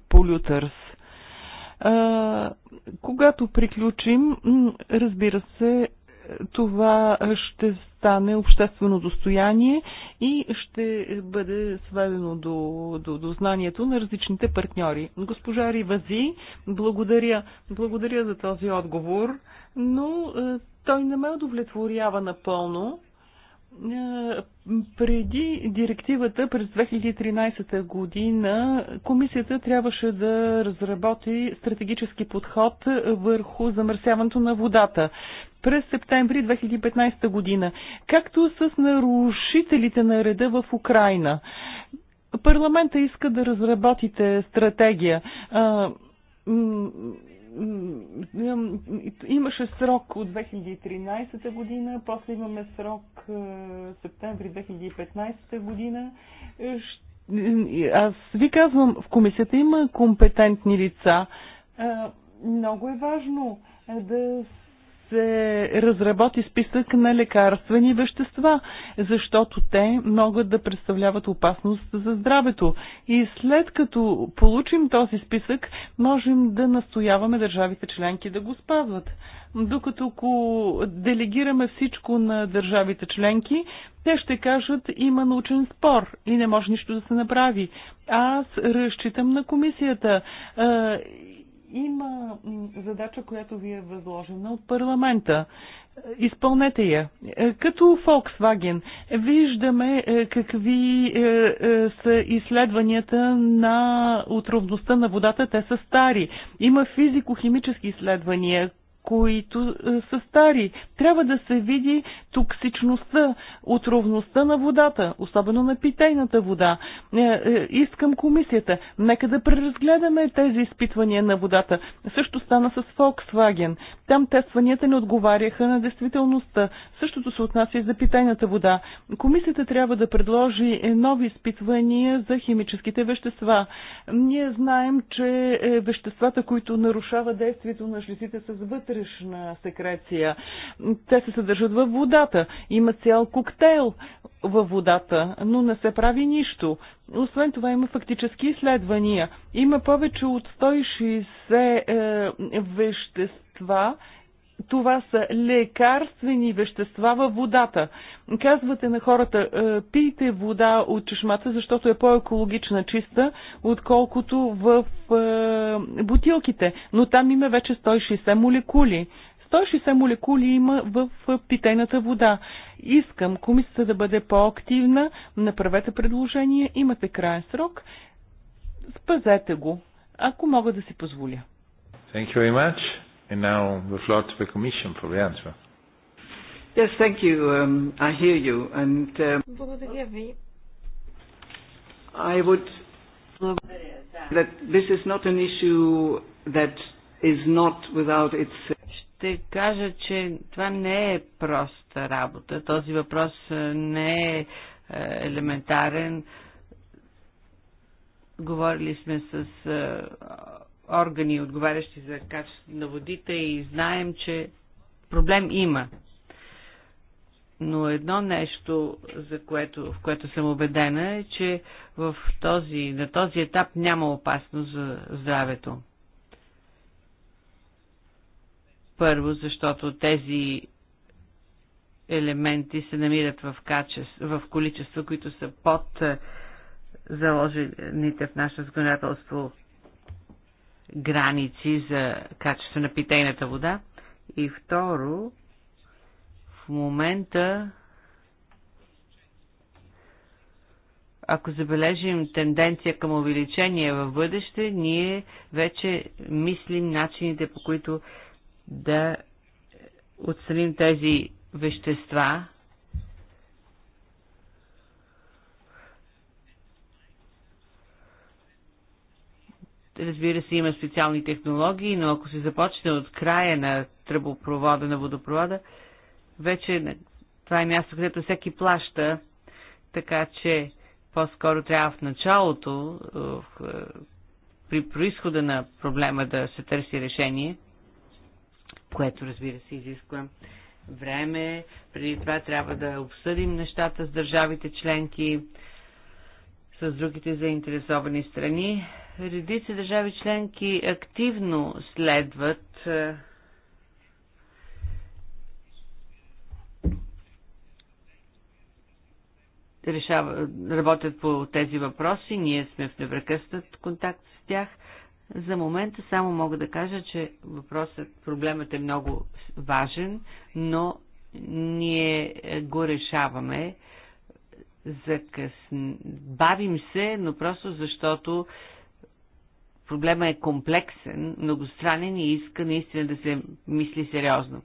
полютърс. Е, когато приключим, разбира се, това ще стане обществено достояние и ще бъде сведено до, до, до знанието на различните партньори. Госпожа Ривази, благодаря, благодаря за този отговор, но е, той не ме удовлетворява напълно е, преди директивата през 2013 година комисията трябваше да разработи стратегически подход върху замърсяването на водата през септември 2015 година, както с нарушителите на реда в Украина. Парламента иска да разработите стратегия. Имаше срок от 2013 година, после имаме срок септември 2015 година. Аз ви казвам, в комисията има компетентни лица. Много е важно да се разработи списък на лекарствени вещества, защото те могат да представляват опасност за здравето. И след като получим този списък, можем да настояваме държавите членки да го спазват. Докато ако делегираме всичко на държавите членки, те ще кажат, има научен спор и не може нищо да се направи. Аз разчитам на комисията има задача, която ви е възложена от парламента. Изпълнете я. Е, като Volkswagen виждаме е, какви е, са изследванията на отровността на водата. Те са стари. Има физико-химически изследвания, които е, са стари. Трябва да се види токсичността, отровността на водата, особено на питейната вода. Е, е, искам комисията, нека да преразгледаме тези изпитвания на водата. Също стана с Volkswagen. Там тестванията не отговаряха на действителността. Същото се отнася и за питейната вода. Комисията трябва да предложи нови изпитвания за химическите вещества. Ние знаем, че веществата, които нарушават действието на жлезите, с вътре вътрешна секреция. Те се съдържат във водата. Има цял коктейл във водата, но не се прави нищо. Освен това има фактически изследвания. Има повече от 160 е, вещества, това са лекарствени вещества във водата. Казвате на хората, е, пийте вода от чешмата, защото е по-екологична чиста, отколкото в е, бутилките. Но там има вече 160 молекули. 160 молекули има в питейната вода. Искам комисията да бъде по-активна. Направете предложение. Имате крайен срок. Спазете го, ако мога да си позволя. Thank you very much. And now the floor to the Commission for the answer. Yes, thank you. Um, I hear you. And, um, I would say that this is not an issue that is not without its ще кажа, че това не е проста работа. Този въпрос не е елементарен. Говорили сме с органи, отговарящи за качество на водите и знаем, че проблем има. Но едно нещо, за което, в което съм убедена е, че в този, на този етап няма опасност за здравето. Първо, защото тези елементи се намират в, качество, в количества, които са под е, заложените в наше законодателство граници за качество на питейната вода. И второ, в момента, ако забележим тенденция към увеличение в бъдеще, ние вече мислим начините по които да отстраним тези вещества, Разбира се, има специални технологии, но ако се започне от края на тръбопровода, на водопровода, вече това е място, където всеки плаща, така че по-скоро трябва в началото, е, при происхода на проблема да се търси решение, което разбира се изисква време. Преди това трябва да обсъдим нещата с държавите членки, с другите заинтересовани страни. Редици държави членки активно следват е, решава, работят по тези въпроси. Ние сме в непрекъснат контакт с тях. За момента само мога да кажа, че въпросът, проблемът е много важен, но ние го решаваме. Закъс... Бавим се, но просто защото проблема е комплексен, многостранен и иска наистина да се мисли сериозно.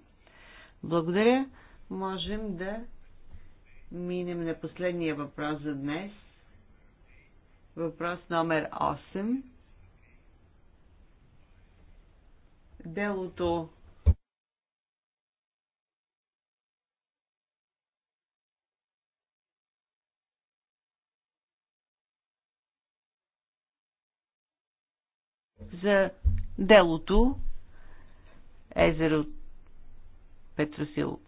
Благодаря. Можем да минем на последния въпрос за днес. Въпрос номер 8. Делото за делото езеро Петросил.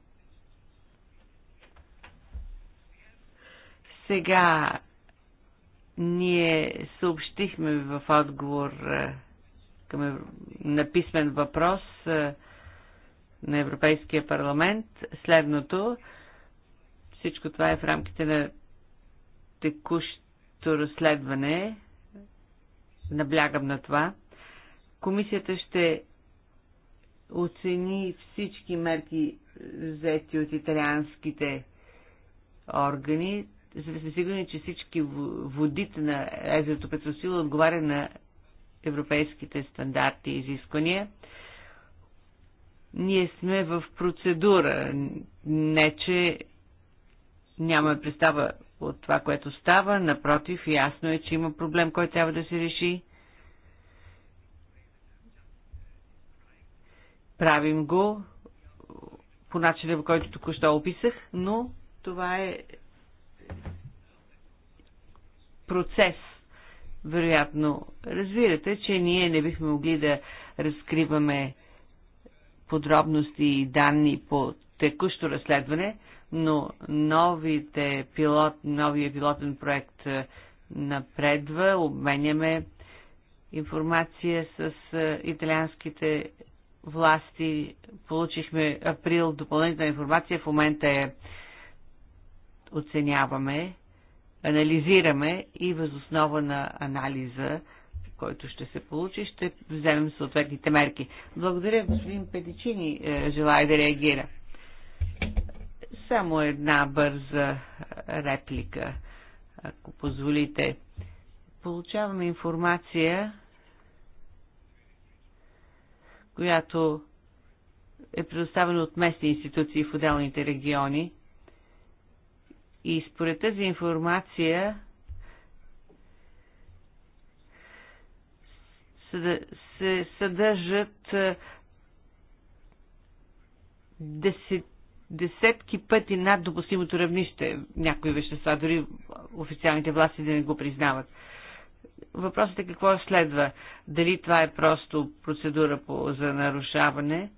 Сега ние съобщихме в отговор е, към, на писмен въпрос е, на Европейския парламент следното. Всичко това е в рамките на текущото разследване. Наблягам на това. Комисията ще оцени всички мерки взети от италианските органи, за да се сигурни, че всички водите на езерото Петросило отговаря на европейските стандарти и изисквания. Ние сме в процедура, не че нямаме представа от това, което става, напротив, ясно е, че има проблем, който трябва да се реши. Правим го по начина, по който току-що описах, но това е процес. Вероятно, разбирате, че ние не бихме могли да разкриваме подробности и данни по текущо разследване, но новите пилот, новия пилотен проект е, напредва, обменяме информация с е, италианските власти. Получихме април допълнителна информация, в момента е оценяваме, анализираме и възоснова на анализа, който ще се получи, ще вземем съответните мерки. Благодаря, господин Педичини, е, желая да реагира. Само една бърза реплика, ако позволите. Получаваме информация която е предоставена от местни институции в отделните региони. И според тази информация се съдържат десетки пъти над допустимото равнище някои вещества, дори официалните власти да не го признават. Въпросът е какво следва. Дали това е просто процедура по, за нарушаване.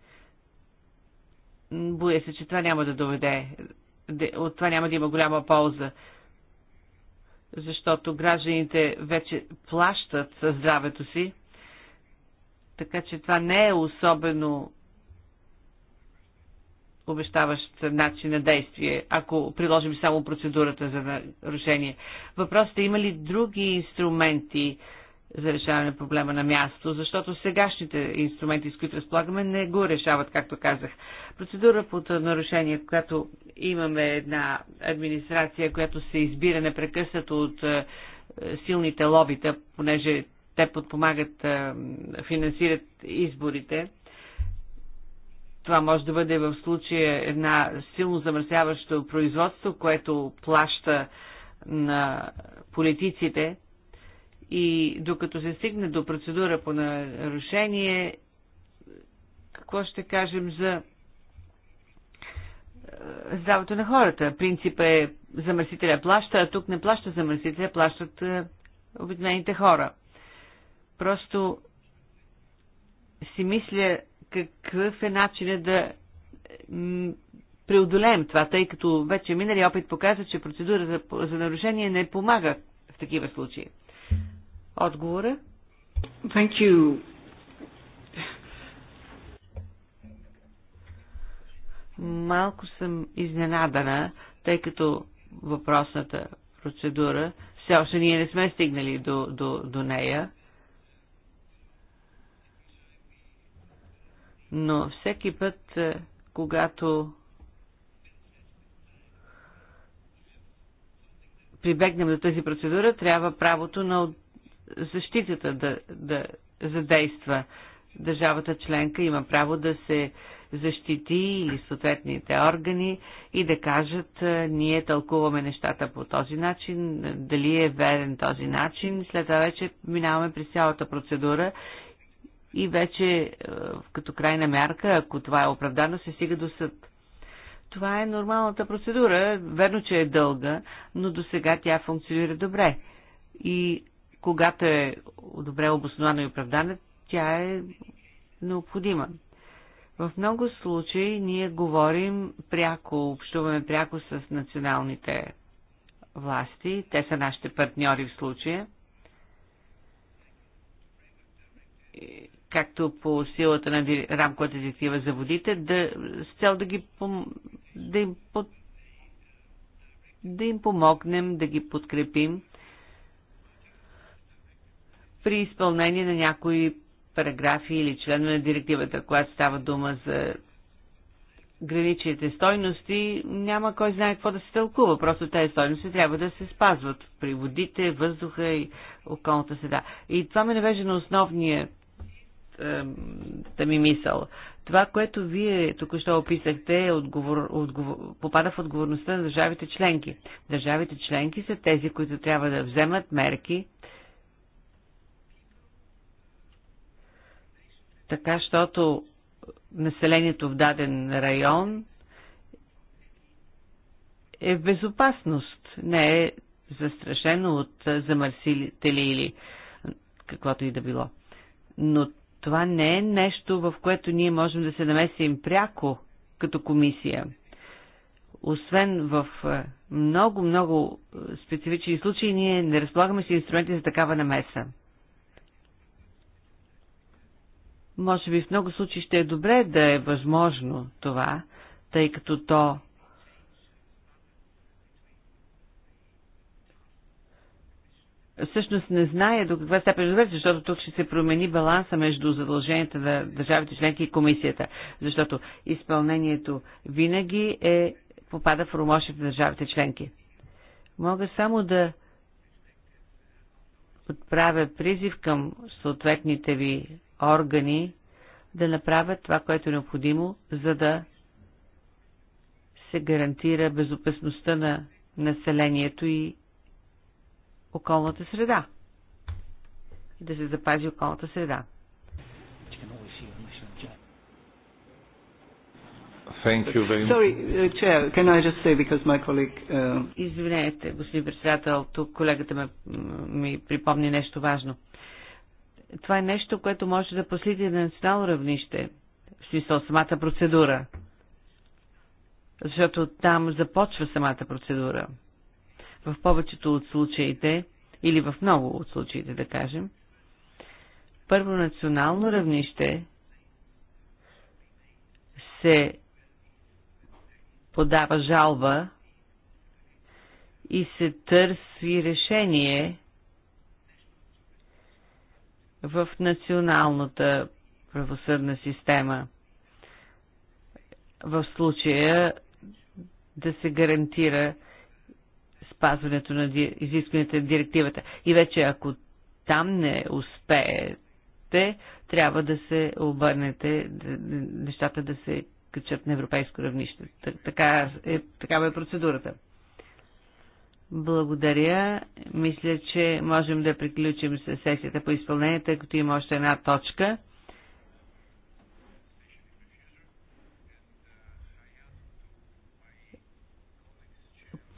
Боя се, че това няма да доведе. От това няма да има голяма полза. Защото гражданите вече плащат със здравето си. Така че това не е особено обещаващ начин на действие, ако приложим само процедурата за нарушение. Въпросът е има ли други инструменти за решаване на проблема на място, защото сегашните инструменти, с които разполагаме, не го решават, както казах. Процедура под нарушение, когато имаме една администрация, която се избира непрекъснато от е, силните лобита, понеже те подпомагат, е, финансират изборите, това може да бъде в случая една силно замърсяващо производство, което плаща на политиците и докато се стигне до процедура по нарушение, какво ще кажем за е, здравето на хората? Принципът е замърсителя плаща, а тук не плаща замърсителя, плащат е, обикновените хора. Просто си мисля какъв е начинът да преодолеем това, тъй като вече минали опит показва, че процедура за, за нарушение не помага в такива случаи. Отговора? Thank you. Малко съм изненадана, тъй като въпросната процедура, все още ние не сме стигнали до, до, до нея, но всеки път, е, когато прибегнем до тази процедура, трябва правото на защитата да, да задейства. Държавата членка има право да се защити или съответните органи и да кажат, е, ние тълкуваме нещата по този начин, дали е верен този начин. След това вече минаваме през цялата процедура и вече е, като крайна мярка, ако това е оправдано, се стига до съд. Това е нормалната процедура. Верно, че е дълга, но до сега тя функционира добре. И когато е добре обоснована и оправдана, тя е необходима. В много случаи ние говорим пряко, общуваме пряко с националните власти. Те са нашите партньори в случая както по силата на рамковата директива за водите, да, с цел да, ги, да, им, да им помогнем, да ги подкрепим при изпълнение на някои параграфи или членове на директивата, когато става дума за граничните стойности, няма кой знае какво да се тълкува. Просто тези стойности трябва да се спазват при водите, въздуха и околната седа. И това ме навежда на основния та ми мисъл. Това, което вие току-що описахте, е отговор, отговор, попада в отговорността на държавите членки. Държавите членки са тези, които трябва да вземат мерки, така, щото населението в даден район е в безопасност, не е застрашено от замърсители или каквото и да било. Но това не е нещо, в което ние можем да се намесим пряко като комисия. Освен в много-много е, е, специфични случаи, ние не разполагаме с инструменти за такава намеса. Може би в много случаи ще е добре да е възможно това, тъй като то всъщност не знае до каква степен доведе, защото тук ще се промени баланса между задълженията на държавите членки и комисията, защото изпълнението винаги е, попада в ромощите на държавите членки. Мога само да отправя призив към съответните ви органи да направят това, което е необходимо, за да се гарантира безопасността на населението и околната среда. И да се запази околната среда. Sorry, chair, colleague, uh... Извинете, господин председател, тук колегата ме, ми припомни нещо важно. Това е нещо, което може да последи на национално равнище, в смисъл самата процедура. Защото там започва самата процедура в повечето от случаите, или в много от случаите, да кажем, първо национално равнище се подава жалба и се търси решение в националната правосъдна система. В случая да се гарантира спазването на изискването на директивата. И вече ако там не успеете, трябва да се обърнете, нещата да се качат на европейско равнище. Така е, такава е процедурата. Благодаря. Мисля, че можем да приключим с сесията по изпълнение, тъй като има още една точка.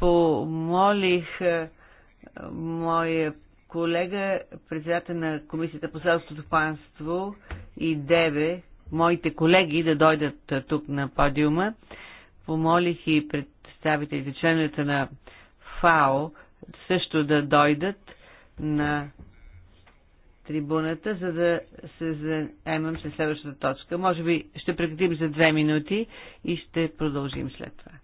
помолих е, моя колега, председател на Комисията по селското панство и ДЕВЕ, моите колеги да дойдат е, тук на подиума. Помолих и представителите, членовете на ФАО също да дойдат на трибуната, за да се заемам с следващата точка. Може би ще прекратим за две минути и ще продължим след това.